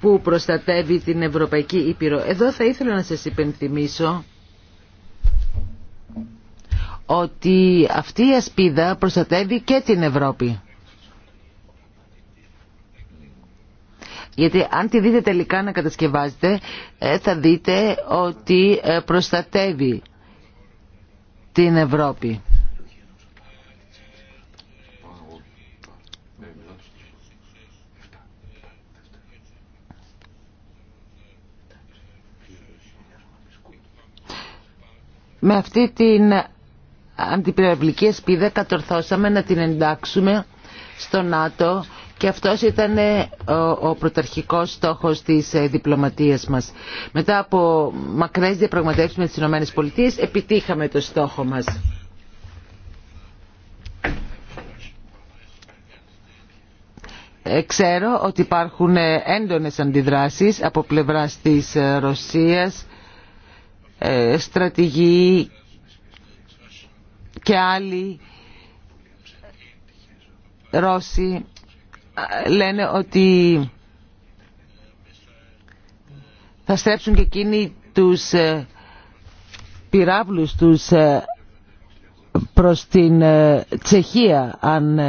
που προστατεύει την Ευρωπαϊκή Ήπειρο. Εδώ θα ήθελα να σας υπενθυμίσω ότι αυτή η ασπίδα προστατεύει και την Ευρώπη. Γιατί αν τη δείτε τελικά να κατασκευάζεται θα δείτε ότι προστατεύει την Ευρώπη. Με αυτή την αντιπυραυλική σπίδα κατορθώσαμε να την εντάξουμε στο ΝΑΤΟ και αυτός ήταν ε, ο πρωταρχικός στόχος της ε, διπλωματίας μας. Μετά από μακρές διαπραγματεύσεις με τις ΗΠΑ επιτύχαμε το στόχο μας. Ε, ξέρω ότι υπάρχουν έντονες αντιδράσεις από πλευράς της Ρωσίας, στρατηγοί και άλλοι Ρώσοι λένε ότι θα στρέψουν και εκείνοι τους ε, πυράβλους τους ε, προς την ε, Τσεχία αν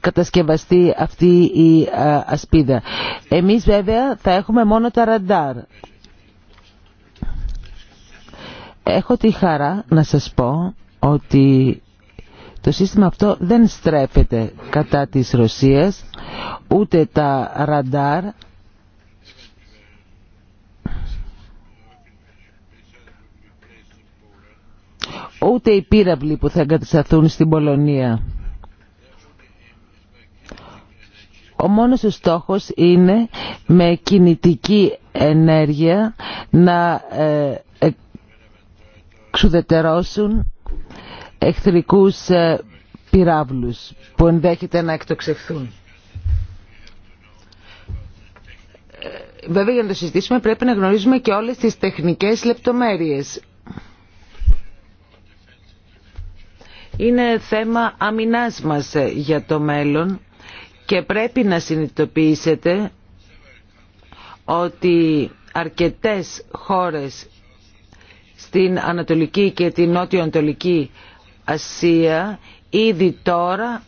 κατασκευαστεί αυτή η ασπίδα. Εμείς βέβαια θα έχουμε μόνο τα ραντάρ. Έχω τη χαρά να σας πω ότι το σύστημα αυτό δεν στρέφεται κατά της Ρωσίας, ούτε τα ραντάρ ούτε οι πύραυλοι που θα εγκατασταθούν στην Πολωνία. Ο μόνος στόχος είναι με κινητική ενέργεια να ε, εξουδετερώσουν εχθρικούς ε, πυράβλους που ενδέχεται να εκτοξευθούν. Ε, βέβαια για να το συζητήσουμε πρέπει να γνωρίζουμε και όλες τις τεχνικές λεπτομέρειες. Είναι θέμα αμυνάς μας ε, για το μέλλον και πρέπει να συνειδητοποιήσετε ότι αρκετές χώρες στην Ανατολική και την Νότιο Ανατολική Ασία ήδη τώρα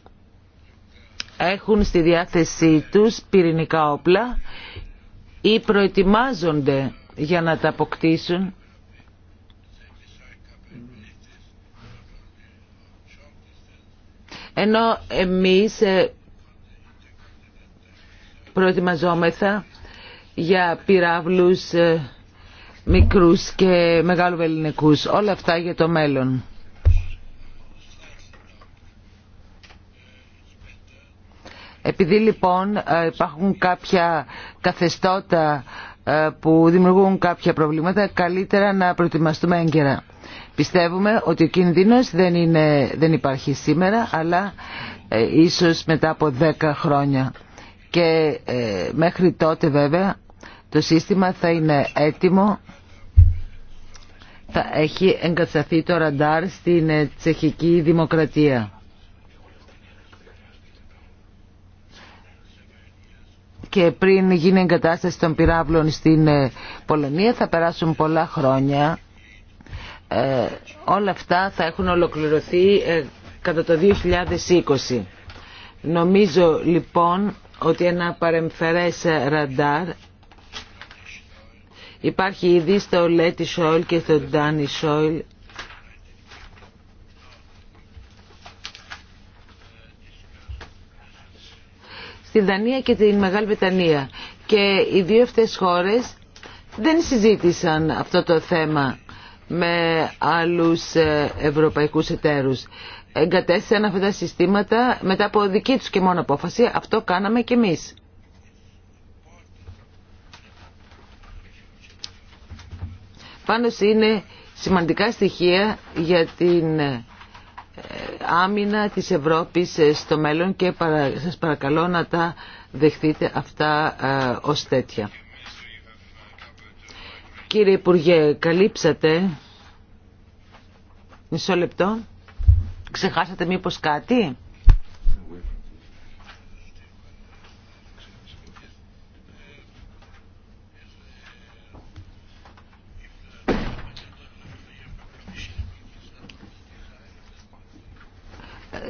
έχουν στη διάθεσή τους πυρηνικά όπλα ή προετοιμάζονται για να τα αποκτήσουν. Ενώ εμείς ε, προετοιμαζόμεθα για πυράβλους ε, μικρούς και μεγάλου ελληνικούς. Όλα αυτά για το μέλλον. Επειδή λοιπόν ε, υπάρχουν κάποια καθεστώτα ε, που δημιουργούν κάποια προβλήματα, καλύτερα να προετοιμαστούμε έγκαιρα. Πιστεύουμε ότι ο κίνδυνος δεν, δεν υπάρχει σήμερα, αλλά ε, ίσως μετά από 10 χρόνια. Και ε, μέχρι τότε βέβαια το σύστημα θα είναι έτοιμο, θα έχει εγκατασταθεί το ραντάρ στην τσεχική δημοκρατία. και πριν γίνει η εγκατάσταση των πυράβλων στην ε, Πολωνία θα περάσουν πολλά χρόνια. Ε, όλα αυτά θα έχουν ολοκληρωθεί ε, κατά το 2020. Νομίζω λοιπόν ότι ένα παρεμφερές ραντάρ υπάρχει ήδη στο Λέτι Σόιλ και στο Ντάνι τη Δανία και τη Μεγάλη Βρετανία. Και οι δύο αυτές χώρες δεν συζήτησαν αυτό το θέμα με άλλους ε, ευρωπαϊκούς εταίρους. Εγκατέστησαν αυτά τα συστήματα μετά από δική τους και μόνο απόφαση. Αυτό κάναμε και εμείς. σε είναι σημαντικά στοιχεία για την ε, άμυνα της Ευρώπης ε, στο μέλλον και σας παρακαλώ να τα δεχτείτε αυτά ε, ως τέτοια. Κύριε Υπουργέ, καλύψατε... Μισό λεπτό. Ξεχάσατε μήπως κάτι.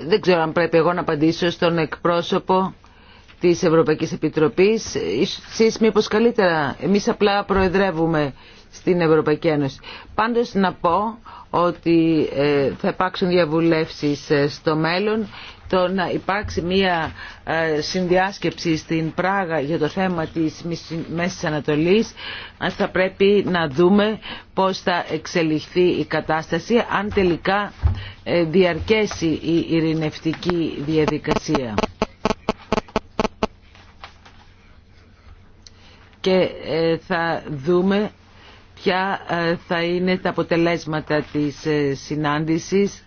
δεν ξέρω αν πρέπει εγώ να απαντήσω στον εκπρόσωπο της Ευρωπαϊκής Επιτροπής. Εσείς μήπως καλύτερα, εμείς απλά προεδρεύουμε στην Ευρωπαϊκή Ένωση. Πάντως να πω ότι ε, θα υπάρξουν διαβουλεύσεις ε, στο μέλλον το να υπάρξει μια ε, συνδιάσκεψη στην Πράγα για το θέμα της Μέσης Ανατολής θα πρέπει να δούμε πώς θα εξελιχθεί η κατάσταση αν τελικά ε, διαρκέσει η ειρηνευτική διαδικασία. Και ε, θα δούμε ποια θα είναι τα αποτελέσματα της συνάντησης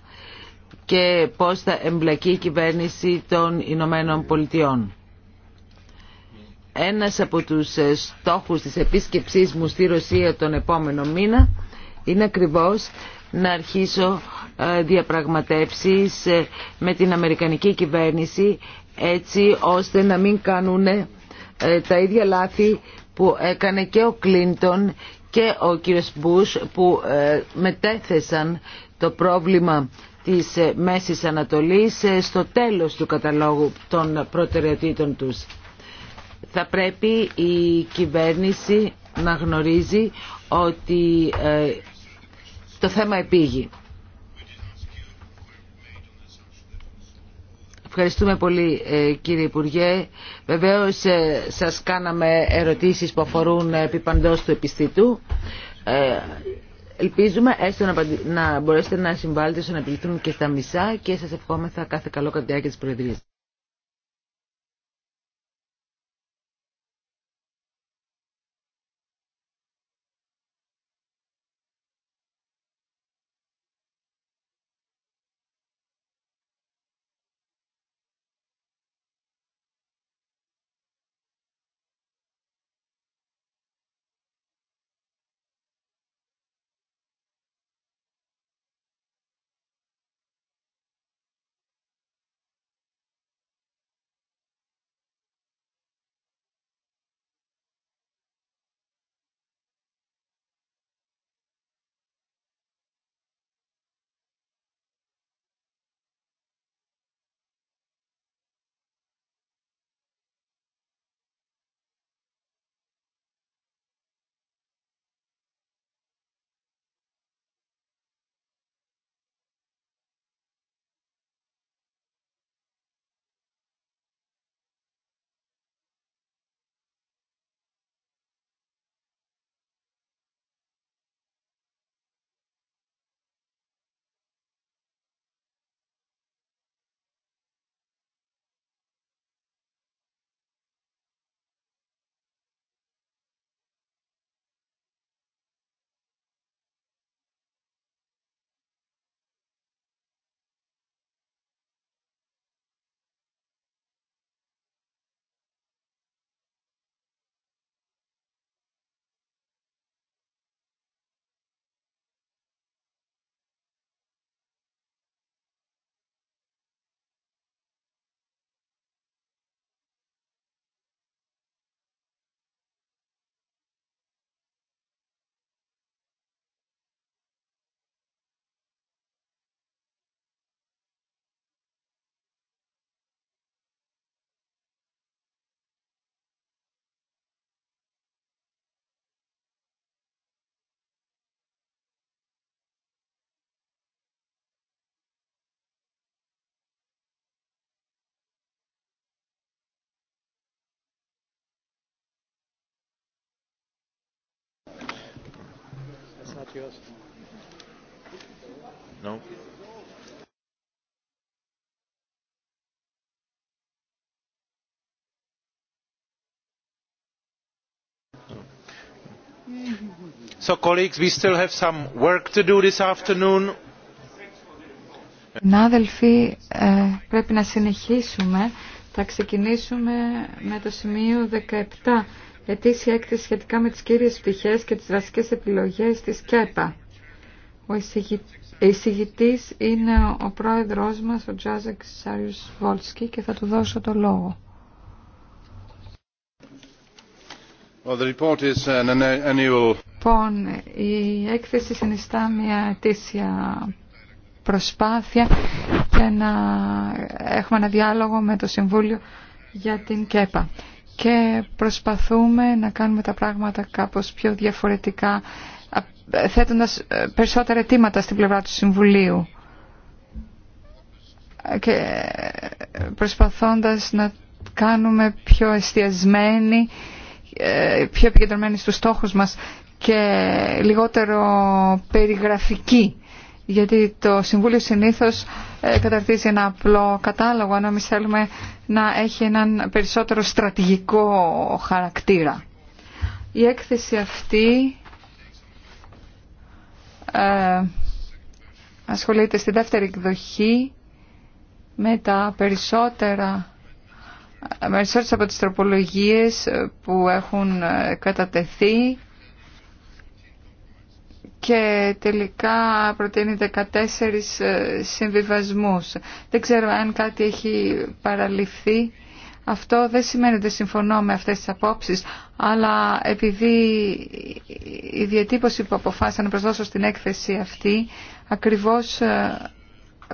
και πώς θα εμπλακεί η κυβέρνηση των Ηνωμένων Πολιτειών. Ένας από τους ε, στόχους της επίσκεψής μου στη Ρωσία τον επόμενο μήνα είναι ακριβώς να αρχίσω ε, διαπραγματεύσεις ε, με την Αμερικανική κυβέρνηση έτσι ώστε να μην κάνουν τα ίδια λάθη που έκανε και ο Κλίντον και ο κύριος Μπούς που μετέθεσαν το πρόβλημα της ε, Μέσης Ανατολής ε, στο τέλος του καταλόγου των προτεραιοτήτων τους. Θα πρέπει η κυβέρνηση να γνωρίζει ότι ε, το θέμα επίγει. Ευχαριστούμε πολύ κύριε Υπουργέ. Βεβαίως σας κάναμε ερωτήσεις που αφορούν επί του επιστήτου. Ελπίζουμε έστω να, να μπορέσετε να συμβάλλετε στο να επιληθούν και στα μισά και σας ευχόμεθα κάθε καλό κατά τη διάρκεια της Προεδρίας. Ματιός. No. So, colleagues, we still have some work to do this afternoon. Συνάδελφοι, ε, πρέπει να συνεχίσουμε. Θα ξεκινήσουμε με το σημείο 17 ετήσια έκθεση σχετικά με τις κύριες πτυχές και τις βασικές επιλογές της ΚΕΠΑ. Ο εισηγητής είναι ο πρόεδρός μας, ο Τζάζεκ Σάριος Βόλσκι και θα του δώσω το λόγο. Λοιπόν, η έκθεση συνιστά μια ετήσια προσπάθεια και να έχουμε ένα διάλογο με το Συμβούλιο για την ΚΕΠΑ και προσπαθούμε να κάνουμε τα πράγματα κάπως πιο διαφορετικά θέτοντας ε, περισσότερα αιτήματα στην πλευρά του Συμβουλίου και ε, προσπαθώντας να κάνουμε πιο εστιασμένοι, ε, πιο επικεντρωμένοι στους στόχους μας και λιγότερο περιγραφικοί γιατί το Συμβούλιο συνήθως ε, καταρτίζει ένα απλό κατάλογο αν εμείς θέλουμε να έχει έναν περισσότερο στρατηγικό χαρακτήρα. Η έκθεση αυτή ε, ασχολείται στη δεύτερη εκδοχή με τα περισσότερα ε, περισσότερες από τις τροπολογίες που έχουν κατατεθεί και τελικά προτείνει 14 ε, συμβιβασμούς. Δεν ξέρω αν κάτι έχει παραλυφθεί. Αυτό δεν σημαίνει ότι συμφωνώ με αυτές τις απόψεις, αλλά επειδή η διατύπωση που αποφάσισα να προσδώσω στην έκθεση αυτή, ακριβώς ε,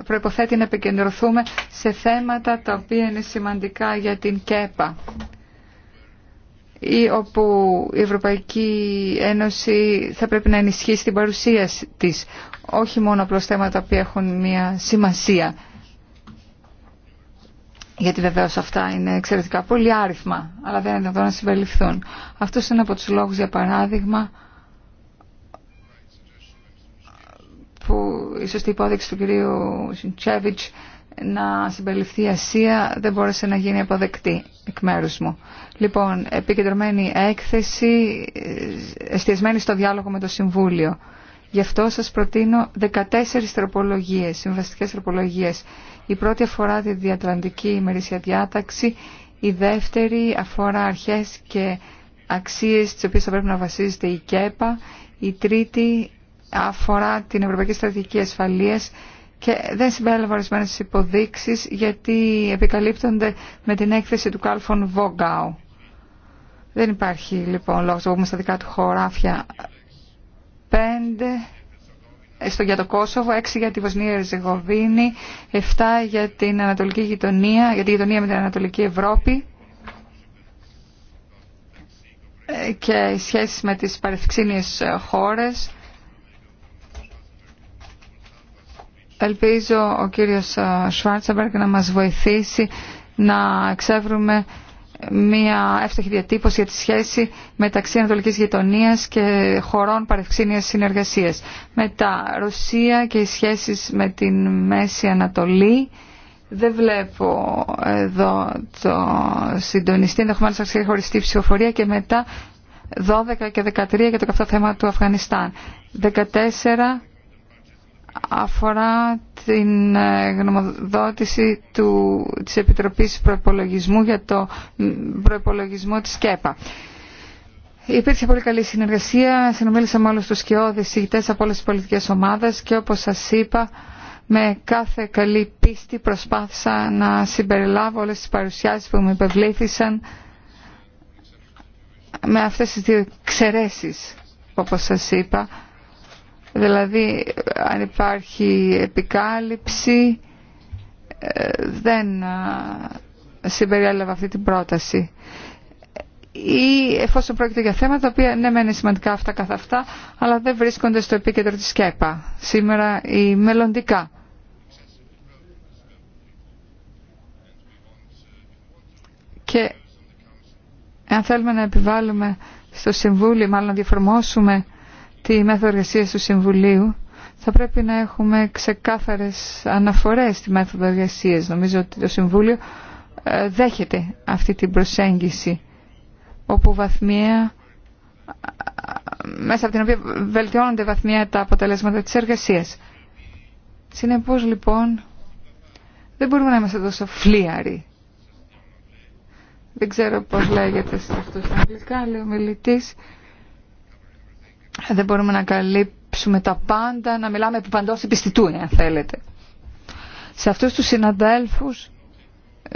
προϋποθέτει να επικεντρωθούμε σε θέματα τα οποία είναι σημαντικά για την ΚΕΠΑ ή όπου η Ευρωπαϊκή Ένωση θα πρέπει να ενισχύσει την παρουσία της, όχι μόνο προς θέματα που έχουν μια σημασία. Γιατί βεβαίω αυτά είναι εξαιρετικά πολύ άριθμα, αλλά δεν είναι εδω να συμπεριληφθούν. Αυτό είναι από του λόγου, για παράδειγμα, που η υπόδειξη του κυρίου Σιντσέβιτ να συμπεριληφθεί η Ασία δεν μπόρεσε να γίνει αποδεκτή εκ μου. Λοιπόν, επικεντρωμένη έκθεση, εστιασμένη στο διάλογο με το Συμβούλιο. Γι' αυτό σας προτείνω 14 τροπολογίες, συμβαστικές τροπολογίες. Η πρώτη αφορά τη διατλαντική ημερήσια διάταξη, η δεύτερη αφορά αρχές και αξίες τις οποίες θα πρέπει να βασίζεται η ΚΕΠΑ, η τρίτη αφορά την Ευρωπαϊκή Στρατηγική Ασφαλείας και δεν συμπέλαβε ορισμένε υποδείξει γιατί επικαλύπτονται με την έκθεση του Κάλφων Βόγκαου. Δεν υπάρχει λοιπόν λόγο να πούμε στα δικά του χωράφια πέντε ε, στο, για το Κόσοβο, έξι για τη Βοσνία Ριζεγοβίνη, εφτά για την Ανατολική γειτονία, για τη γειτονία με την Ανατολική Ευρώπη ε, και σχέσεις με τις παρευξήνιες ε, χώρες Ελπίζω ο κύριος Σφάρτσαμπερκ να μας βοηθήσει να εξεύρουμε μια εύστοχη διατύπωση για τη σχέση μεταξύ Ανατολικής Γειτονίας και χωρών παρευξήνιας συνεργασίας. Μετά Ρωσία και οι σχέσεις με την Μέση Ανατολή. Δεν βλέπω εδώ το συντονιστή, ενδεχομένως θα ξεχωριστεί ψηφοφορία και μετά 12 και 13 για το καυτό θέμα του Αφγανιστάν. 14 αφορά την ε, γνωμοδότηση του, της Επιτροπής Προϋπολογισμού για το προπολογισμό της ΚΕΠΑ. Υπήρξε πολύ καλή συνεργασία, συνομίλησα με όλους τους σκιώδες συγητές από όλες τις πολιτικές ομάδες και όπως σας είπα με κάθε καλή πίστη προσπάθησα να συμπεριλάβω όλες τις παρουσιάσεις που μου υπευλήθησαν με αυτές τις δύο εξαιρέσεις όπως σας είπα Δηλαδή αν υπάρχει επικάλυψη ε, δεν συμπεριέλαβα αυτή την πρόταση. Ή εφόσον πρόκειται για θέματα τα οποία ναι μεν σημαντικά αυτά καθ' αυτά αλλά δεν βρίσκονται στο επίκεντρο της ΚΕΠΑ σήμερα ή μελλοντικά. Και αν θέλουμε να επιβάλλουμε στο Συμβούλιο, μάλλον να διαφορμόσουμε τη μέθοδο εργασίας του Συμβουλίου θα πρέπει να έχουμε ξεκάθαρες αναφορές στη μέθοδο εργασίας. Νομίζω ότι το Συμβούλιο ε, δέχεται αυτή την προσέγγιση όπου βαθμία ε, μέσα από την οποία βελτιώνονται βαθμία τα αποτελέσματα της εργασίας. Συνεπώς λοιπόν δεν μπορούμε να είμαστε τόσο φλίαροι. Δεν ξέρω πώς λέγεται αυτό στα αγγλικά, λέει ο μιλητής δεν μπορούμε να καλύψουμε τα πάντα, να μιλάμε που παντός επιστητού, αν θέλετε. Σε αυτούς τους συναδέλφους,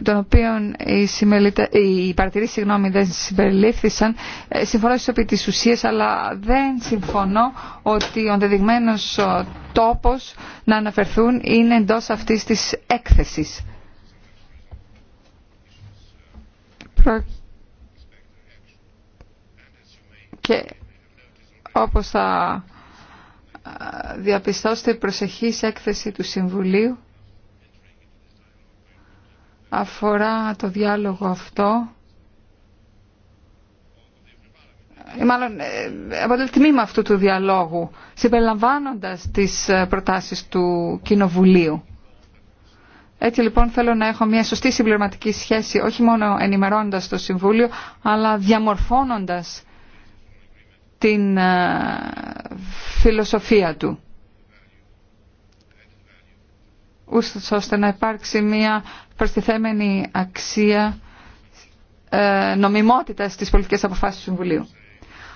των οποίων οι, οι παρατηρήσεις συγγνώμη, δεν συμπεριλήφθησαν, ε, συμφωνώ ίσως επί της ουσίας, αλλά δεν συμφωνώ ότι ο δεδειγμένος τόπος να αναφερθούν είναι εντός αυτής της έκθεσης. Και όπως θα ε, διαπιστώσετε προσεχής έκθεση του Συμβουλίου αφορά το διάλογο αυτό ή ε, μάλλον ε, αποτελεί τμήμα αυτού του διαλόγου συμπεριλαμβάνοντας τις προτάσεις του Κοινοβουλίου. Έτσι λοιπόν θέλω να έχω μια σωστή συμπληρωματική σχέση όχι μόνο ενημερώνοντας το Συμβούλιο αλλά διαμορφώνοντας την ε, φιλοσοφία του ώστε να υπάρξει μια προστιθέμενη αξία ε, νομιμότητα στις πολιτικές αποφάσεις του Συμβουλίου.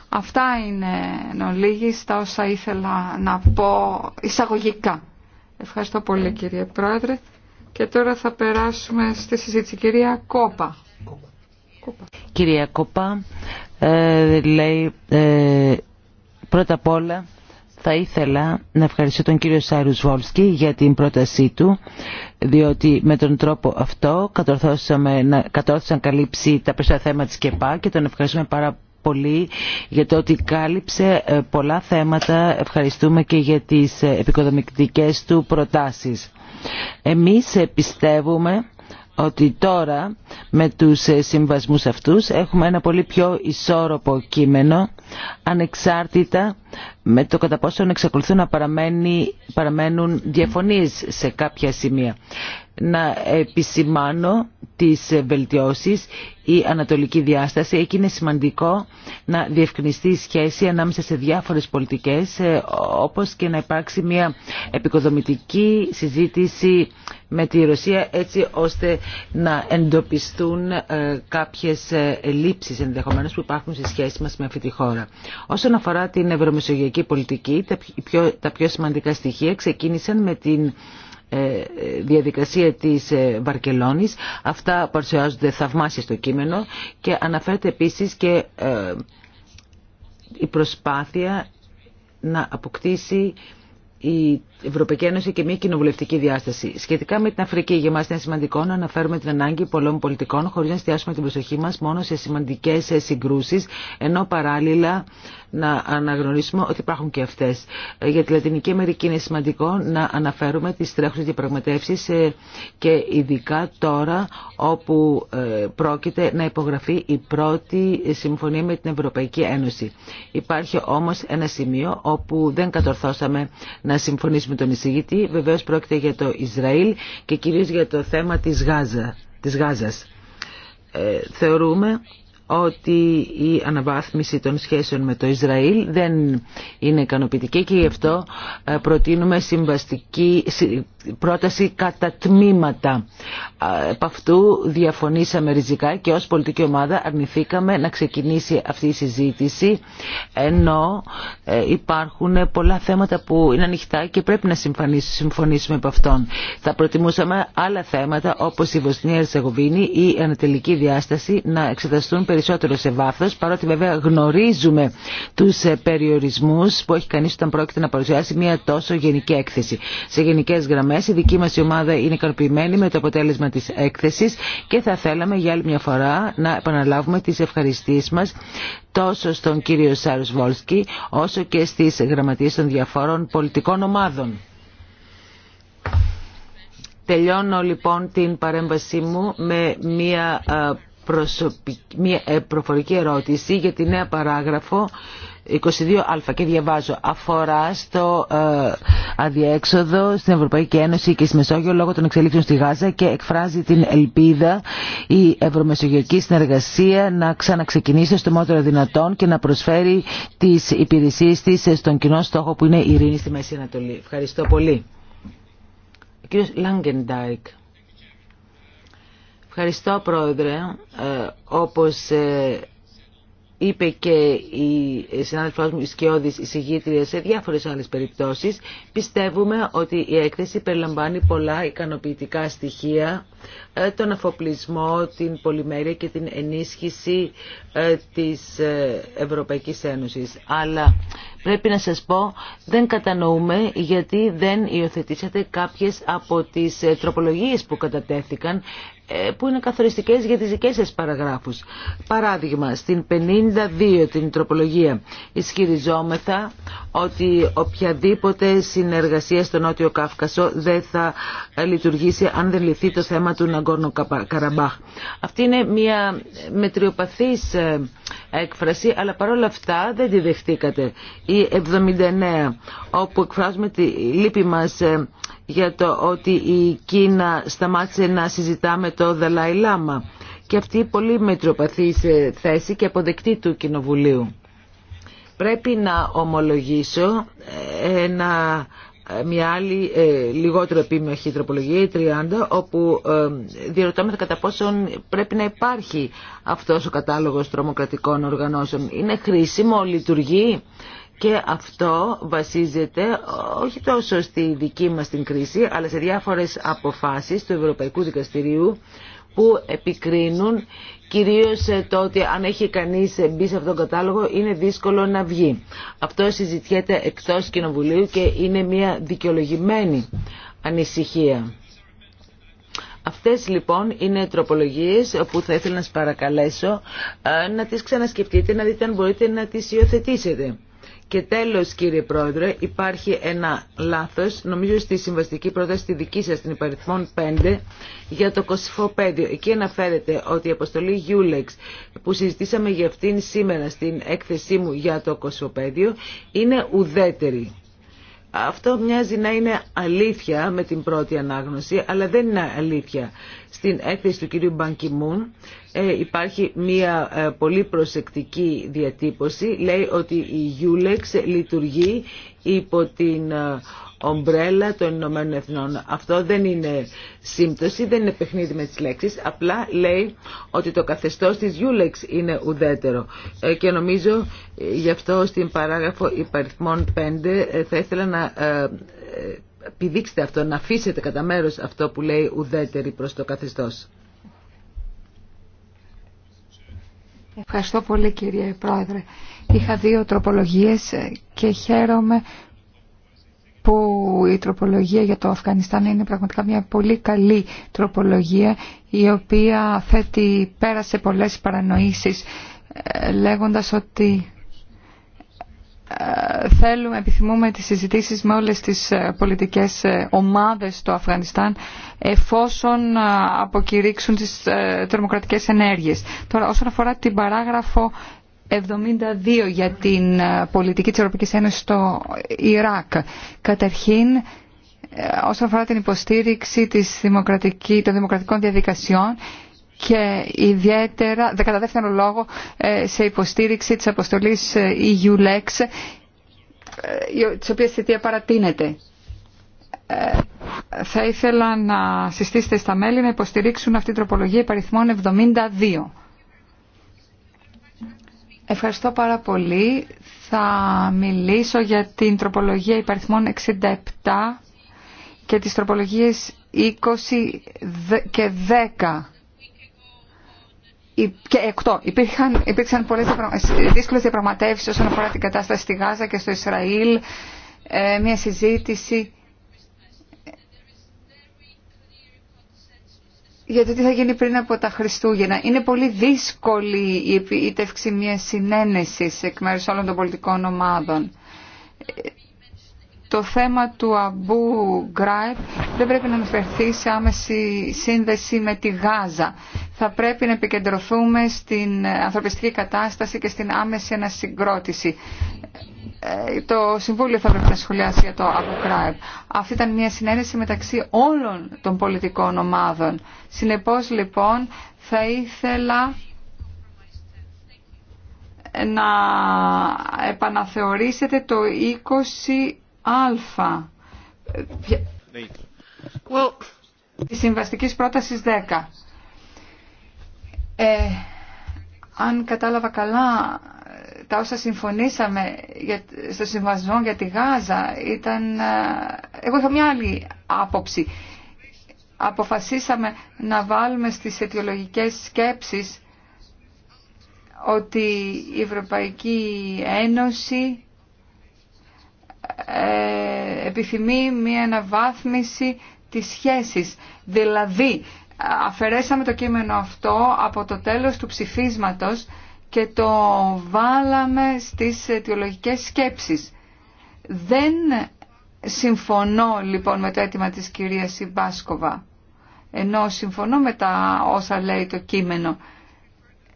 Αυτά είναι εν τα όσα ήθελα να πω εισαγωγικά. Ευχαριστώ πολύ κύριε Πρόεδρε. Και τώρα θα περάσουμε στη συζήτηση. Κυρία Κόπα. Κυρία Κοπά, ε, λέει ε, πρώτα απ' όλα θα ήθελα να ευχαριστήσω τον κύριο Σάρους Βόλσκι για την πρότασή του, διότι με τον τρόπο αυτό κατόρθωσαν καλύψει τα περισσότερα θέματα της ΚΕΠΑ και τον ευχαριστούμε πάρα πολύ για το ότι κάλυψε ε, πολλά θέματα. Ευχαριστούμε και για τις ε, επικοδομητικές του προτάσεις. Εμείς πιστεύουμε ότι τώρα με τους ε, συμβασμούς αυτούς έχουμε ένα πολύ πιο ισόρροπο κείμενο ανεξάρτητα με το κατά πόσο εξακολουθούν να παραμένουν διαφωνίες σε κάποια σημεία. Να επισημάνω τις βελτιώσεις η ανατολική διάσταση. Εκεί είναι σημαντικό να διευκρινιστεί η σχέση ανάμεσα σε διάφορες πολιτικές ε, όπως και να υπάρξει μια επικοδομητική συζήτηση με τη Ρωσία έτσι ώστε να εντοπιστούν ε, κάποιες ε, λήψεις ενδεχομένως που υπάρχουν στη σχέση μας με αυτή τη χώρα. Όσον αφορά την μεσογειακή πολιτική, τα πιο, τα πιο σημαντικά στοιχεία ξεκίνησαν με την ε, διαδικασία της ε, Βαρκελόνης. Αυτά παρουσιάζονται θαυμάσια στο κείμενο και αναφέρεται επίσης και ε, η προσπάθεια να αποκτήσει η Ευρωπαϊκή Ένωση και μια κοινοβουλευτική διάσταση. Σχετικά με την Αφρική, για μα είναι σημαντικό να αναφέρουμε την ανάγκη πολλών πολιτικών χωρί να εστιάσουμε την προσοχή μα μόνο σε σημαντικέ συγκρούσει, ενώ παράλληλα να αναγνωρίσουμε ότι υπάρχουν και αυτέ. Ε, για τη Λατινική Αμερική είναι σημαντικό να αναφέρουμε τι τρέχουσε διαπραγματεύσει ε, και ειδικά τώρα όπου ε, πρόκειται να υπογραφεί η πρώτη συμφωνία με την Ευρωπαϊκή Ένωση. Υπάρχει όμω ένα σημείο όπου δεν κατορθώσαμε να συμφωνήσουμε με τον εισηγητή. βεβαίω πρόκειται για το Ισραήλ και κυρίως για το θέμα της, Γάζα, της Γάζας. Ε, θεωρούμε ότι η αναβάθμιση των σχέσεων με το Ισραήλ δεν είναι ικανοποιητική και γι' αυτό ε, προτείνουμε συμβαστική πρόταση κατά τμήματα. Επ' αυτού διαφωνήσαμε ριζικά και ως πολιτική ομάδα αρνηθήκαμε να ξεκινήσει αυτή η συζήτηση ενώ ε, υπάρχουν πολλά θέματα που είναι ανοιχτά και πρέπει να συμφωνήσουμε επ' αυτών. Θα προτιμούσαμε άλλα θέματα όπως η Βοσνία Ερσεγοβίνη ή η ανατελική διάσταση να εξεταστούν περισσότερο περισσότερο σε βάθο, παρότι βέβαια γνωρίζουμε τους ε, περιορισμούς που έχει κανείς όταν πρόκειται να παρουσιάσει μια τόσο γενική έκθεση. Σε γενικές γραμμές η δική μας ομάδα είναι ικανοποιημένη με το αποτέλεσμα της έκθεσης και θα θέλαμε για άλλη μια φορά να επαναλάβουμε τις ευχαριστίες μας τόσο στον κύριο Σάρου Βόλσκι όσο και στις γραμματείε των διαφόρων πολιτικών ομάδων. Τελειώνω λοιπόν την παρέμβασή μου με μία μια ε, προφορική ερώτηση για τη νέα παράγραφο 22α και διαβάζω αφορά στο ε, αδιέξοδο στην Ευρωπαϊκή Ένωση και στη Μεσόγειο λόγω των εξελίξεων στη Γάζα και εκφράζει την ελπίδα η ευρωμεσογειακή συνεργασία να ξαναξεκινήσει στο μότερο δυνατόν και να προσφέρει τις υπηρεσίες της στον κοινό στόχο που είναι η ειρήνη στη Μέση Ανατολή. Ευχαριστώ πολύ. Λάγκεντάικ. Ευχαριστώ Πρόεδρε. Ε, όπως ε, είπε και η συνάδελφός μου η Σκιώδης, η συγγήτρια, σε διάφορες άλλες περιπτώσεις, πιστεύουμε ότι η έκθεση περιλαμβάνει πολλά ικανοποιητικά στοιχεία, ε, τον αφοπλισμό, την πολυμέρεια και την ενίσχυση της Ευρωπαϊκής Ένωσης. Αλλά πρέπει να σας πω, δεν κατανοούμε γιατί δεν υιοθετήσατε κάποιες από τις τροπολογίες που κατατέθηκαν ε, που είναι καθοριστικές για τις δικές σας παραγράφους. Παράδειγμα, στην 52 την τροπολογία ισχυριζόμεθα ότι οποιαδήποτε συνεργασία στο Νότιο Κάφκασο δεν θα λειτουργήσει αν δεν λυθεί το θέμα του Ναγκόρνο Καραμπάχ. Αυτή είναι μια μετριοπαθής ε, έκφραση, αλλά παρόλα αυτά δεν τη δεχτήκατε. Η 79, όπου εκφράζουμε τη λύπη μας ε, για το ότι η Κίνα σταμάτησε να συζητά με το Δαλάι Λάμα και αυτή η πολύ μετροπαθή ε, θέση και αποδεκτή του Κοινοβουλίου. Πρέπει να ομολογήσω ε, ένα, ε, μια άλλη λιγότερο επίμεχη τροπολογία, η 30, όπου διερωτώμεθα κατά πόσον πρέπει να υπάρχει αυτός ο κατάλογος τρομοκρατικών οργανώσεων. Είναι χρήσιμο, λειτουργεί. Και αυτό βασίζεται όχι τόσο στη δική μας την κρίση, αλλά σε διάφορες αποφάσεις του Ευρωπαϊκού Δικαστηρίου που επικρίνουν κυρίως το ότι αν έχει κανείς μπει σε αυτόν τον κατάλογο είναι δύσκολο να βγει. Αυτό συζητιέται εκτός Κοινοβουλίου και είναι μια δικαιολογημένη ανησυχία. Αυτές λοιπόν είναι τροπολογίες που θα ήθελα να σας παρακαλέσω ε, να τις ξανασκεφτείτε, να δείτε αν μπορείτε να τις υιοθετήσετε. Και τέλος κύριε Πρόεδρε υπάρχει ένα λάθος νομίζω στη συμβαστική πρόταση τη δική σας την υπαριθμών 5 για το κοσυφοπέδιο. Εκεί αναφέρεται ότι η αποστολή Γιούλεξ που συζητήσαμε για αυτήν σήμερα στην έκθεσή μου για το κοσυφοπέδιο είναι ουδέτερη. Αυτό μοιάζει να είναι αλήθεια με την πρώτη ανάγνωση, αλλά δεν είναι αλήθεια. Στην έκθεση του κυρίου Μπανκιμούν ε, υπάρχει μια ε, πολύ προσεκτική διατύπωση. Λέει ότι η Ulex λειτουργεί υπό την ε, ομπρέλα των Ηνωμένων Εθνών. Αυτό δεν είναι σύμπτωση, δεν είναι παιχνίδι με τις λέξεις, απλά λέει ότι το καθεστώς της Ulex είναι ουδέτερο. Και νομίζω γι' αυτό στην παράγραφο υπαριθμών 5 θα ήθελα να επιδείξετε αυτό, να αφήσετε κατά μέρος αυτό που λέει ουδέτερη προς το καθεστώς. Ευχαριστώ πολύ κύριε Πρόεδρε. Είχα δύο τροπολογίες και χαίρομαι που η τροπολογία για το Αφγανιστάν είναι πραγματικά μια πολύ καλή τροπολογία η οποία θέτει πέρασε πολλές παρανοήσεις ε, λέγοντας ότι θέλουμε, επιθυμούμε τις συζητήσεις με όλες τις ε, πολιτικές ε, ομάδες στο Αφγανιστάν εφόσον ε, αποκηρύξουν τις τρομοκρατικές ενέργειες. Τώρα όσον αφορά την παράγραφο 72 για την πολιτική της Ευρωπαϊκής Ένωσης στο Ιράκ. Καταρχήν όσον αφορά την υποστήριξη της των δημοκρατικών διαδικασιών και ιδιαίτερα, κατά ο λόγο, ε, σε υποστήριξη της αποστολής ε, EULEX, ε, της οποίας θετία παρατείνεται. Θα ήθελα να συστήσετε στα μέλη να υποστηρίξουν αυτή την τροπολογία υπαριθμών 72. Ευχαριστώ πάρα πολύ. Θα μιλήσω για την τροπολογία υπαριθμών 67 και τις τροπολογίες 20 και 10 και εκτό. Υπήρχαν, υπήρξαν πολλές ε, δύσκολες διαπραγματεύσεις όσον αφορά την κατάσταση στη Γάζα και στο Ισραήλ, ε, μια συζήτηση για το τι θα γίνει πριν από τα Χριστούγεννα. Είναι πολύ δύσκολη η επίτευξη μια συνένεση εκ μέρους όλων των πολιτικών ομάδων. Ε, το θέμα του Αμπού Γκράιπ δεν πρέπει να αναφερθεί σε άμεση σύνδεση με τη Γάζα. Θα πρέπει να επικεντρωθούμε στην ανθρωπιστική κατάσταση και στην άμεση ανασυγκρότηση. Ε, το Συμβούλιο θα πρέπει να σχολιάσει για το Αμπού Γκράιπ. Αυτή ήταν μια συνένεση μεταξύ όλων των πολιτικών ομάδων. Συνεπώς λοιπόν θα ήθελα να επαναθεωρήσετε το 20 α ε, well... της συμβαστικής πρότασης 10. Ε, αν κατάλαβα καλά, τα όσα συμφωνήσαμε για, στο συμβασμό για τη Γάζα ήταν... Ε, εγώ είχα μια άλλη άποψη. Αποφασίσαμε να βάλουμε στις αιτιολογικές σκέψεις ότι η Ευρωπαϊκή Ένωση ε, επιθυμεί μια αναβάθμιση της σχέσης. Δηλαδή, αφαιρέσαμε το κείμενο αυτό από το τέλος του ψηφίσματος και το βάλαμε στις αιτιολογικές σκέψεις. Δεν συμφωνώ λοιπόν με το αίτημα της κυρίας Ιμπάσκοβα, ενώ συμφωνώ με τα όσα λέει το κείμενο.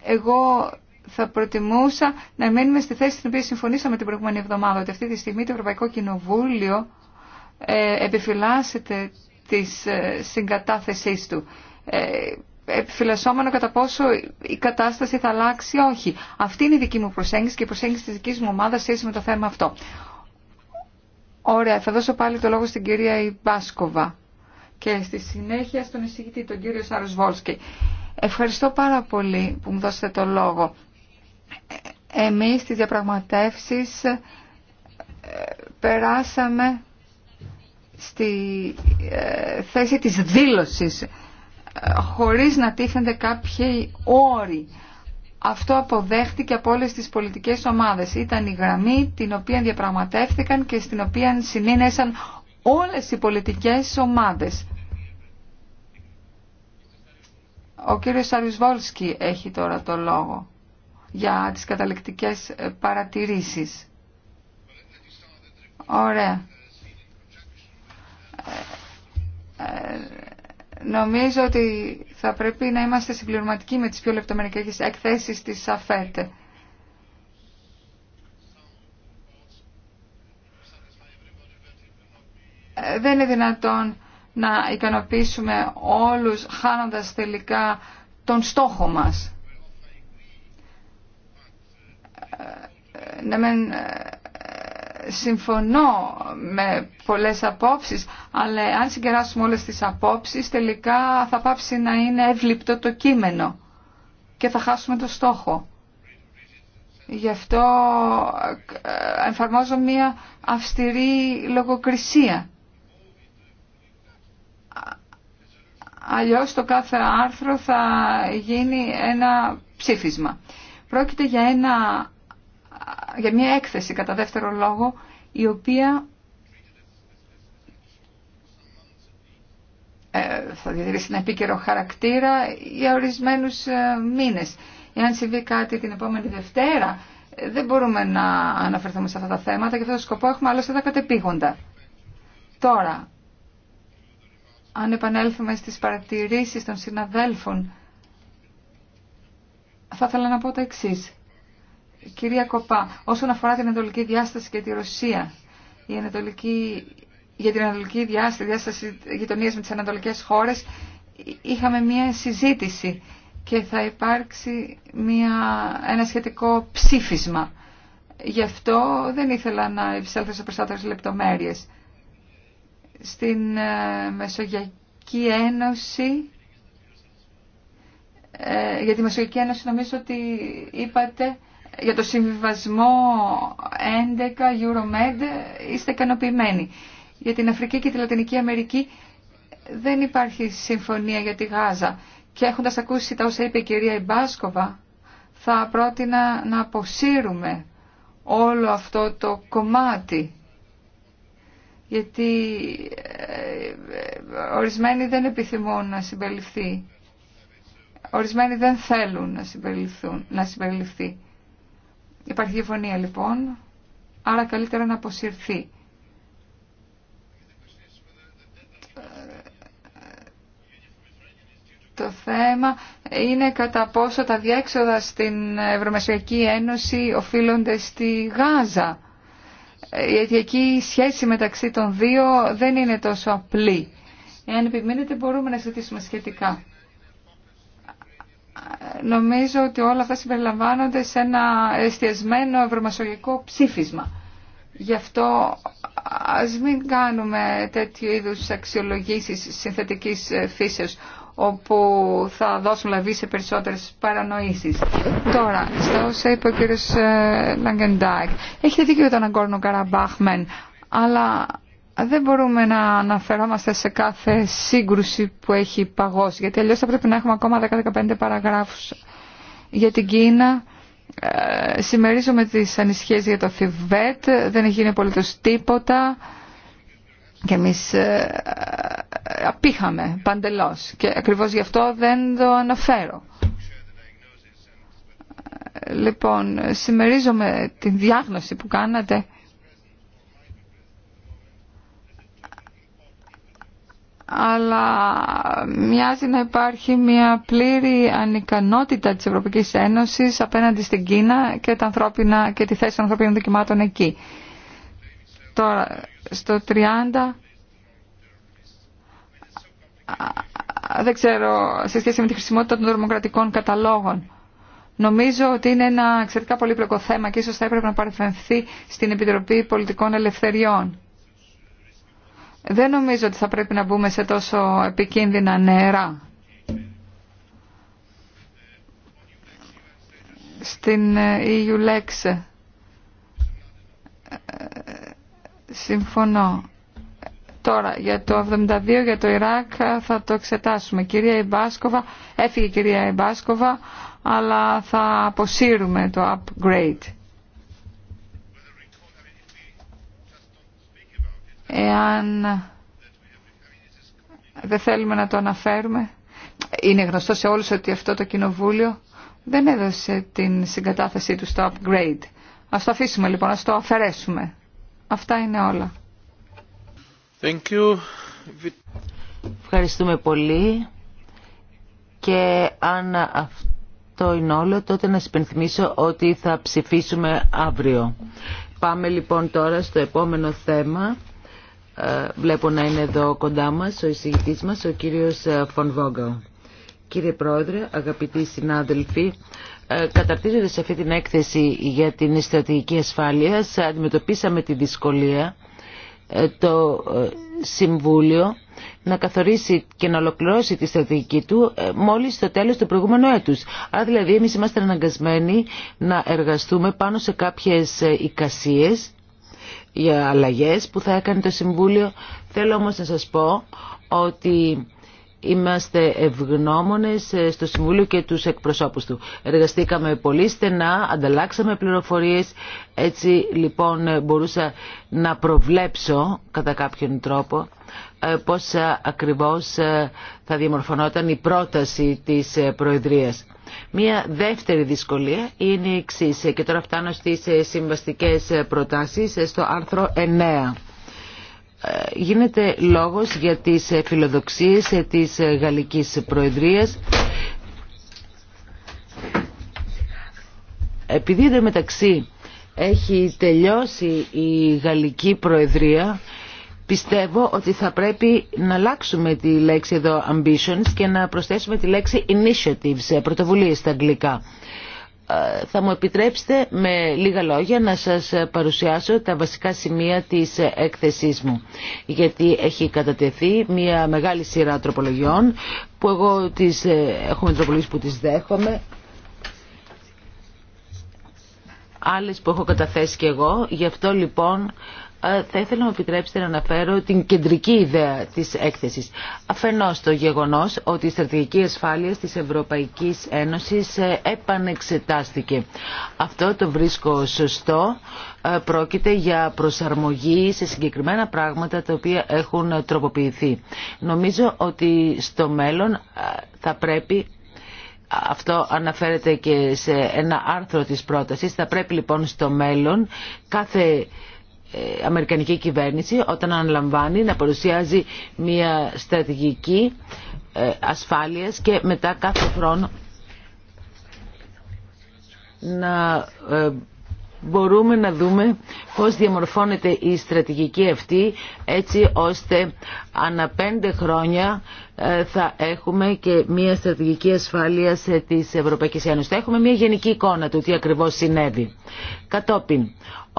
Εγώ θα προτιμούσα να μείνουμε στη θέση στην οποία συμφωνήσαμε την προηγούμενη εβδομάδα, ότι αυτή τη στιγμή το Ευρωπαϊκό Κοινοβούλιο ε, επιφυλάσσεται της ε, συγκατάθεσή του. Ε, επιφυλασσόμενο κατά πόσο η κατάσταση θα αλλάξει όχι. Αυτή είναι η δική μου προσέγγιση και η προσέγγιση της δικής μου ομάδας σχέση με το θέμα αυτό. Ωραία, θα δώσω πάλι το λόγο στην κυρία Ιμπάσκοβα και στη συνέχεια στον εισηγητή, τον κύριο Σάρος Ευχαριστώ πάρα πολύ που μου δώσετε το λόγο εμείς στις διαπραγματεύσεις ε, περάσαμε στη ε, θέση της δήλωσης ε, χωρίς να τίθενται κάποιοι όροι. Αυτό αποδέχτηκε από όλες τις πολιτικές ομάδες. Ήταν η γραμμή την οποία διαπραγματεύτηκαν και στην οποία συνήνεσαν όλες οι πολιτικές ομάδες. Ο κύριος Σαρισβόλσκι έχει τώρα το λόγο για τις καταληκτικές ε, παρατηρήσεις. Ωραία. Ε, ε, νομίζω ότι θα πρέπει να είμαστε συμπληρωματικοί με τις πιο λεπτομερικές εκθέσεις της ΑΦΕΤ. Δεν είναι δυνατόν να ικανοποιήσουμε όλους χάνοντας τελικά τον στόχο μας ναι μεν ε, συμφωνώ με πολλές απόψεις, αλλά αν συγκεράσουμε όλες τις απόψεις τελικά θα πάψει να είναι εύληπτο το κείμενο και θα χάσουμε το στόχο. Γι' αυτό εφαρμόζω μία αυστηρή λογοκρισία. Αλλιώς το κάθε άρθρο θα γίνει ένα ψήφισμα. Πρόκειται για ένα για μια έκθεση κατά δεύτερο λόγο η οποία ε, θα διατηρήσει ένα επίκαιρο χαρακτήρα για ορισμένους ε, μήνες. Εάν συμβεί κάτι την επόμενη Δευτέρα, ε, δεν μπορούμε να αναφερθούμε σε αυτά τα θέματα και αυτό το σκοπό έχουμε άλλωστε τα κατεπήγοντα. Τώρα, αν επανέλθουμε στις παρατηρήσεις των συναδέλφων, θα ήθελα να πω το εξή. Κυρία Κοπά, όσον αφορά την ανατολική διάσταση και τη Ρωσία, η ανατολική, για την ανατολική διάσταση, διάσταση γειτονία με τις ανατολικές χώρες, είχαμε μία συζήτηση και θα υπάρξει μια, ένα σχετικό ψήφισμα. Γι' αυτό δεν ήθελα να επισέλθω σε περισσότερες λεπτομέρειες. Στην ε, Μεσογειακή Ένωση, ε, για τη Μεσογειακή Ένωση νομίζω ότι είπατε για το συμβιβασμό 11 Euromed είστε ικανοποιημένοι. Για την Αφρική και τη Λατινική Αμερική δεν υπάρχει συμφωνία για τη Γάζα. Και έχοντα ακούσει τα όσα είπε η κυρία Ιμπάσκοβα, θα πρότεινα να αποσύρουμε όλο αυτό το κομμάτι. Γιατί ε, ορισμένοι δεν επιθυμούν να συμπεριληφθεί. Ορισμένοι δεν θέλουν να, να συμπεριληφθεί. Υπάρχει διαφωνία λοιπόν, άρα καλύτερα να αποσυρθεί. Το θέμα είναι κατά πόσο τα διέξοδα στην Ευρωμεσογειακή Ένωση οφείλονται στη Γάζα. Γιατί εκεί η σχέση μεταξύ των δύο δεν είναι τόσο απλή. Εάν επιμείνετε μπορούμε να ζητήσουμε σχετικά νομίζω ότι όλα αυτά συμπεριλαμβάνονται σε ένα εστιασμένο ευρωμασογικό ψήφισμα. Γι' αυτό ας μην κάνουμε τέτοιου είδους αξιολογήσεις συνθετικής φύσεως όπου θα δώσουν λαβή σε περισσότερες παρανοήσεις. Τώρα, στα όσα είπε ο κύριος ε, Λαγκεντάκ, έχετε δίκιο τον Αγκόρνο Καραμπάχμεν, αλλά δεν μπορούμε να αναφερόμαστε σε κάθε σύγκρουση που έχει παγώσει, γιατί αλλιώς θα πρέπει να έχουμε ακόμα 10-15 παραγράφους για την Κίνα. Ε, τις ανησυχίες για το Θιβέτ, δεν έχει γίνει τίποτα και εμείς ε, ε, απήχαμε παντελώς και ακριβώς γι' αυτό δεν το αναφέρω. Ε, λοιπόν, συμμερίζομαι την διάγνωση που κάνατε αλλά μοιάζει να υπάρχει μια πλήρη ανικανότητα της Ευρωπαϊκής Ένωσης απέναντι στην Κίνα και, τα ανθρώπινα, και τη θέση των ανθρωπίνων δικαιωμάτων εκεί. Τώρα, στο 30... Δεν ξέρω, σε σχέση με τη χρησιμότητα των δημοκρατικών καταλόγων. Νομίζω ότι είναι ένα εξαιρετικά πολύπλοκο θέμα και ίσως θα έπρεπε να παρεμφευθεί στην Επιτροπή Πολιτικών Ελευθεριών. Δεν νομίζω ότι θα πρέπει να μπούμε σε τόσο επικίνδυνα νερά. Στην EULEX ε, ε, ε, συμφωνώ. Τώρα, για το 72, για το Ιράκ θα το εξετάσουμε. Κυρία Ιμπάσκοβα, έφυγε η κυρία Ιμπάσκοβα, αλλά θα αποσύρουμε το upgrade. εάν δεν θέλουμε να το αναφέρουμε. Είναι γνωστό σε όλους ότι αυτό το κοινοβούλιο δεν έδωσε την συγκατάθεσή του στο upgrade. Ας το αφήσουμε λοιπόν, ας το αφαιρέσουμε. Αυτά είναι όλα. Ευχαριστούμε πολύ. Και αν αυτό είναι όλο, τότε να σας ότι θα ψηφίσουμε αύριο. Πάμε λοιπόν τώρα στο επόμενο θέμα. Ε, βλέπω να είναι εδώ κοντά μας ο εισηγητής μας, ο κύριος ε, Φον Βόγκα. Κύριε Πρόεδρε, αγαπητοί συνάδελφοι, ε, καταρτίζοντας αυτή την έκθεση για την στρατηγική ασφάλεια, αντιμετωπίσαμε τη δυσκολία το Συμβούλιο να καθορίσει και να ολοκληρώσει τη στρατηγική του μόλις στο τέλος του προηγούμενου έτους. Άρα δηλαδή εμείς είμαστε αναγκασμένοι να εργαστούμε πάνω σε κάποιες εικασίες για αλλαγές που θα έκανε το Συμβούλιο. Θέλω όμως να σας πω ότι είμαστε ευγνώμονες ε, στο Συμβούλιο και τους εκπροσώπους του. Εργαστήκαμε πολύ στενά, ανταλλάξαμε πληροφορίες, έτσι λοιπόν ε, μπορούσα να προβλέψω κατά κάποιον τρόπο ε, πώς ακριβώς θα διαμορφωνόταν η πρόταση της Προεδρίας. Μία δεύτερη δυσκολία είναι η εξή και τώρα φτάνω στις ε, συμβαστικές ε, προτάσεις ε, στο άρθρο 9 γίνεται λόγος για τις φιλοδοξίες της Γαλλικής Προεδρίας επειδή μεταξύ έχει τελειώσει η Γαλλική Προεδρία Πιστεύω ότι θα πρέπει να αλλάξουμε τη λέξη εδώ ambitions και να προσθέσουμε τη λέξη initiatives, ε, πρωτοβουλίε στα αγγλικά. Ε, θα μου επιτρέψετε με λίγα λόγια να σας ε, παρουσιάσω τα βασικά σημεία της έκθεσής μου. Γιατί έχει κατατεθεί μια μεγάλη σειρά τροπολογιών που εγώ τις, έχουμε τροπολογίες που τις δέχομαι. Άλλες που έχω καταθέσει και εγώ. Γι' αυτό λοιπόν θα ήθελα να μου επιτρέψετε να αναφέρω την κεντρική ιδέα της έκθεσης. Αφενός το γεγονός ότι η στρατηγική ασφάλεια της Ευρωπαϊκής Ένωσης ε, επανεξετάστηκε. Αυτό το βρίσκω σωστό. Ε, πρόκειται για προσαρμογή σε συγκεκριμένα πράγματα τα οποία έχουν τροποποιηθεί. Νομίζω ότι στο μέλλον ε, θα πρέπει αυτό αναφέρεται και σε ένα άρθρο της πρότασης. Θα πρέπει λοιπόν στο μέλλον κάθε ε, αμερικανική κυβέρνηση όταν αναλαμβάνει να παρουσιάζει μια στρατηγική ε, ασφάλειας και μετά κάθε χρόνο να ε, μπορούμε να δούμε πώς διαμορφώνεται η στρατηγική αυτή έτσι ώστε ανά πέντε χρόνια θα έχουμε και μια στρατηγική ασφάλεια της Ευρωπαϊκής Ένωσης. Θα έχουμε μια γενική εικόνα του τι ακριβώς συνέβη. Κατόπιν,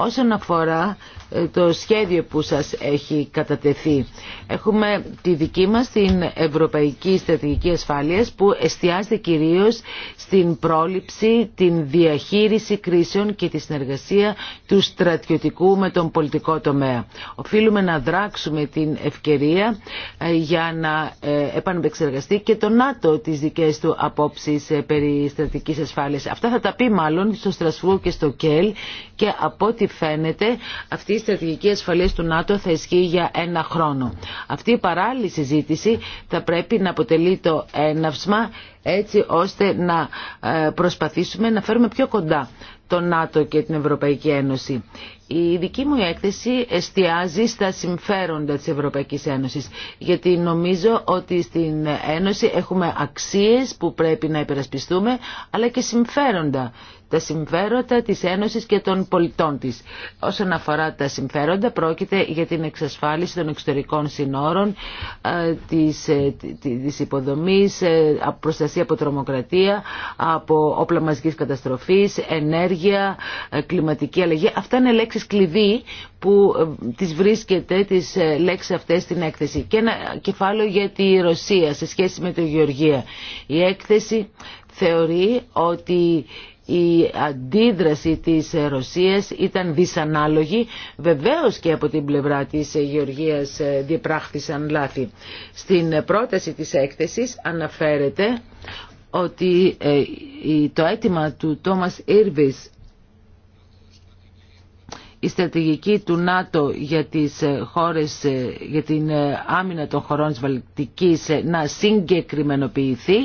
Όσον αφορά ε, το σχέδιο που σας έχει κατατεθεί, έχουμε τη δική μας την Ευρωπαϊκή Στρατηγική Ασφάλειας που εστιάζεται κυρίως στην πρόληψη, την διαχείριση κρίσεων και τη συνεργασία του στρατιωτικού με τον πολιτικό τομέα. Οφείλουμε να δράξουμε την ευκαιρία ε, για να ε, επανεπεξεργαστεί και το ΝΑΤΟ τις δικές του απόψεις περί στρατηγικής ασφάλειας. Αυτά θα τα πει μάλλον στο Στρασβούργο και στο ΚΕΛ και από ό,τι φαίνεται αυτή η στρατηγική ασφαλείας του ΝΑΤΟ θα ισχύει για ένα χρόνο. Αυτή η παράλληλη συζήτηση θα πρέπει να αποτελεί το έναυσμα έτσι ώστε να ε, προσπαθήσουμε να φέρουμε πιο κοντά το ΝΑΤΟ και την Ευρωπαϊκή Ένωση. Η δική μου έκθεση εστιάζει στα συμφέροντα της Ευρωπαϊκής Ένωσης, γιατί νομίζω ότι στην Ένωση έχουμε αξίες που πρέπει να υπερασπιστούμε, αλλά και συμφέροντα τα συμφέροντα της Ένωσης και των πολιτών της. Όσον αφορά τα συμφέροντα πρόκειται για την εξασφάλιση των εξωτερικών συνόρων, ε, της, ε, της υποδομής, ε, προστασία από τρομοκρατία, από όπλα μαζικής καταστροφής, ενέργεια, κλιματική αλλαγή. Αυτά είναι λέξεις κλειδί που τις βρίσκεται τις λέξεις αυτές στην έκθεση. Και ένα κεφάλαιο για τη Ρωσία σε σχέση με τη Γεωργία. Η έκθεση θεωρεί ότι η αντίδραση της Ρωσίας ήταν δυσανάλογη. Βεβαίως και από την πλευρά της Γεωργίας ε, διεπράχθησαν λάθη. Στην πρόταση της έκθεσης αναφέρεται ότι ε, το αίτημα του Τόμας Ήρβης η στρατηγική του ΝΑΤΟ για τις ε, χώρες, ε, για την ε, άμυνα των χωρών της να συγκεκριμενοποιηθεί.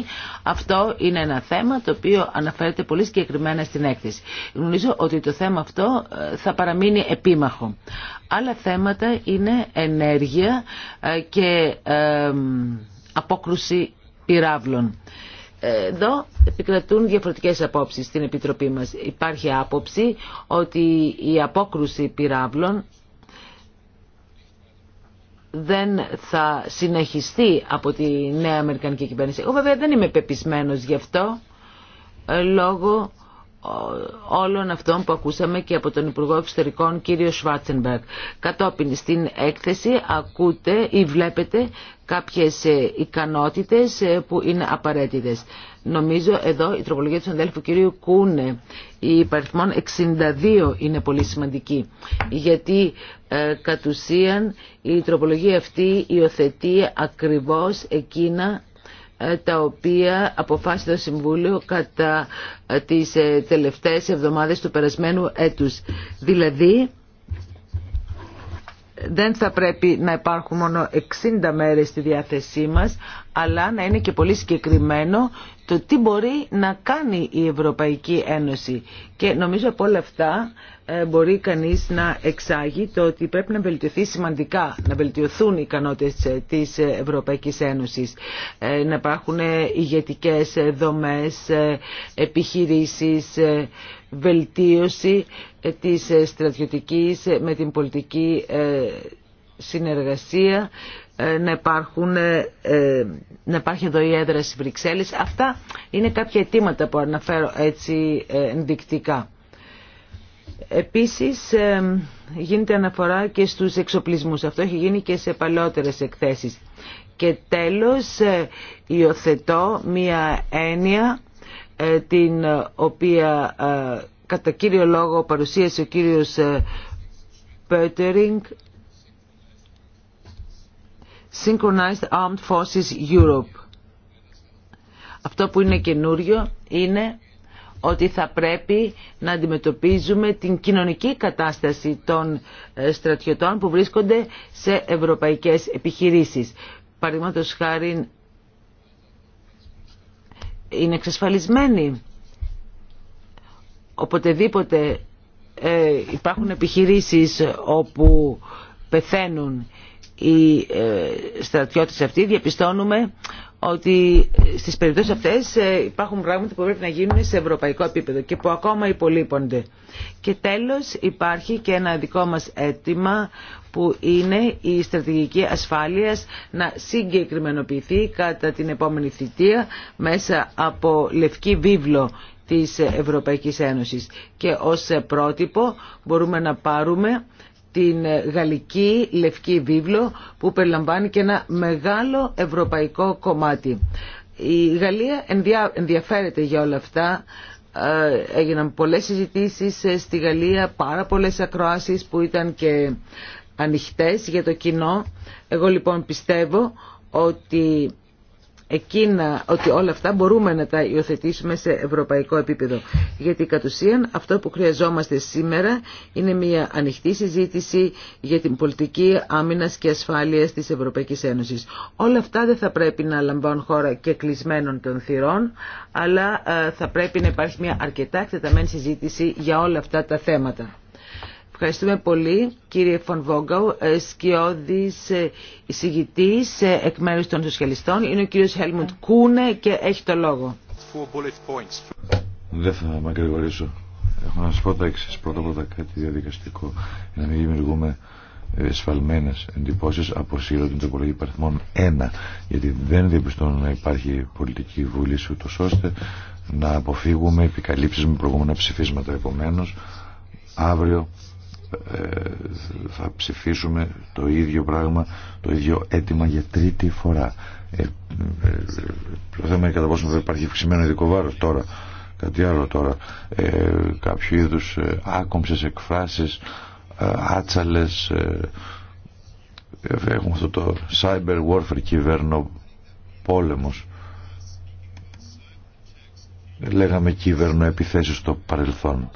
Αυτό είναι ένα θέμα το οποίο αναφέρεται πολύ συγκεκριμένα στην έκθεση. Γνωρίζω ότι το θέμα αυτό θα παραμείνει επίμαχο. Άλλα θέματα είναι ενέργεια και απόκρουση πυράβλων. Εδώ επικρατούν διαφορετικές απόψεις στην Επιτροπή μας. Υπάρχει άποψη ότι η απόκρουση πυράβλων δεν θα συνεχιστεί από τη νέα Αμερικανική κυβέρνηση. Εγώ βέβαια δεν είμαι πεπισμένος γι' αυτό ε, λόγω όλων αυτών που ακούσαμε και από τον Υπουργό Εξωτερικών κύριο Σβάτσενμπεργκ. Κατόπιν στην έκθεση ακούτε ή βλέπετε κάποιες ε, ικανότητες ε, που είναι απαραίτητες. Νομίζω εδώ η τροπολογία του συναδέλφου κυρίου Κούνε, η τροπολογια του αδελφου κυριου κουνε η υπαριθμον 62 είναι πολύ σημαντική, γιατί ε, κατ' ουσίαν η τροπολογία αυτή υιοθετεί ακριβώς εκείνα ε, τα οποία αποφάσισε το Συμβούλιο κατά ε, τις ε, τελευταίες εβδομάδες του περασμένου έτους. Δηλαδή, δεν θα πρέπει να υπάρχουν μόνο 60 μέρες στη διάθεσή μας, αλλά να είναι και πολύ συγκεκριμένο το τι μπορεί να κάνει η Ευρωπαϊκή Ένωση. Και νομίζω από όλα αυτά ε, μπορεί κανείς να εξάγει το ότι πρέπει να βελτιωθεί σημαντικά, να βελτιωθούν οι ικανότητες ε, της ε, Ευρωπαϊκής Ένωσης, να υπάρχουν ηγετικές δομές, επιχειρήσεις, βελτίωση της στρατιωτικής με την πολιτική συνεργασία ε, να, υπάρχουν, ε, ε, να υπάρχει εδώ η έδρα στις Αυτά είναι κάποια αιτήματα που αναφέρω έτσι ενδεικτικά. Επίσης γίνεται αναφορά και στους εξοπλισμούς. Αυτό έχει γίνει και σε παλαιότερες εκθέσεις. Και τέλος υιοθετώ μία έννοια την οποία κατά κύριο λόγο παρουσίασε ο κύριος Πέτερινγκ Synchronized Armed Forces Europe. Αυτό που είναι καινούριο είναι ότι θα πρέπει να αντιμετωπίζουμε την κοινωνική κατάσταση των ε, στρατιωτών που βρίσκονται σε ευρωπαϊκές επιχειρήσεις. παραδείγματος χάρη είναι εξασφαλισμένοι. Οποτεδήποτε ε, υπάρχουν επιχειρήσεις όπου πεθαίνουν οι ε, στρατιώτες αυτοί διαπιστώνουμε ότι στις περιπτώσεις αυτές ε, υπάρχουν πράγματα που πρέπει να γίνουν σε ευρωπαϊκό επίπεδο και που ακόμα υπολείπονται. Και τέλος υπάρχει και ένα δικό μας αίτημα που είναι η στρατηγική ασφάλειας να συγκεκριμενοποιηθεί κατά την επόμενη θητεία μέσα από λευκή βίβλο της Ευρωπαϊκής Ένωσης. Και ως πρότυπο μπορούμε να πάρουμε την γαλλική λευκή βίβλο που περιλαμβάνει και ένα μεγάλο ευρωπαϊκό κομμάτι. Η Γαλλία ενδιαφέρεται για όλα αυτά. Ε, έγιναν πολλές συζητήσεις ε, στη Γαλλία, πάρα πολλές ακροάσεις που ήταν και ανοιχτές για το κοινό. Εγώ λοιπόν πιστεύω ότι εκείνα, ότι όλα αυτά μπορούμε να τα υιοθετήσουμε σε ευρωπαϊκό επίπεδο. Γιατί κατ' ουσίαν αυτό που χρειαζόμαστε σήμερα είναι μια ανοιχτή συζήτηση για την πολιτική άμυνας και ασφάλειας της Ευρωπαϊκής Ένωσης. Όλα αυτά δεν θα πρέπει να λαμβάνουν χώρα και κλεισμένων των θυρών, αλλά ε, θα πρέπει να υπάρχει μια αρκετά εκτεταμένη συζήτηση για όλα αυτά τα θέματα. Ευχαριστούμε πολύ κύριε Φων Βόγκαου, ε, σκιώδης ε, εισηγητής ε, εκ μέρους των σοσιαλιστών. Είναι ο κύριος Χέλμουντ Κούνε και έχει το λόγο. Δεν θα με ακρηγορήσω. Έχω να σας πω τα εξής. Πρώτα πρώτα κάτι διαδικαστικό για να μην δημιουργούμε σφαλμένες εντυπώσεις αποσύρω την τροπολογία παριθμών 1 γιατί δεν διαπιστώνω να υπάρχει πολιτική βούληση ούτω ώστε να αποφύγουμε επικαλύψεις με προηγούμενα ψηφίσματα επομένω, αύριο ε, θα ψηφίσουμε το ίδιο πράγμα, το ίδιο αίτημα για τρίτη φορά. Ε, ε, το θέμα είναι κατά πόσο υπάρχει αυξημένο ειδικό τώρα, κάτι άλλο τώρα, ε, κάποιο είδους άκομψες εκφράσεις, άτσαλες, έχουμε αυτό το cyber warfare κυβέρνο πόλεμος λέγαμε κυβέρνο επιθέσεις στο παρελθόν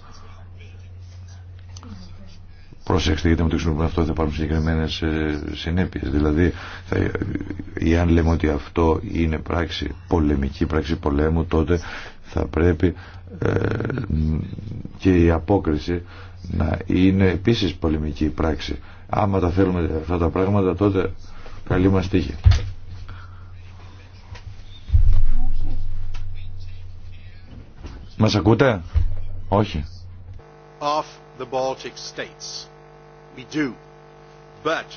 Προσέξτε γιατί με το χρησιμοποιούμε αυτό θα υπάρχουν συγκεκριμένε ε, συνέπειε. Δηλαδή, θα, ε, εάν λέμε ότι αυτό είναι πράξη πολεμική, πράξη πολέμου, τότε θα πρέπει ε, και η απόκριση να είναι επίσης πολεμική πράξη. Άμα τα θέλουμε αυτά τα πράγματα τότε καλή μας τύχη. Μας ακούτε? Όχι. Off the Baltic states we do but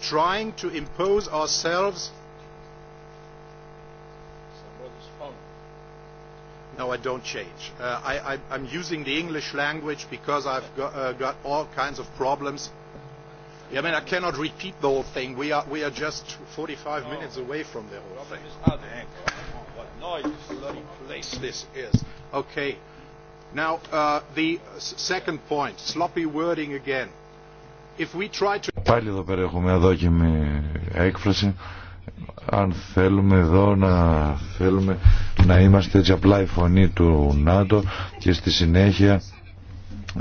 trying to impose ourselves no i don't change i i'm using the english language because i've got all kinds of problems i mean i cannot repeat the whole thing we are we are just 45 minutes away from the whole thing what place this is okay now the second point sloppy wording again Πάλι εδώ πέρα έχουμε αδόκιμη έκφραση. Αν θέλουμε εδώ να θέλουμε να είμαστε έτσι απλά η φωνή του ΝΑΤΟ και στη συνέχεια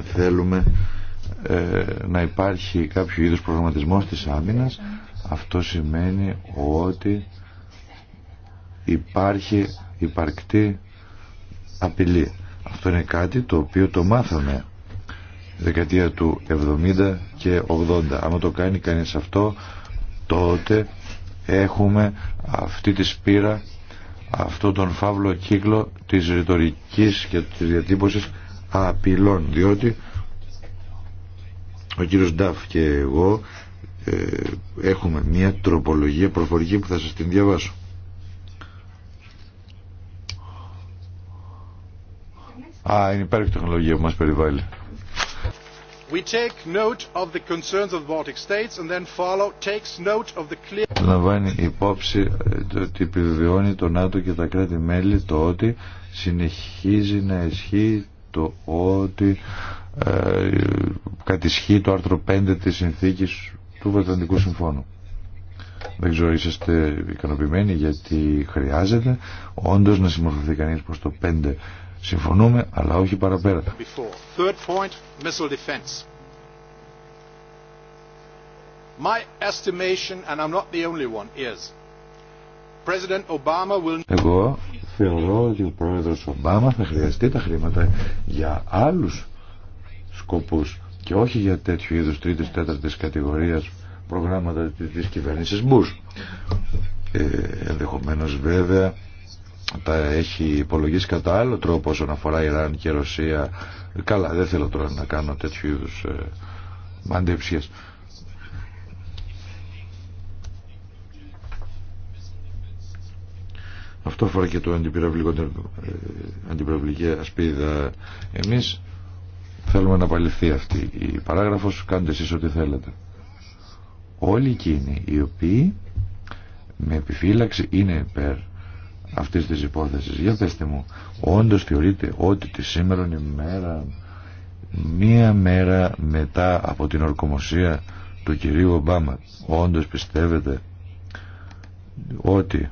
θέλουμε ε, να υπάρχει κάποιο είδους προγραμματισμός της άμυνας αυτό σημαίνει ότι υπάρχει υπαρκτή απειλή. Αυτό είναι κάτι το οποίο το μάθαμε δεκαετία του 70 και 80. Άμα το κάνει κανείς αυτό, τότε έχουμε αυτή τη σπήρα, αυτό τον φαύλο κύκλο της ρητορική και της διατύπωσης απειλών, διότι ο κύριος Νταφ και εγώ ε, έχουμε μια τροπολογία προφορική που θα σας την διαβάσω. Α, είναι υπέροχη τεχνολογία που μας περιβάλλει. Λαμβάνει υπόψη ε, ότι επιβεβαιώνει το ΝΑΤΟ και τα κράτη-μέλη το ότι συνεχίζει να ισχύει το ότι ε, κατησχεί το άρθρο 5 της συνθήκης του Βαταντικού Συμφώνου. Δεν ξέρω, είσαστε ικανοποιημένοι γιατί χρειάζεται όντως να συμμορφωθεί κανείς προς το 5 Συμφωνούμε, αλλά όχι παραπέρα. Εγώ θεωρώ ότι ο πρόεδρος Ομπάμα θα χρειαστεί τα χρήματα για άλλους σκοπούς και όχι για τέτοιου είδους τρίτης, τέταρτης κατηγορίας προγράμματα της κυβέρνησης Μπούς. Ε, ενδεχομένως βέβαια τα έχει υπολογίσει κατά άλλο τρόπο όσον αφορά Ιράν και Ρωσία. Καλά, δεν θέλω τώρα να κάνω τέτοιου είδου μαντεψίες. Ε, Αυτό αφορά και το ε, αντιπυραυλική ασπίδα. Εμείς θέλουμε να απαλληφθεί αυτή η παράγραφος, κάντε εσείς ό,τι θέλετε. Όλοι εκείνοι οι οποίοι με επιφύλαξη είναι υπέρ αυτή τη υπόθεση, Για πετε μου, όντω θεωρείτε ότι τη σήμερα μέρα μία μέρα μετά από την ορκομοσία του κυρίου Ομπάμα, όντω πιστεύετε ότι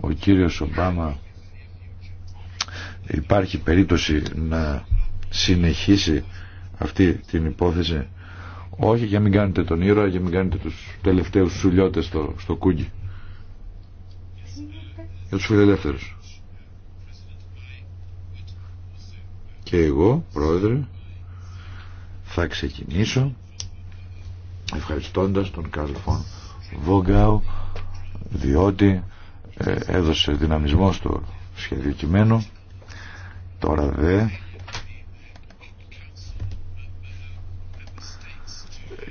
ο κύριος Ομπάμα υπάρχει περίπτωση να συνεχίσει αυτή την υπόθεση όχι για μην κάνετε τον ήρωα για μην κάνετε τους τελευταίους σουλιώτες στο, στο κούγκι για τους Και εγώ, πρόεδρε, θα ξεκινήσω ευχαριστώντας τον Καρλφόν Βογκάου διότι ε, έδωσε δυναμισμό στο σχέδιο κειμένου τώρα δε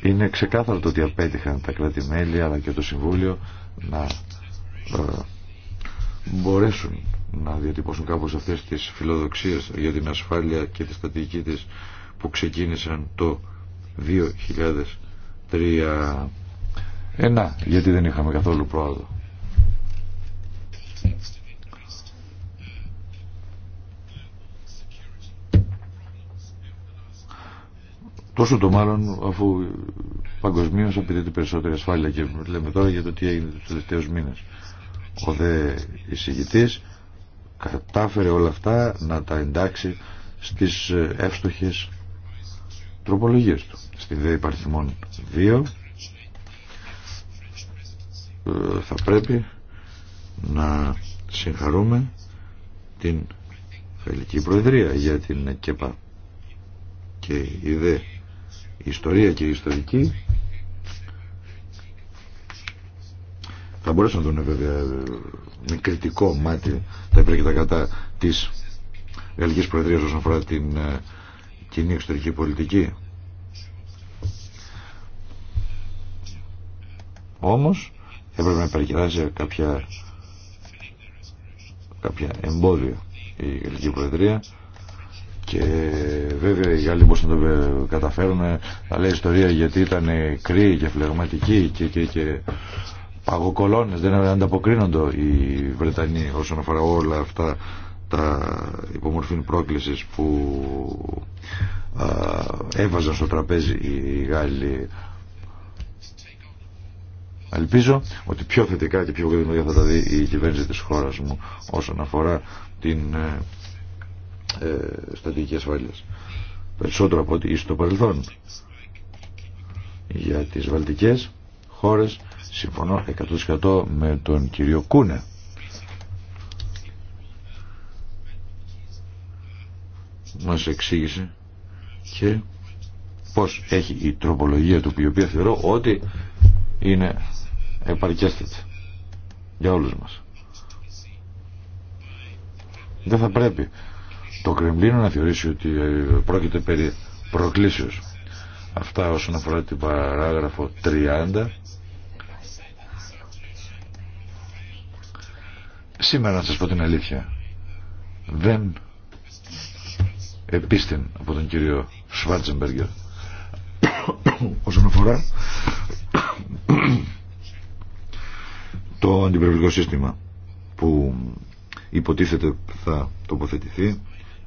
είναι ξεκάθαρο το ότι απέτυχαν τα κράτη-μέλη αλλά και το Συμβούλιο να ε, μπορέσουν να διατυπώσουν κάπως αυτές τις φιλοδοξίες για την ασφάλεια και τη στατική της που ξεκίνησαν το 2003 ένα γιατί δεν είχαμε καθόλου πρόοδο. Τόσο το μάλλον αφού παγκοσμίως απαιτείται περισσότερη ασφάλεια και λέμε τώρα για το τι έγινε τους τελευταίους μήνες. Ο δε εισηγητής κατάφερε όλα αυτά να τα εντάξει στις εύστοχες τροπολογίες του. Στην δε υπαριθμών 2 ε, θα πρέπει να συγχαρούμε την Γαλλική Προεδρία για την ΚΕΠΑ και η δε ιστορία και ιστορική θα μπορέσουν να δουν βέβαια με κριτικό μάτι τα υπέρ και τα κατά τη Γαλλικής Προεδρίας όσον αφορά την ε, κοινή εξωτερική πολιτική. Όμως έπρεπε να υπερκυράζει κάποια, κάποια εμπόδια η Γαλλική Προεδρία και βέβαια οι άλλοι πώ να το ε, καταφέρουν αλλά λέει ιστορία γιατί ήταν ε, κρύοι και φλεγματικοί και αγοκολώνες, δεν ανταποκρίνονται οι Βρετανοί όσον αφορά όλα αυτά τα υπομορφή πρόκλησης που έβαζαν στο τραπέζι οι Γάλλοι. Ελπίζω ότι πιο θετικά και πιο γρήγορα θα τα δει η κυβέρνηση της χώρας μου όσον αφορά την ε, ε στατική ασφάλεια Περισσότερο από ό,τι στο παρελθόν. Για τις βαλτικές χώρες Συμφωνώ 100% με τον κύριο Κούνε. Μας εξήγησε και πώς έχει η τροπολογία του η οποία θεωρώ ότι είναι επαρκέστατη για όλους μας. Δεν θα πρέπει το Κρεμλίνο να θεωρήσει ότι ε, πρόκειται περί προκλήσεως. Αυτά όσον αφορά την παράγραφο 30 Σήμερα να σας πω την αλήθεια. Δεν επίστην από τον κύριο Σβάρτζεμπεργκερ όσον αφορά το αντιπροβλητικό σύστημα που υποτίθεται θα τοποθετηθεί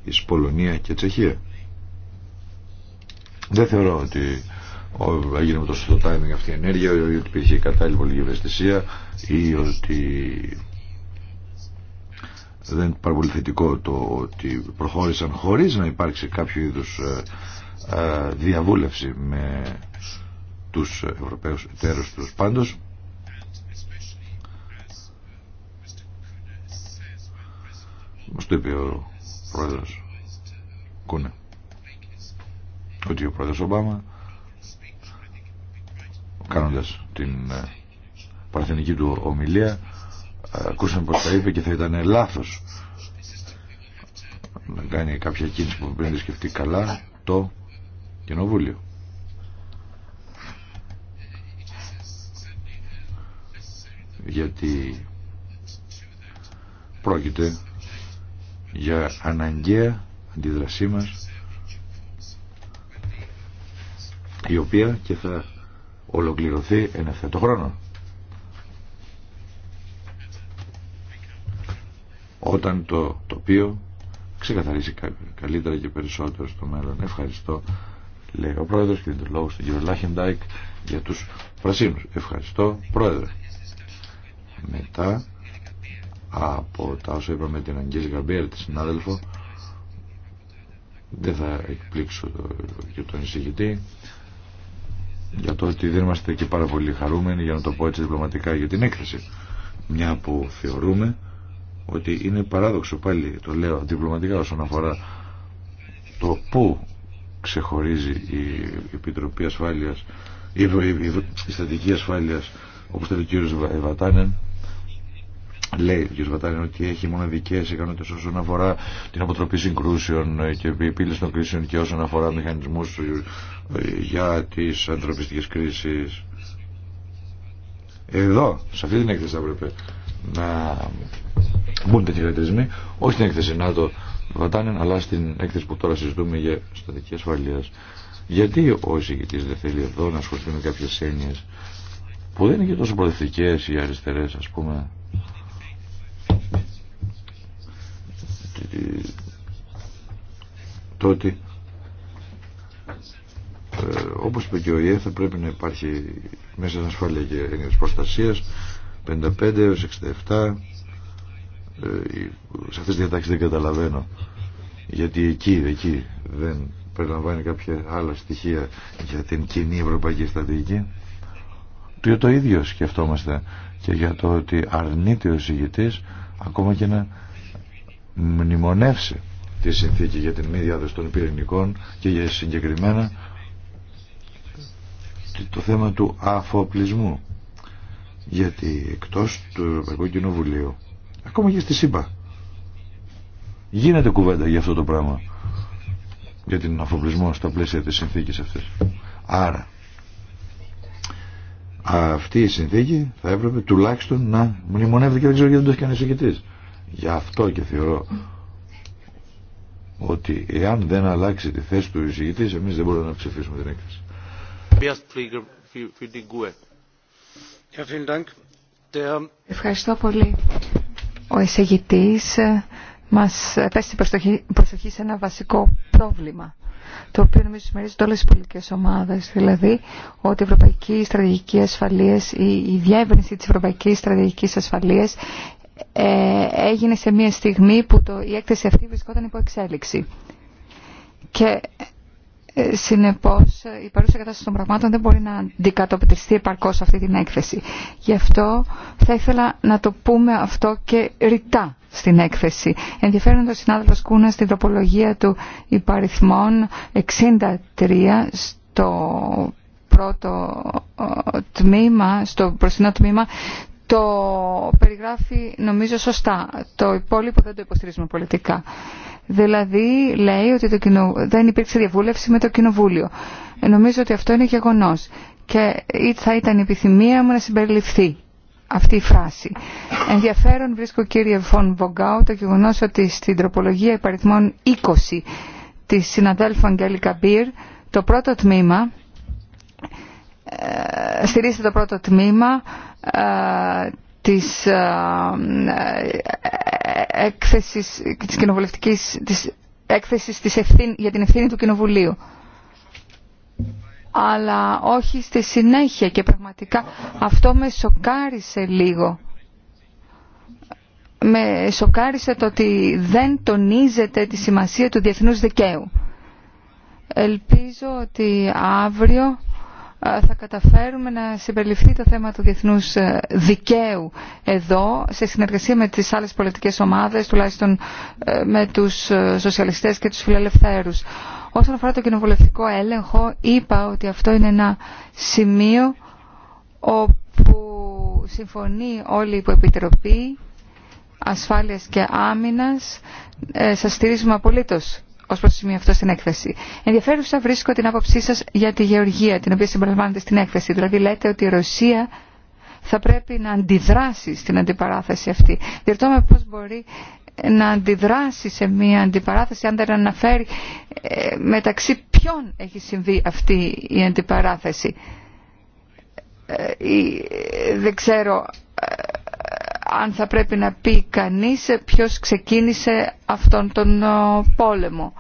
εις Πολωνία και Τσεχία. Δεν θεωρώ ότι έγινε με το timing αυτή η ενέργεια, ότι υπήρχε κατάλληλη πολιτική ευαισθησία ή ότι δεν είναι πάρα πολύ θετικό το ότι προχώρησαν χωρίς να υπάρξει κάποιο είδους ε, ε, διαβούλευση με τους Ευρωπαίους εταίρους τους πάντως μας το είπε ο πρόεδρος Κούνε ότι ο πρόεδρος Ομπάμα κάνοντας την ε, παραθενική του ομιλία ακούσαμε πως τα είπε και θα ήταν λάθος να κάνει κάποια κίνηση που πρέπει να σκεφτεί καλά το κοινοβούλιο. Γιατί πρόκειται για αναγκαία αντιδρασή μας η οποία και θα ολοκληρωθεί εν ευθέτω χρόνο. όταν το τοπίο ξεκαθαρίσει καλύτερα και περισσότερο στο μέλλον. Ευχαριστώ, λέει ο Πρόεδρος και το λόγο στον κύριο Λάχεντάικ για τους πρασίνους. Ευχαριστώ, Πρόεδρε. Μετά από τα όσα είπαμε την Αγγέλη Γαμπίερ τη συνάδελφο, δεν θα εκπλήξω και τον εισηγητή για το ότι δεν είμαστε και πάρα πολύ χαρούμενοι για να το πω έτσι διπλωματικά για την έκθεση μια που θεωρούμε ότι είναι παράδοξο πάλι το λέω διπλωματικά όσον αφορά το πού ξεχωρίζει η Επιτροπή Ασφάλειας η, η, η Στατική Ασφάλειας όπως λέει ο κύριος Βατάνεν λέει ο κ. Βατάνεν ότι έχει μοναδικές ικανότητες όσον αφορά την αποτροπή συγκρούσεων και επίλυση των κρίσεων και όσον αφορά μηχανισμούς για τις ανθρωπιστικές κρίσεις εδώ, σε αυτή την έκθεση θα έπρεπε να μπουν τέτοιοι χαρακτηρισμοί, όχι στην έκθεση ΝΑΤΟ Βατάνιν, αλλά στην έκθεση που τώρα συζητούμε για στατική ασφαλεία. Γιατί ο εισηγητή δεν θέλει εδώ να ασχοληθεί με κάποιε έννοιε που δεν είναι και τόσο προοδευτικέ ή αριστερέ, α πούμε. Το ότι ε, όπως είπε και ο ΙΕ θα πρέπει να υπάρχει μέσα στην ασφάλεια και ενίδες προστασίας 55 έως 67 ε, σε αυτές τις διατάξεις δεν καταλαβαίνω γιατί εκεί, εκεί δεν περιλαμβάνει κάποια άλλα στοιχεία για την κοινή ευρωπαϊκή στρατηγική το, το ίδιο σκεφτόμαστε και για το ότι αρνείται ο συγητής ακόμα και να μνημονεύσει τη συνθήκη για την μη διάδοση των πυρηνικών και για συγκεκριμένα το θέμα του αφοπλισμού γιατί εκτός του Ευρωπαϊκού Κοινοβουλίου ακόμα και στη ΣΥΠΑ γίνεται κουβέντα για αυτό το πράγμα για την αφοπλισμό στα πλαίσια της συνθήκης αυτής άρα αυτή η συνθήκη θα έπρεπε τουλάχιστον να μνημονεύεται και δεν ξέρω γιατί δεν το έχει κάνει Γι' αυτό και θεωρώ ότι εάν δεν αλλάξει τη θέση του εισηγητής εμείς δεν μπορούμε να ψηφίσουμε την έκθεση. Ευχαριστώ πολύ. Ο εισηγητής ε, μας πέστη την προσοχή σε ένα βασικό πρόβλημα το οποίο νομίζω συμμερίζονται όλες οι πολιτικές ομάδες, δηλαδή ότι η Ευρωπαϊκή Στρατηγική Ασφαλείας, η, η διεύρυνση της Ευρωπαϊκής Στρατηγικής Ασφαλείας ε, έγινε σε μια στιγμή που το, η έκθεση αυτή βρισκόταν υπό εξέλιξη. Και ε, συνεπώς η παρούσα κατάσταση των πραγμάτων δεν μπορεί να αντικατοπτριστεί επαρκώς αυτή την έκθεση. Γι' αυτό θα ήθελα να το πούμε αυτό και ρητά στην έκθεση. Ενδιαφέρον το συνάδελφος Κούνα στην τροπολογία του υπαριθμών 63 στο πρώτο ε, τμήμα, στο προσινό τμήμα το περιγράφει νομίζω σωστά. Το υπόλοιπο δεν το υποστηρίζουμε πολιτικά. Δηλαδή λέει ότι το δεν υπήρξε διαβούλευση με το κοινοβούλιο. Ε, νομίζω ότι αυτό είναι γεγονός και θα ήταν η επιθυμία μου να συμπεριληφθεί αυτή η φράση. Ενδιαφέρον βρίσκω κύριε Φων Βογκάου το γεγονός ότι στην τροπολογία υπαριθμών 20 της συναδέλφου Αγγέλικα το πρώτο τμήμα ε, στηρίζεται το πρώτο τμήμα ε, της ε, έκθεσης της κοινοβουλευτικής της έκθεσης της για την ευθύνη του Κοινοβουλίου αλλά όχι στη συνέχεια και πραγματικά αυτό με σοκάρισε λίγο με σοκάρισε το ότι δεν τονίζεται τη σημασία του διεθνούς δικαίου ελπίζω ότι αύριο θα καταφέρουμε να συμπεριληφθεί το θέμα του διεθνούς ε, δικαίου εδώ σε συνεργασία με τις άλλες πολιτικές ομάδες, τουλάχιστον ε, με τους ε, σοσιαλιστές και τους φιλελευθέρους. Όσον αφορά το κοινοβουλευτικό έλεγχο, είπα ότι αυτό είναι ένα σημείο όπου συμφωνεί όλη η Υποεπιτροπή Ασφάλειας και Άμυνας. Σας στηρίζουμε απολύτως ως προς το σημείο αυτό στην έκθεση. Ενδιαφέρουσα βρίσκω την άποψή σας για τη γεωργία, την οποία συμπεριλαμβάνεται στην έκθεση. Δηλαδή λέτε ότι η Ρωσία θα πρέπει να αντιδράσει στην αντιπαράθεση αυτή. Διερτώ με πώς μπορεί να αντιδράσει σε μια αντιπαράθεση αν δεν αναφέρει ε, μεταξύ ποιον έχει συμβεί αυτή η αντιπαράθεση. Ε, δεν ξέρω ε, αν θα πρέπει να πει κανείς ποιος ξεκίνησε αυτόν τον ε, πόλεμο.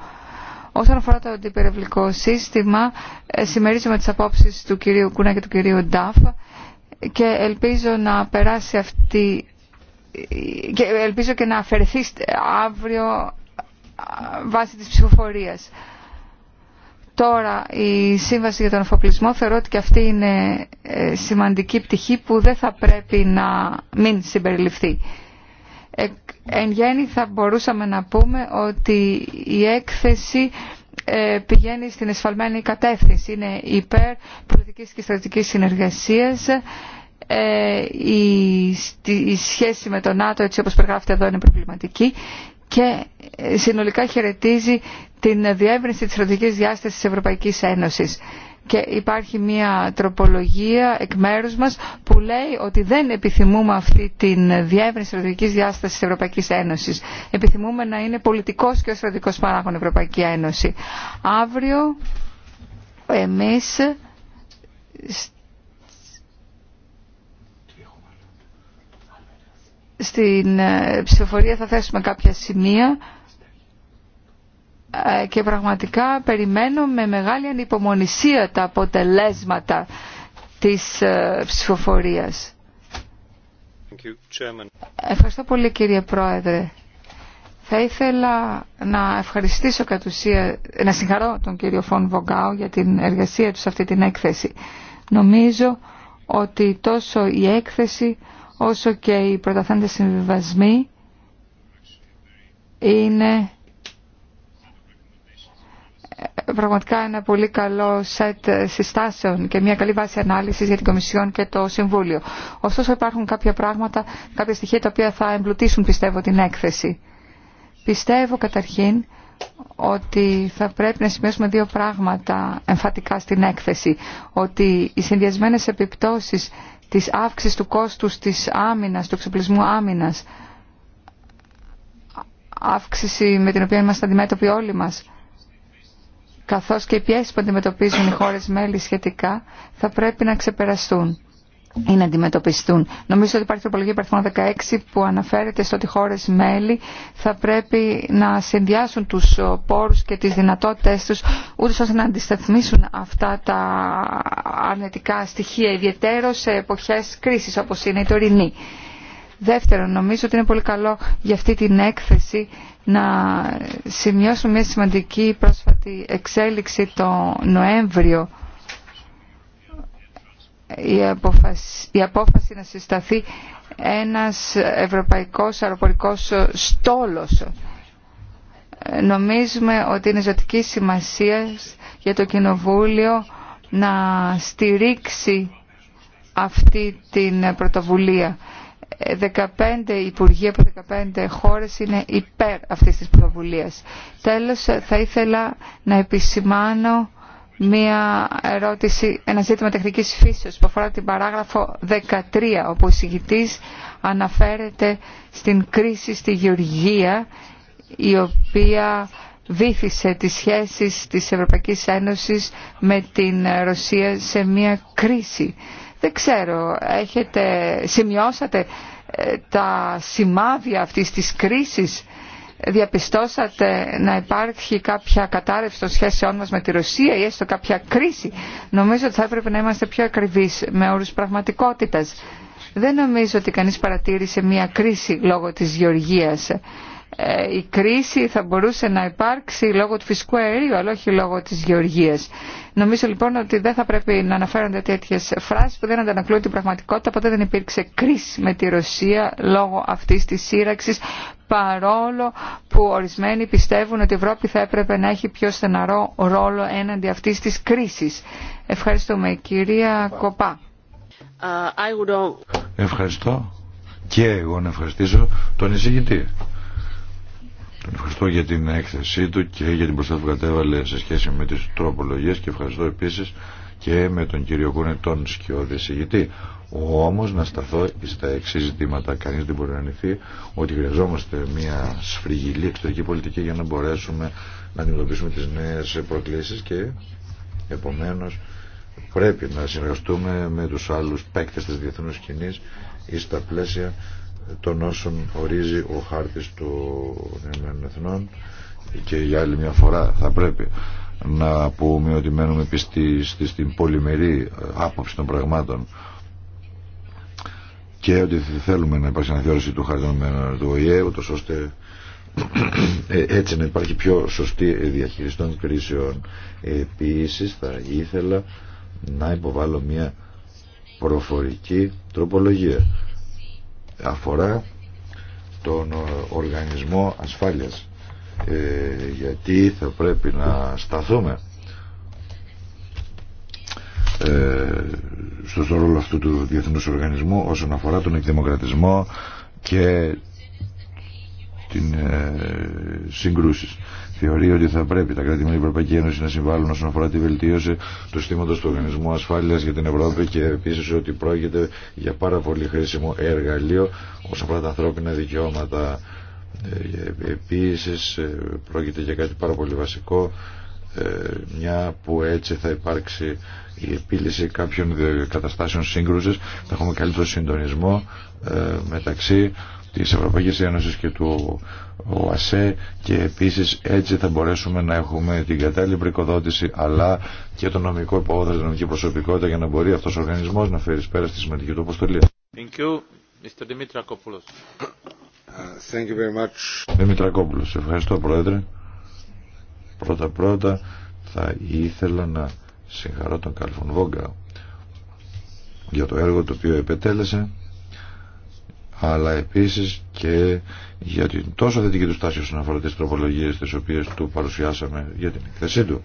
Όσον αφορά το αντιπερευλικό σύστημα, ε, συμμερίζομαι τις απόψεις του κυρίου Κούνα και του κυρίου Ντάφ και ελπίζω να περάσει αυτή και ελπίζω και να αφαιρεθεί ε, αύριο βάσει της ψηφοφορίας. Τώρα η Σύμβαση για τον Εφοπλισμό θεωρώ ότι και αυτή είναι ε, σημαντική πτυχή που δεν θα πρέπει να μην συμπεριληφθεί. Ε, εν γέννη θα μπορούσαμε να πούμε ότι η έκθεση ε, πηγαίνει στην εσφαλμένη κατεύθυνση. Είναι υπέρ πολιτικής και στρατηγικής συνεργασίας. Ε, η, σχέση με τον ΝΑΤΟ έτσι όπως περιγράφεται εδώ είναι προβληματική και ε, συνολικά χαιρετίζει την διεύρυνση της στρατηγικής διάστασης της Ευρωπαϊκής Ένωσης. Και υπάρχει μια τροπολογία εκ μέρους μας που λέει ότι δεν επιθυμούμε αυτή την διεύρυνση στρατηγικής διάστασης της Ευρωπαϊκής Ένωσης. Επιθυμούμε να είναι πολιτικός και ο στρατηγικός παράγων Ευρωπαϊκή Ένωση. Αύριο εμείς Στην ε, ψηφοφορία θα θέσουμε κάποια σημεία ε, και πραγματικά περιμένω με μεγάλη ανυπομονησία τα αποτελέσματα της ε, ψηφοφορίας. Ευχαριστώ πολύ κύριε Πρόεδρε. Θα ήθελα να ευχαριστήσω κατ' να συγχαρώ τον κύριο Φων Βογκάου για την εργασία του σε αυτή την έκθεση. Νομίζω ότι τόσο η έκθεση όσο και οι προταθέντες συμβιβασμοί είναι ε, πραγματικά ένα πολύ καλό σετ συστάσεων και μια καλή βάση ανάλυσης για την Κομισιόν και το Συμβούλιο. Ωστόσο υπάρχουν κάποια πράγματα, κάποια στοιχεία τα οποία θα εμπλουτίσουν πιστεύω την έκθεση. Πιστεύω καταρχήν ότι θα πρέπει να σημειώσουμε δύο πράγματα εμφατικά στην έκθεση. Ότι οι συνδυασμένες επιπτώσεις της αύξησης του κόστους της άμυνας, του εξοπλισμού άμυνας. Αύξηση με την οποία είμαστε αντιμέτωποι όλοι μας. Καθώς και οι πιέσεις που αντιμετωπίζουν οι χώρες μέλη σχετικά θα πρέπει να ξεπεραστούν ή να αντιμετωπιστούν. Νομίζω ότι υπάρχει τροπολογία υπαριθμών 16 που αναφέρεται στο ότι χώρε μέλη θα πρέπει να συνδυάσουν τους πόρους και τις δυνατότητες τους ούτω ώστε να αντισταθμίσουν αυτά τα αρνητικά στοιχεία, ιδιαίτερο σε εποχέ κρίσης όπω είναι η τωρινή. Δεύτερον, νομίζω ότι είναι πολύ καλό για αυτή την έκθεση να σημειώσουμε μια σημαντική πρόσφατη εξέλιξη το Νοέμβριο η απόφαση, να συσταθεί ένας ευρωπαϊκός αεροπορικός στόλος. Νομίζουμε ότι είναι ζωτική σημασία για το Κοινοβούλιο να στηρίξει αυτή την πρωτοβουλία. 15 υπουργοί από 15 χώρες είναι υπέρ αυτής της πρωτοβουλίας. Τέλος, θα ήθελα να επισημάνω μία ερώτηση, ένα ζήτημα τεχνικής φύσεως που αφορά την παράγραφο 13 όπου ο συγητής αναφέρεται στην κρίση στη Γεωργία η οποία βήθησε τις σχέσεις της Ευρωπαϊκής Ένωσης με την Ρωσία σε μία κρίση. Δεν ξέρω, έχετε, σημειώσατε ε, τα σημάδια αυτής της κρίσης διαπιστώσατε να υπάρχει κάποια κατάρρευση των σχέσεών μας με τη Ρωσία ή έστω κάποια κρίση. Νομίζω ότι θα έπρεπε να είμαστε πιο ακριβείς με όρους πραγματικότητας. Δεν νομίζω ότι κανείς παρατήρησε μια κρίση λόγω της γεωργίας. Ε, η κρίση θα μπορούσε να υπάρξει λόγω του φυσικού αερίου αλλά όχι λόγω της γεωργίας. Νομίζω λοιπόν ότι δεν θα πρέπει να αναφέρονται τέτοιες φράσεις που δεν αντανακλούν την πραγματικότητα. Ποτέ δεν υπήρξε κρίση με τη Ρωσία λόγω αυτής της σύραξης παρόλο που ορισμένοι πιστεύουν ότι η Ευρώπη θα έπρεπε να έχει πιο στεναρό ρόλο έναντι αυτής της κρίσης. Ευχαριστούμε. Κυρία Κοπά. Ε, Ευχαριστώ και εγώ να ευχαριστήσω τον εισηγητή. Ευχαριστώ για την έκθεσή του και για την προστασία που κατέβαλε σε σχέση με τις τροπολογίες και ευχαριστώ επίσης και με τον κύριο Κούνε τον σκιώδη συγητή. Όμως να σταθώ στα εξή ζητήματα. Κανείς δεν μπορεί να ανηθεί ότι χρειαζόμαστε μια σφριγγυλή εξωτερική πολιτική για να μπορέσουμε να αντιμετωπίσουμε τις νέες προκλήσεις και επομένως πρέπει να συνεργαστούμε με τους άλλους παίκτες της διεθνούς κοινή ή στα πλαίσια των όσων ορίζει ο χάρτης των Εθνών και για άλλη μια φορά θα πρέπει να πούμε ότι μένουμε πιστοί στην πολυμερή ε, άποψη των πραγμάτων και ότι θέλουμε να υπάρξει αναθεώρηση του χαρτών του ΟΗΕ ούτως ώστε ε, έτσι να υπάρχει πιο σωστή διαχείριση των κρίσεων. Επίσης θα ήθελα να υποβάλω μια προφορική τροπολογία αφορά τον οργανισμό ασφάλειας ε, γιατί θα πρέπει να σταθούμε ε, στον ρόλο αυτού του διεθνούς οργανισμού όσον αφορά τον εκδημοκρατισμό και την ε, θεωρεί ότι θα πρέπει τα κράτη με την Ευρωπαϊκή Ένωση να συμβάλλουν όσον αφορά τη βελτίωση του στήματος του Οργανισμού Ασφάλειας για την Ευρώπη και επίσης ότι πρόκειται για πάρα πολύ χρήσιμο εργαλείο όσον αφορά τα ανθρώπινα δικαιώματα. Ε, επίσης ε, πρόκειται για κάτι πάρα πολύ βασικό ε, μια που έτσι θα υπάρξει η επίλυση κάποιων καταστάσεων σύγκρουσης θα έχουμε καλύτερο συντονισμό μεταξύ της Ευρωπαϊκής Ένωσης και του ΑΣΕ και επίσης έτσι θα μπορέσουμε να έχουμε την κατάλληλη πρικοδότηση αλλά και το νομικό υπόδοση, την νομική προσωπικότητα για να μπορεί αυτός ο οργανισμός να φέρει πέρα στη σημαντική του αποστολή. Thank you, uh, ευχαριστώ Πρόεδρε. Πρώτα πρώτα θα ήθελα να συγχαρώ τον Καλφον Βόγκα για το έργο το οποίο επετέλεσε αλλά επίσης και για την τόσο θετική του στάση όσον αφορά τις τροπολογίες τις οποίες του παρουσιάσαμε για την εκθεσή του.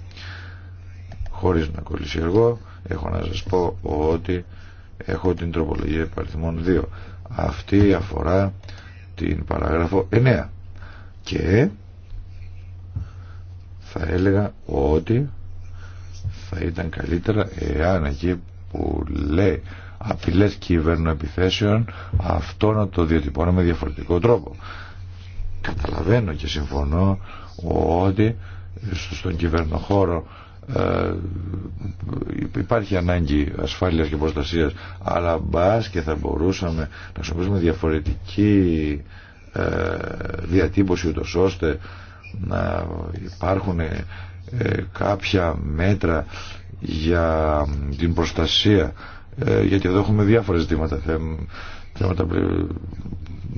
Χωρίς να κολλήσει εγώ, έχω να σας πω ότι έχω την τροπολογία υπαριθμών 2. Αυτή αφορά την παράγραφο 9. Και θα έλεγα ότι θα ήταν καλύτερα εάν εκεί που λέει απειλές κυβέρνων επιθέσεων αυτό να το διατυπώνω με διαφορετικό τρόπο. Καταλαβαίνω και συμφωνώ ότι στον κυβερνοχώρο ε, υπάρχει ανάγκη ασφάλειας και προστασίας αλλά μπας και θα μπορούσαμε να χρησιμοποιήσουμε διαφορετική ε, διατύπωση ούτως ώστε να υπάρχουν ε, κάποια μέτρα για την προστασία ε, γιατί εδώ έχουμε διάφορα ζητήματα θέματα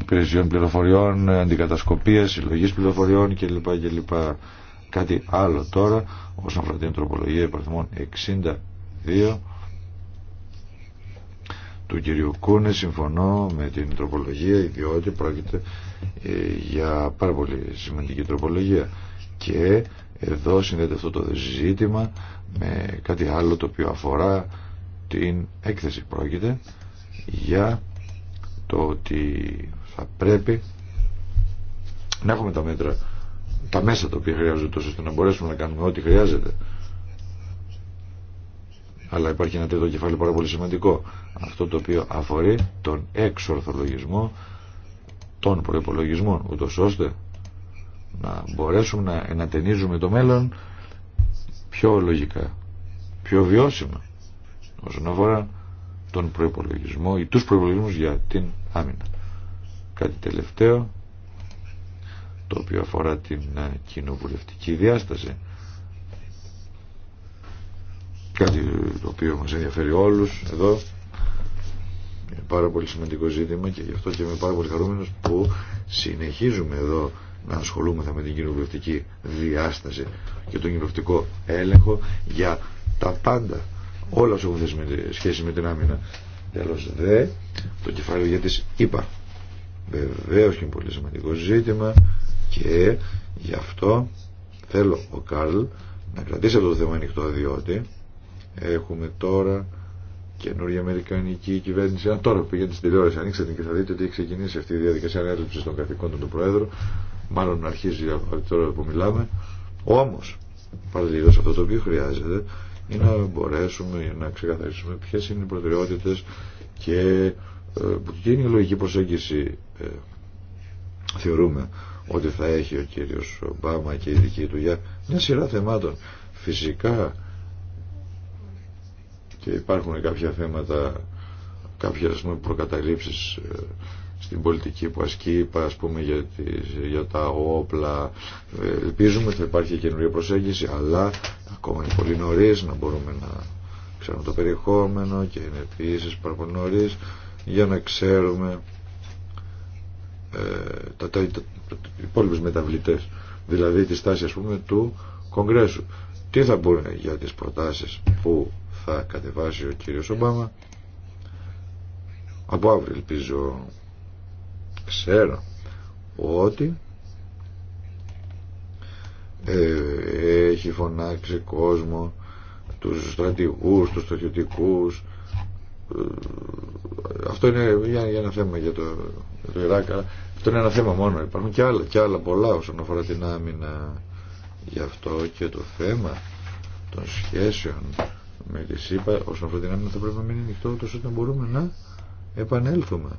υπηρεσιών πληροφοριών, αντικατασκοπίας, συλλογή πληροφοριών κλπ. κλπ. Κάτι άλλο τώρα όσον αφορά την τροπολογία υπαριθμών 62 του κυρίου Κούνε συμφωνώ με την τροπολογία διότι πρόκειται ε, για πάρα πολύ σημαντική τροπολογία και εδώ συνδέεται αυτό το ζήτημα με κάτι άλλο το οποίο αφορά την έκθεση πρόκειται για το ότι θα πρέπει να έχουμε τα μέτρα τα μέσα τα οποία χρειάζονται τόσο ώστε να μπορέσουμε να κάνουμε ό,τι χρειάζεται αλλά υπάρχει ένα τρίτο κεφάλαιο πάρα πολύ σημαντικό αυτό το οποίο αφορεί τον εξορθολογισμό των προϋπολογισμών ούτως ώστε να μπορέσουμε να ενατενίζουμε το μέλλον πιο λογικά πιο βιώσιμα όσον αφορά τον προϋπολογισμό ή τους προϋπολογισμούς για την άμυνα. Κάτι τελευταίο το οποίο αφορά την κοινοβουλευτική διάσταση κάτι το οποίο μας ενδιαφέρει όλους εδώ είναι πάρα πολύ σημαντικό ζήτημα και γι' αυτό και είμαι πάρα πολύ χαρούμενος που συνεχίζουμε εδώ να ασχολούμεθα με την κοινοβουλευτική διάσταση και τον κοινοβουλευτικό έλεγχο για τα πάντα όλα όσα έχουν σχέση με την άμυνα. Τέλο δε, το κεφάλαιο για τις είπα. Βεβαίω και είναι πολύ σημαντικό ζήτημα και γι' αυτό θέλω ο Καρλ να κρατήσει αυτό το θέμα ανοιχτό διότι έχουμε τώρα καινούργια Αμερικανική κυβέρνηση. Αν τώρα πήγαινε στην τηλεόραση, ανοίξτε και θα δείτε ότι έχει ξεκινήσει αυτή η διαδικασία ανέλυψη των καθηκόντων του Προέδρου. Μάλλον αρχίζει τώρα που μιλάμε. Όμω, παραδείγματο αυτό το οποίο χρειάζεται ή να μπορέσουμε να ξεκαθαρίσουμε ποιες είναι οι προτεραιότητες και ε, ποια είναι η λογική προσέγγιση ε, θεωρούμε ότι θα έχει ο κύριος Ομπάμα και η δική του για μια σειρά θεμάτων. Φυσικά και υπάρχουν κάποια θέματα, κάποιες ας προκαταλήψεις ε, στην πολιτική που ασκεί, είπα πούμε για, τις, για τα όπλα. Ελπίζουμε θα υπάρχει καινούργια προσέγγιση, αλλά ακόμα είναι πολύ νωρί να μπορούμε να ξέρουμε το περιεχόμενο και είναι επίση πάρα πολύ νωρί για να ξέρουμε ε, τα, τα, τα, υπόλοιπε μεταβλητέ, δηλαδή τη στάση ας πούμε του Κογκρέσου. Τι θα μπορούν για τις προτάσεις που θα κατεβάσει ο κύριος Ομπάμα από αύριο ελπίζω ξέρω ότι ε, έχει φωνάξει κόσμο τους στρατηγούς, τους στρατιωτικούς ε, αυτό είναι για, ένα θέμα για το, για αυτό είναι ένα θέμα μόνο υπάρχουν και άλλα, και άλλα πολλά όσον αφορά την άμυνα γι' αυτό και το θέμα των σχέσεων με τη ΣΥΠΑ όσον αφορά την άμυνα θα πρέπει να μείνει ανοιχτό τόσο να μπορούμε να επανέλθουμε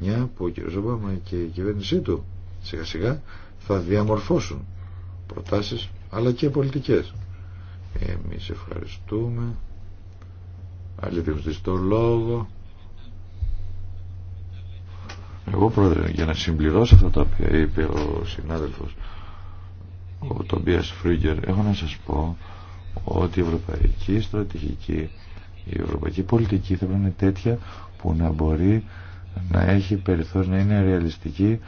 μια που ο κ. Ζωπάμα και η κυβέρνησή του σιγά σιγά θα διαμορφώσουν προτάσεις αλλά και πολιτικές. Εμείς ευχαριστούμε. Άλλοι δημιουργείς το λόγο. Εγώ πρόεδρε για να συμπληρώσω αυτά τα οποία είπε ο συνάδελφος ο Τομπίας Φρίγκερ έχω να σας πω ότι η ευρωπαϊκή στρατηγική η ευρωπαϊκή πολιτική θα πρέπει να είναι τέτοια που να μπορεί να έχει περιθώριο να είναι ρεαλιστική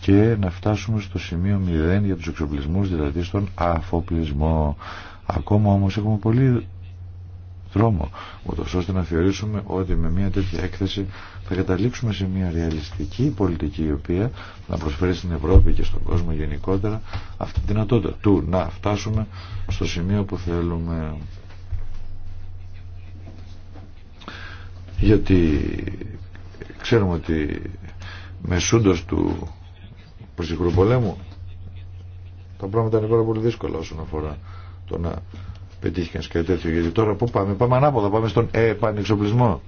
και να φτάσουμε στο σημείο 0 για τους εξοπλισμούς, δηλαδή στον αφοπλισμό. Ακόμα όμως έχουμε πολύ δρόμο, ούτως ώστε να θεωρήσουμε ότι με μια τέτοια έκθεση θα καταλήξουμε σε μια ρεαλιστική πολιτική η οποία να προσφέρει στην Ευρώπη και στον κόσμο γενικότερα αυτή τη δυνατότητα του να φτάσουμε στο σημείο που θέλουμε. Γιατί ξέρουμε ότι μεσούντος του προσυγχρού πολέμου. Τα πράγματα είναι πάρα πολύ δύσκολα όσον αφορά το να πετύχει κανείς κάτι τέτοιο. Γιατί τώρα πού πάμε, πάμε ανάποδα, πάμε στον επανεξοπλισμό.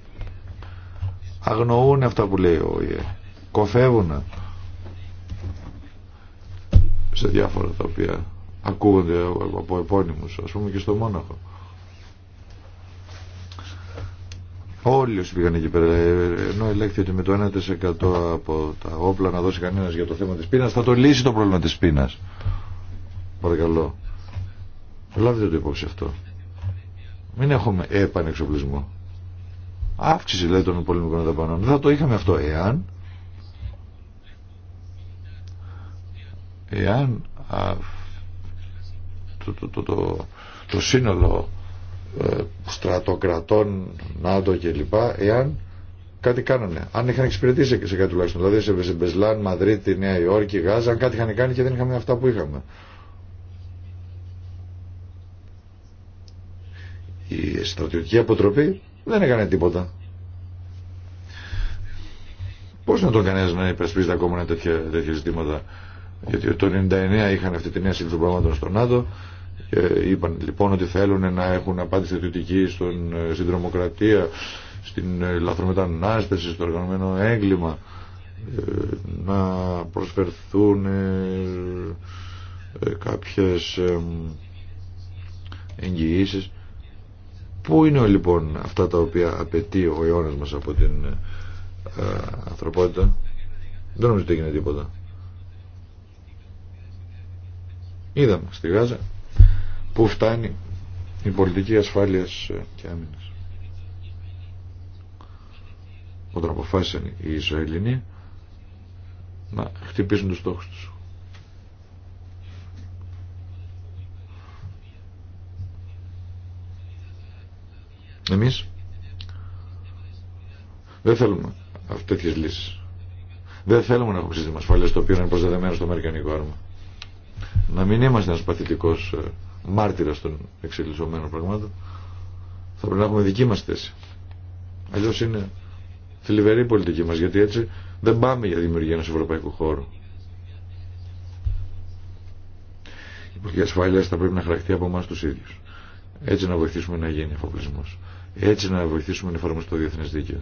Αγνοούν αυτά που λέει ο ΙΕ. Κοφεύουν σε διάφορα τα οποία ακούγονται από επώνυμους, ας πούμε και στο Μόναχο. Όλοι όσοι πήγαν εκεί πέρα, ενώ ελέγχθη ότι με το 1% από τα όπλα να δώσει κανένα για το θέμα τη πείνα, θα το λύσει το πρόβλημα τη πείνα. Παρακαλώ. Λάβετε το υπόψη αυτό. Μην έχουμε επανεξοπλισμό. Αύξηση λέει των πολεμικών δαπανών. Δεν θα το είχαμε αυτό εάν. Εάν το, το, το, το, το σύνολο ε, στρατοκρατών, ΝΑΤΟ κλπ. εάν κάτι κάνανε. Αν είχαν εξυπηρετήσει σε κάτι τουλάχιστον. Δηλαδή σε Μπεσλάν, Μαδρίτη, Νέα Υόρκη, Γάζα, αν κάτι είχαν κάνει και δεν είχαμε αυτά που είχαμε. Η στρατιωτική αποτροπή δεν έκανε τίποτα. Πώς να τον κανένα να υπερασπίζεται ακόμα τέτοια, τέτοια ζητήματα. Γιατί το 99 είχαν αυτή τη νέα σύνθεση πραγμάτων ΝΑΤΟ είπαν λοιπόν ότι θέλουν να έχουν απάντηση θετική στον, ε, στην τρομοκρατία, στην ε, λαθρομετανάστευση, στο οργανωμένο έγκλημα, ε, να προσφερθούν κάποιες εγγυήσεις. Πού είναι λοιπόν αυτά τα οποία απαιτεί ο αιώνας μας από την ανθρωπότητα. Δεν νομίζω ότι έγινε τίποτα. Είδαμε στη Γάζα Πού φτάνει η πολιτική ασφάλειας και άμυνας. Όταν αποφάσισαν οι Ισραηλινοί να χτυπήσουν τους στόχους τους. Εμείς δεν θέλουμε τέτοιες λύσεις. Δεν θέλουμε να έχουμε σύστημα ασφαλείας το οποίο είναι προσδεδεμένο στο Αμερικανικό άρμα. Να μην είμαστε ένας παθητικός ε, μάρτυρας των εξελισσομένων πραγμάτων θα πρέπει να έχουμε δική μας θέση αλλιώς είναι θλιβερή η πολιτική μας γιατί έτσι δεν πάμε για δημιουργία ενός ευρωπαϊκού χώρου η Υπουργή Ασφάλειας θα πρέπει να χαρακτεί από εμάς τους ίδιους έτσι να βοηθήσουμε να γίνει εφοπλισμός έτσι να βοηθήσουμε να εφαρμοστεί το διεθνές δίκαιο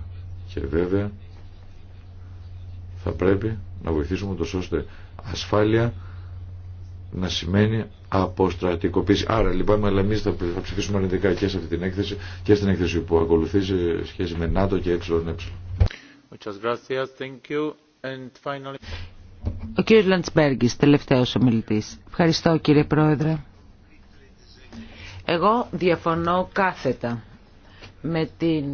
και βέβαια θα πρέπει να βοηθήσουμε τόσο ώστε ασφάλεια να σημαίνει αποστρατικοποίηση. Άρα λοιπόν, αλλά εμεί θα ψηφίσουμε αρνητικά και σε αυτή την έκθεση και στην έκθεση που ακολουθεί σε σχέση με ΝΑΤΟ και ΕΕ. Ο κύριος Λαντσμπέργκης, τελευταίος ομιλητής. Ευχαριστώ κύριε Πρόεδρε. Εγώ διαφωνώ κάθετα με την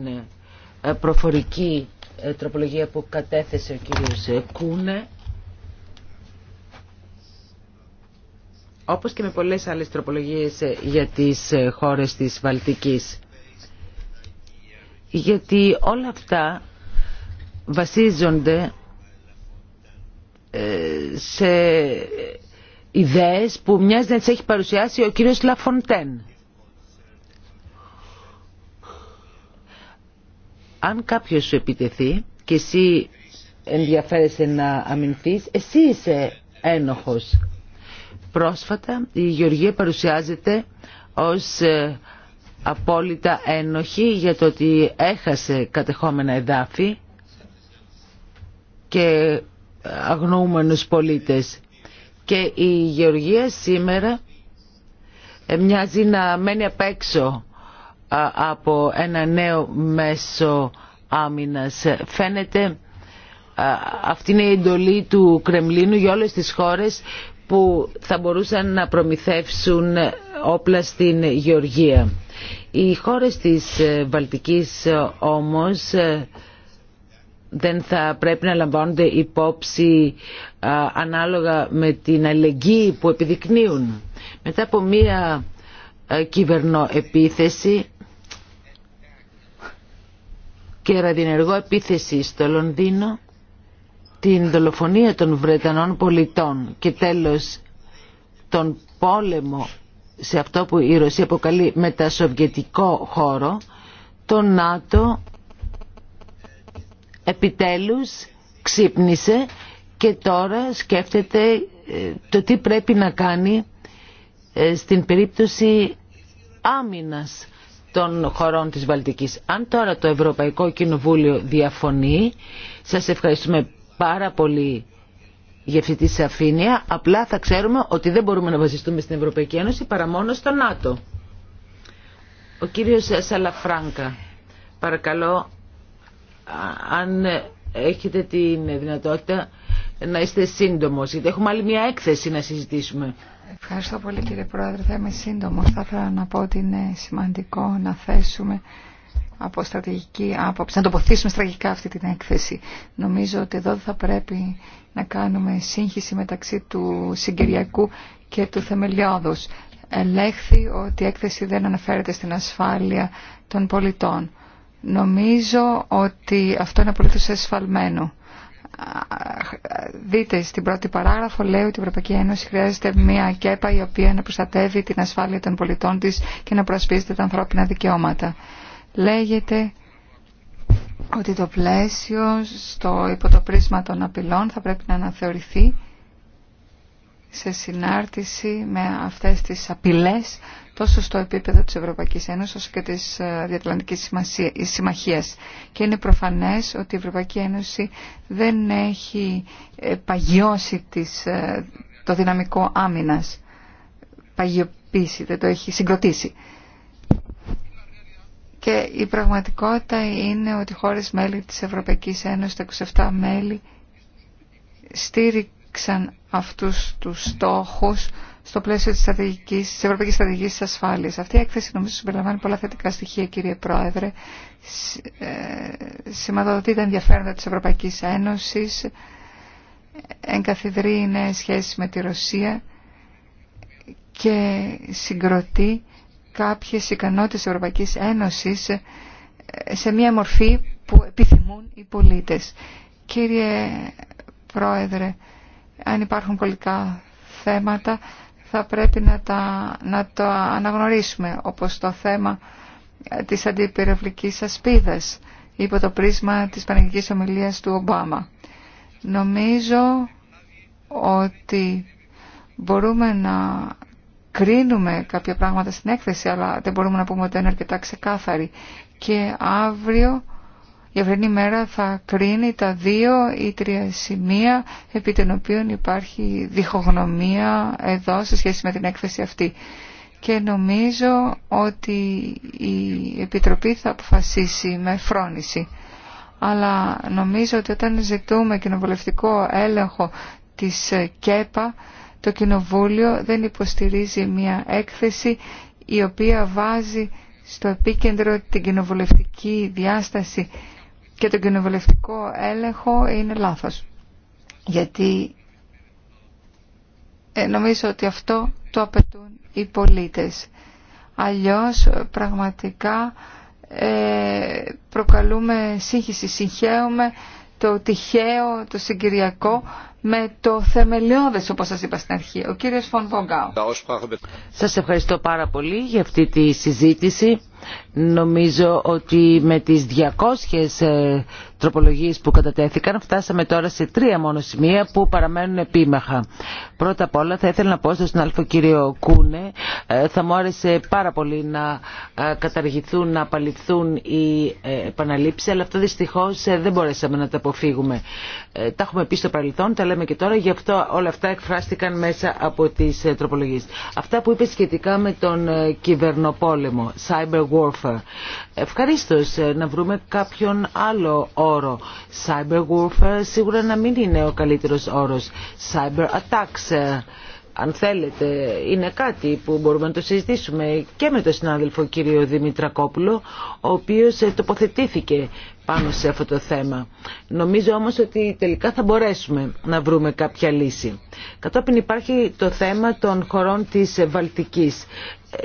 ε, προφορική ε, τροπολογία που κατέθεσε ο κύριος Κούνε Όπως και με πολλές άλλες τροπολογίες ε, για τις ε, χώρες της Βαλτικής. Γιατί όλα αυτά βασίζονται ε, σε ιδέες που μοιάζει να τις έχει παρουσιάσει ο κύριος Λαφοντέν. Αν κάποιος σου επιτεθεί και εσύ ενδιαφέρεσαι να αμυνθείς, εσύ είσαι ένοχος. Πρόσφατα η Γεωργία παρουσιάζεται ως ε, απόλυτα ένοχη για το ότι έχασε κατεχόμενα εδάφη και αγνοούμενους πολίτες. Και η Γεωργία σήμερα ε, μοιάζει να μένει απ' έξω από ένα νέο μέσο άμυνας. Φαίνεται αυτή είναι η εντολή του Κρεμλίνου για όλες τις χώρες που θα μπορούσαν να προμηθεύσουν όπλα στην Γεωργία. Οι χώρες της ε, Βαλτικής ε, όμως ε, δεν θα πρέπει να λαμβάνονται υπόψη ανάλογα με την αλληλεγγύη που επιδεικνύουν. Μετά από μία κυβερνοεπίθεση και ραδινεργό επίθεση στο Λονδίνο την δολοφονία των Βρετανών πολιτών και τέλος τον πόλεμο σε αυτό που η Ρωσία αποκαλεί μετασοβιετικό χώρο, το ΝΑΤΟ επιτέλους ξύπνησε και τώρα σκέφτεται ε, το τι πρέπει να κάνει ε, στην περίπτωση άμυνας των χωρών της Βαλτικής. Αν τώρα το Ευρωπαϊκό Κοινοβούλιο διαφωνεί, σας ευχαριστούμε πάρα πολύ για αυτή τη σαφήνεια, απλά θα ξέρουμε ότι δεν μπορούμε να βασιστούμε στην Ευρωπαϊκή Ένωση παρά μόνο στο ΝΑΤΟ. Ο κύριος Σαλαφράνκα, παρακαλώ, αν έχετε τη δυνατότητα να είστε σύντομος, γιατί έχουμε άλλη μια έκθεση να συζητήσουμε. Ευχαριστώ πολύ κύριε Πρόεδρε, θα είμαι σύντομο. Θα ήθελα να πω ότι είναι σημαντικό να θέσουμε από στρατηγική άποψη, να τοποθήσουμε στρατηγικά αυτή την έκθεση. Νομίζω ότι εδώ θα πρέπει να κάνουμε σύγχυση μεταξύ του συγκυριακού και του θεμελιώδους. Ελέγχθη ότι η έκθεση δεν αναφέρεται στην ασφάλεια των πολιτών. Νομίζω ότι αυτό είναι απολύτως εσφαλμένο. Δείτε στην πρώτη παράγραφο λέει ότι η Ευρωπαϊκή Ένωση χρειάζεται μια κέπα η οποία να προστατεύει την ασφάλεια των πολιτών της και να προασπίζεται τα ανθρώπινα δικαιώματα λέγεται ότι το πλαίσιο στο πρίσμα των απειλών θα πρέπει να αναθεωρηθεί σε συνάρτηση με αυτές τις απειλές τόσο στο επίπεδο της Ευρωπαϊκής Ένωσης όσο και της ε, Διατλαντικής Συμμαχίας. Και είναι προφανές ότι η Ευρωπαϊκή Ένωση δεν έχει ε, παγιώσει τις, ε, το δυναμικό άμυνας, παγιοποίηση, δεν το έχει συγκροτήσει και η πραγματικότητα είναι ότι χώρες μέλη της Ευρωπαϊκής Ένωσης, τα 27 μέλη, στήριξαν αυτούς τους στόχους στο πλαίσιο της, στρατηγικής, της Ευρωπαϊκής Στρατηγικής Ασφάλειας. Αυτή η έκθεση νομίζω συμπεριλαμβάνει πολλά θετικά στοιχεία, κύριε Πρόεδρε. Ε, σηματοδοτεί τα ενδιαφέροντα της Ευρωπαϊκής Ένωσης, εγκαθιδρεί νέες σχέσεις με τη Ρωσία και συγκροτεί κάποιες ικανότητες της Ευρωπαϊκής Ένωσης ε, σε μια μορφή που επιθυμούν οι πολίτες. Κύριε Πρόεδρε, αν υπάρχουν πολιτικά θέματα θα πρέπει να τα, το αναγνωρίσουμε, όπως το θέμα της αντιπυρευλικής ασπίδας υπό το πρίσμα της πανεγικής ομιλίας του Ομπάμα. Νομίζω ότι μπορούμε να κρίνουμε κάποια πράγματα στην έκθεση, αλλά δεν μπορούμε να πούμε ότι είναι αρκετά ξεκάθαρη. Και αύριο, η αυρινή μέρα θα κρίνει τα δύο ή τρία σημεία επί των οποίων υπάρχει διχογνωμία εδώ σε σχέση με την έκθεση αυτή. Και νομίζω ότι η Επιτροπή θα αποφασίσει με φρόνηση. Αλλά νομίζω ότι όταν ζητούμε κοινοβουλευτικό έλεγχο της ΚΕΠΑ το Κοινοβούλιο δεν υποστηρίζει μια έκθεση η οποία βάζει στο επίκεντρο την κοινοβουλευτική διάσταση και τον κοινοβουλευτικό έλεγχο είναι λάθος. Γιατί ε, νομίζω ότι αυτό το απαιτούν οι πολίτες. Αλλιώς πραγματικά ε, προκαλούμε σύγχυση, συγχαίουμε το τυχαίο, το συγκυριακό με το θεμελιώδες όπως σας είπα στην αρχή. Ο κύριος Φων Βογκάου. Σας ευχαριστώ πάρα πολύ για αυτή τη συζήτηση Νομίζω ότι με τις 200 ε, τροπολογίες που κατατέθηκαν φτάσαμε τώρα σε τρία μόνο σημεία που παραμένουν επίμαχα. Πρώτα απ' όλα θα ήθελα να πω στον αλφο κύριο Κούνε ε, θα μου άρεσε πάρα πολύ να ε, καταργηθούν, να απαλληφθούν οι επαναλήψεις αλλά αυτό δυστυχώς δεν μπορέσαμε να τα αποφύγουμε. Τα έχουμε πει στο παρελθόν, τα λέμε και τώρα γι' αυτό όλα αυτά εκφράστηκαν μέσα από τις τροπολογίες. Αυτά που είπε σχετικά με τον κυβερνοπόλεμο, cyber Ευχαριστώ Ευχαρίστως ε, να βρούμε κάποιον άλλο όρο. Cyber warfare σίγουρα να μην είναι ο καλύτερος όρος. Cyber attacks ε, αν θέλετε, είναι κάτι που μπορούμε να το συζητήσουμε και με τον συνάδελφο κύριο Δημητρακόπουλο, ο οποίος ε, τοποθετήθηκε πάνω σε αυτό το θέμα. Νομίζω όμως ότι τελικά θα μπορέσουμε να βρούμε κάποια λύση. Κατόπιν υπάρχει το θέμα των χωρών της Βαλτικής.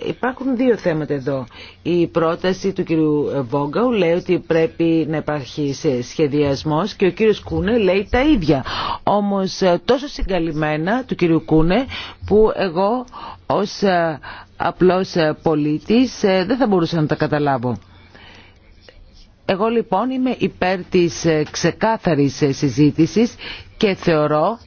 Υπάρχουν δύο θέματα εδώ. Η πρόταση του κύριου Βόγκαου λέει ότι πρέπει να υπάρχει σχεδιασμός και ο κύριος Κούνε λέει τα ίδια. Όμως ε, τόσο συγκαλυμμένα του κύριου Κούνε που εγώ ως ε, απλός ε, πολίτης δεν θα μπορούσα να τα καταλάβω. Εγώ λοιπόν είμαι υπέρ της ξεκάθαρης συζήτησης και θεωρώ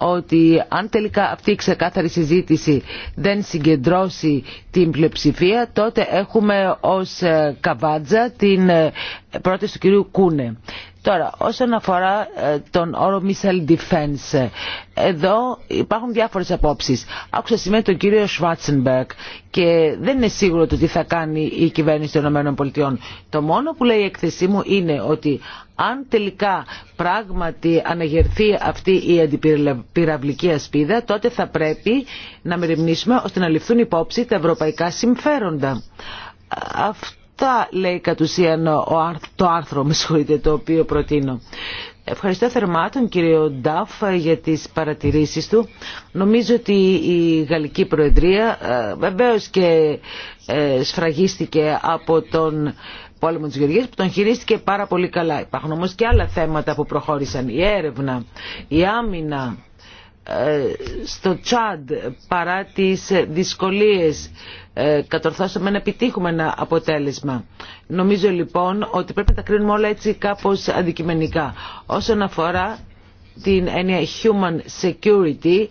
ότι αν τελικά αυτή η ξεκάθαρη συζήτηση δεν συγκεντρώσει την πλειοψηφία τότε έχουμε ως ε, καβάντζα την ε, πρόταση του κυρίου Κούνε. Τώρα, όσον αφορά ε, τον όρο missile defense, εδώ υπάρχουν διάφορες απόψεις. Άκουσα σήμερα τον κύριο Σβάτσενμπεργκ... και δεν είναι σίγουρο το τι θα κάνει η κυβέρνηση των ΗΠΑ. Το μόνο που λέει η εκθεσή μου είναι ότι αν τελικά πράγματι αναγερθεί αυτή η αντιπυραυλική ασπίδα, τότε θα πρέπει να μεριμνήσουμε ώστε να ληφθούν υπόψη τα ευρωπαϊκά συμφέροντα. Αυτά λέει κατ' ουσίαν το άρθρο, με συγχωρείτε, το οποίο προτείνω. Ευχαριστώ θερμά τον κύριο Νταφ για τις παρατηρήσεις του. Νομίζω ότι η Γαλλική Προεδρία ε, βεβαίως και ε, σφραγίστηκε από τον πόλεμο της Γεωργίας που τον χειρίστηκε πάρα πολύ καλά. Υπάρχουν όμω και άλλα θέματα που προχώρησαν. Η έρευνα, η άμυνα ε, στο Τσάντ παρά τις δυσκολίες ε, κατορθώσαμε να επιτύχουμε ένα αποτέλεσμα. Νομίζω λοιπόν ότι πρέπει να τα κρίνουμε όλα έτσι κάπως αντικειμενικά. Όσον αφορά την έννοια human security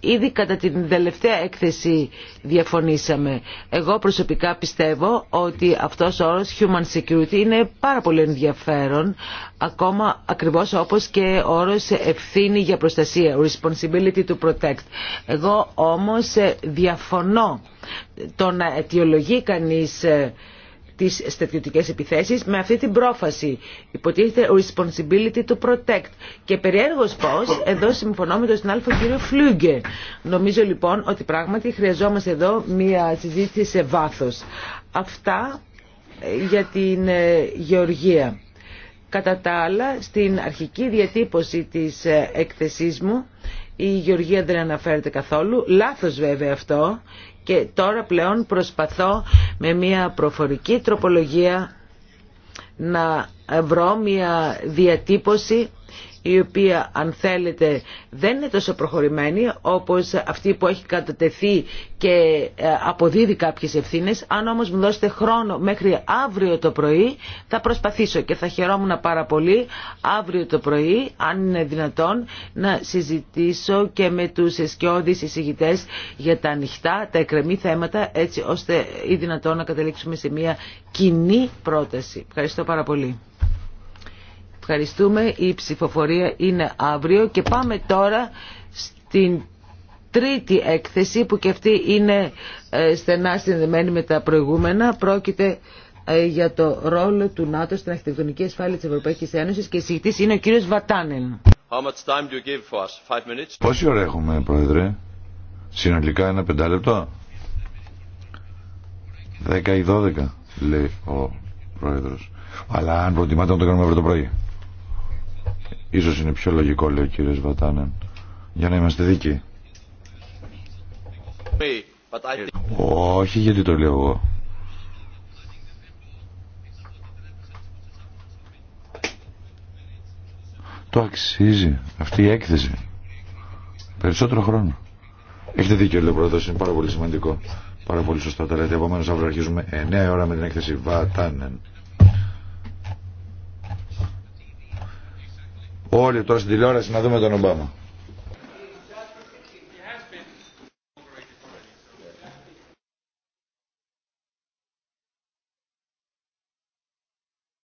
Ήδη κατά την τελευταία έκθεση διαφωνήσαμε. Εγώ προσωπικά πιστεύω ότι αυτός ο όρος human security είναι πάρα πολύ ενδιαφέρον, ακόμα ακριβώς όπως και ο όρος ευθύνη για προστασία, responsibility to protect. Εγώ όμως διαφωνώ το να αιτιολογεί κανείς ε, τις στρατιωτικές επιθέσεις με αυτή την πρόφαση. Υποτίθεται responsibility to protect. Και περιέργως πώς, εδώ συμφωνώ με τον συνάδελφο κύριο Φλούγκε. Νομίζω λοιπόν ότι πράγματι χρειαζόμαστε εδώ μία συζήτηση σε βάθος. Αυτά ε, για την ε, Γεωργία. Κατά τα άλλα, στην αρχική διατύπωση της εκθεσής μου η Γεωργία δεν αναφέρεται καθόλου. Λάθος βέβαια αυτό. Και τώρα πλέον προσπαθώ με μια προφορική τροπολογία να βρω μια διατύπωση η οποία αν θέλετε δεν είναι τόσο προχωρημένη όπως αυτή που έχει κατατεθεί και ε, αποδίδει κάποιες ευθύνες. Αν όμως μου δώσετε χρόνο μέχρι αύριο το πρωί θα προσπαθήσω και θα χαιρόμουν πάρα πολύ αύριο το πρωί αν είναι δυνατόν να συζητήσω και με τους εσκιώδεις εισηγητές για τα ανοιχτά, τα εκρεμή θέματα έτσι ώστε ή δυνατόν να καταλήξουμε σε μια κοινή πρόταση. Ευχαριστώ πάρα πολύ. Ευχαριστούμε. Η ψηφοφορία είναι αύριο και πάμε τώρα στην τρίτη έκθεση που και αυτή είναι ε, στενά συνδεμένη με τα προηγούμενα. Πρόκειται ε, για το ρόλο του ΝΑΤΟ στην αρχιτεκτονική ασφάλεια της Ευρωπαϊκής Ένωσης και συγητής είναι ο κύριος Βατάνεν. Πόση ώρα έχουμε, Πρόεδρε? Συνολικά ένα πεντάλεπτο. Δέκα ή δώδεκα λέει ο Πρόεδρος. Αλλά αν προτιμάτε να το κάνουμε αύριο το πρωί. Ίσως είναι πιο λογικό, λέει ο κύριος Βατάνεν, για να είμαστε δίκοι. Όχι γιατί το λέω εγώ. Το αξίζει αυτή η έκθεση. Περισσότερο χρόνο. Έχετε δίκιο, λέει ο Πρόεδρος, είναι πάρα πολύ σημαντικό. Πάρα πολύ σωστά τα λέτε. Επομένως, αύριο αρχίζουμε 9 ώρα με την έκθεση Βατάνεν. όλοι τώρα στην τηλεόραση να δούμε τον Ομπάμα.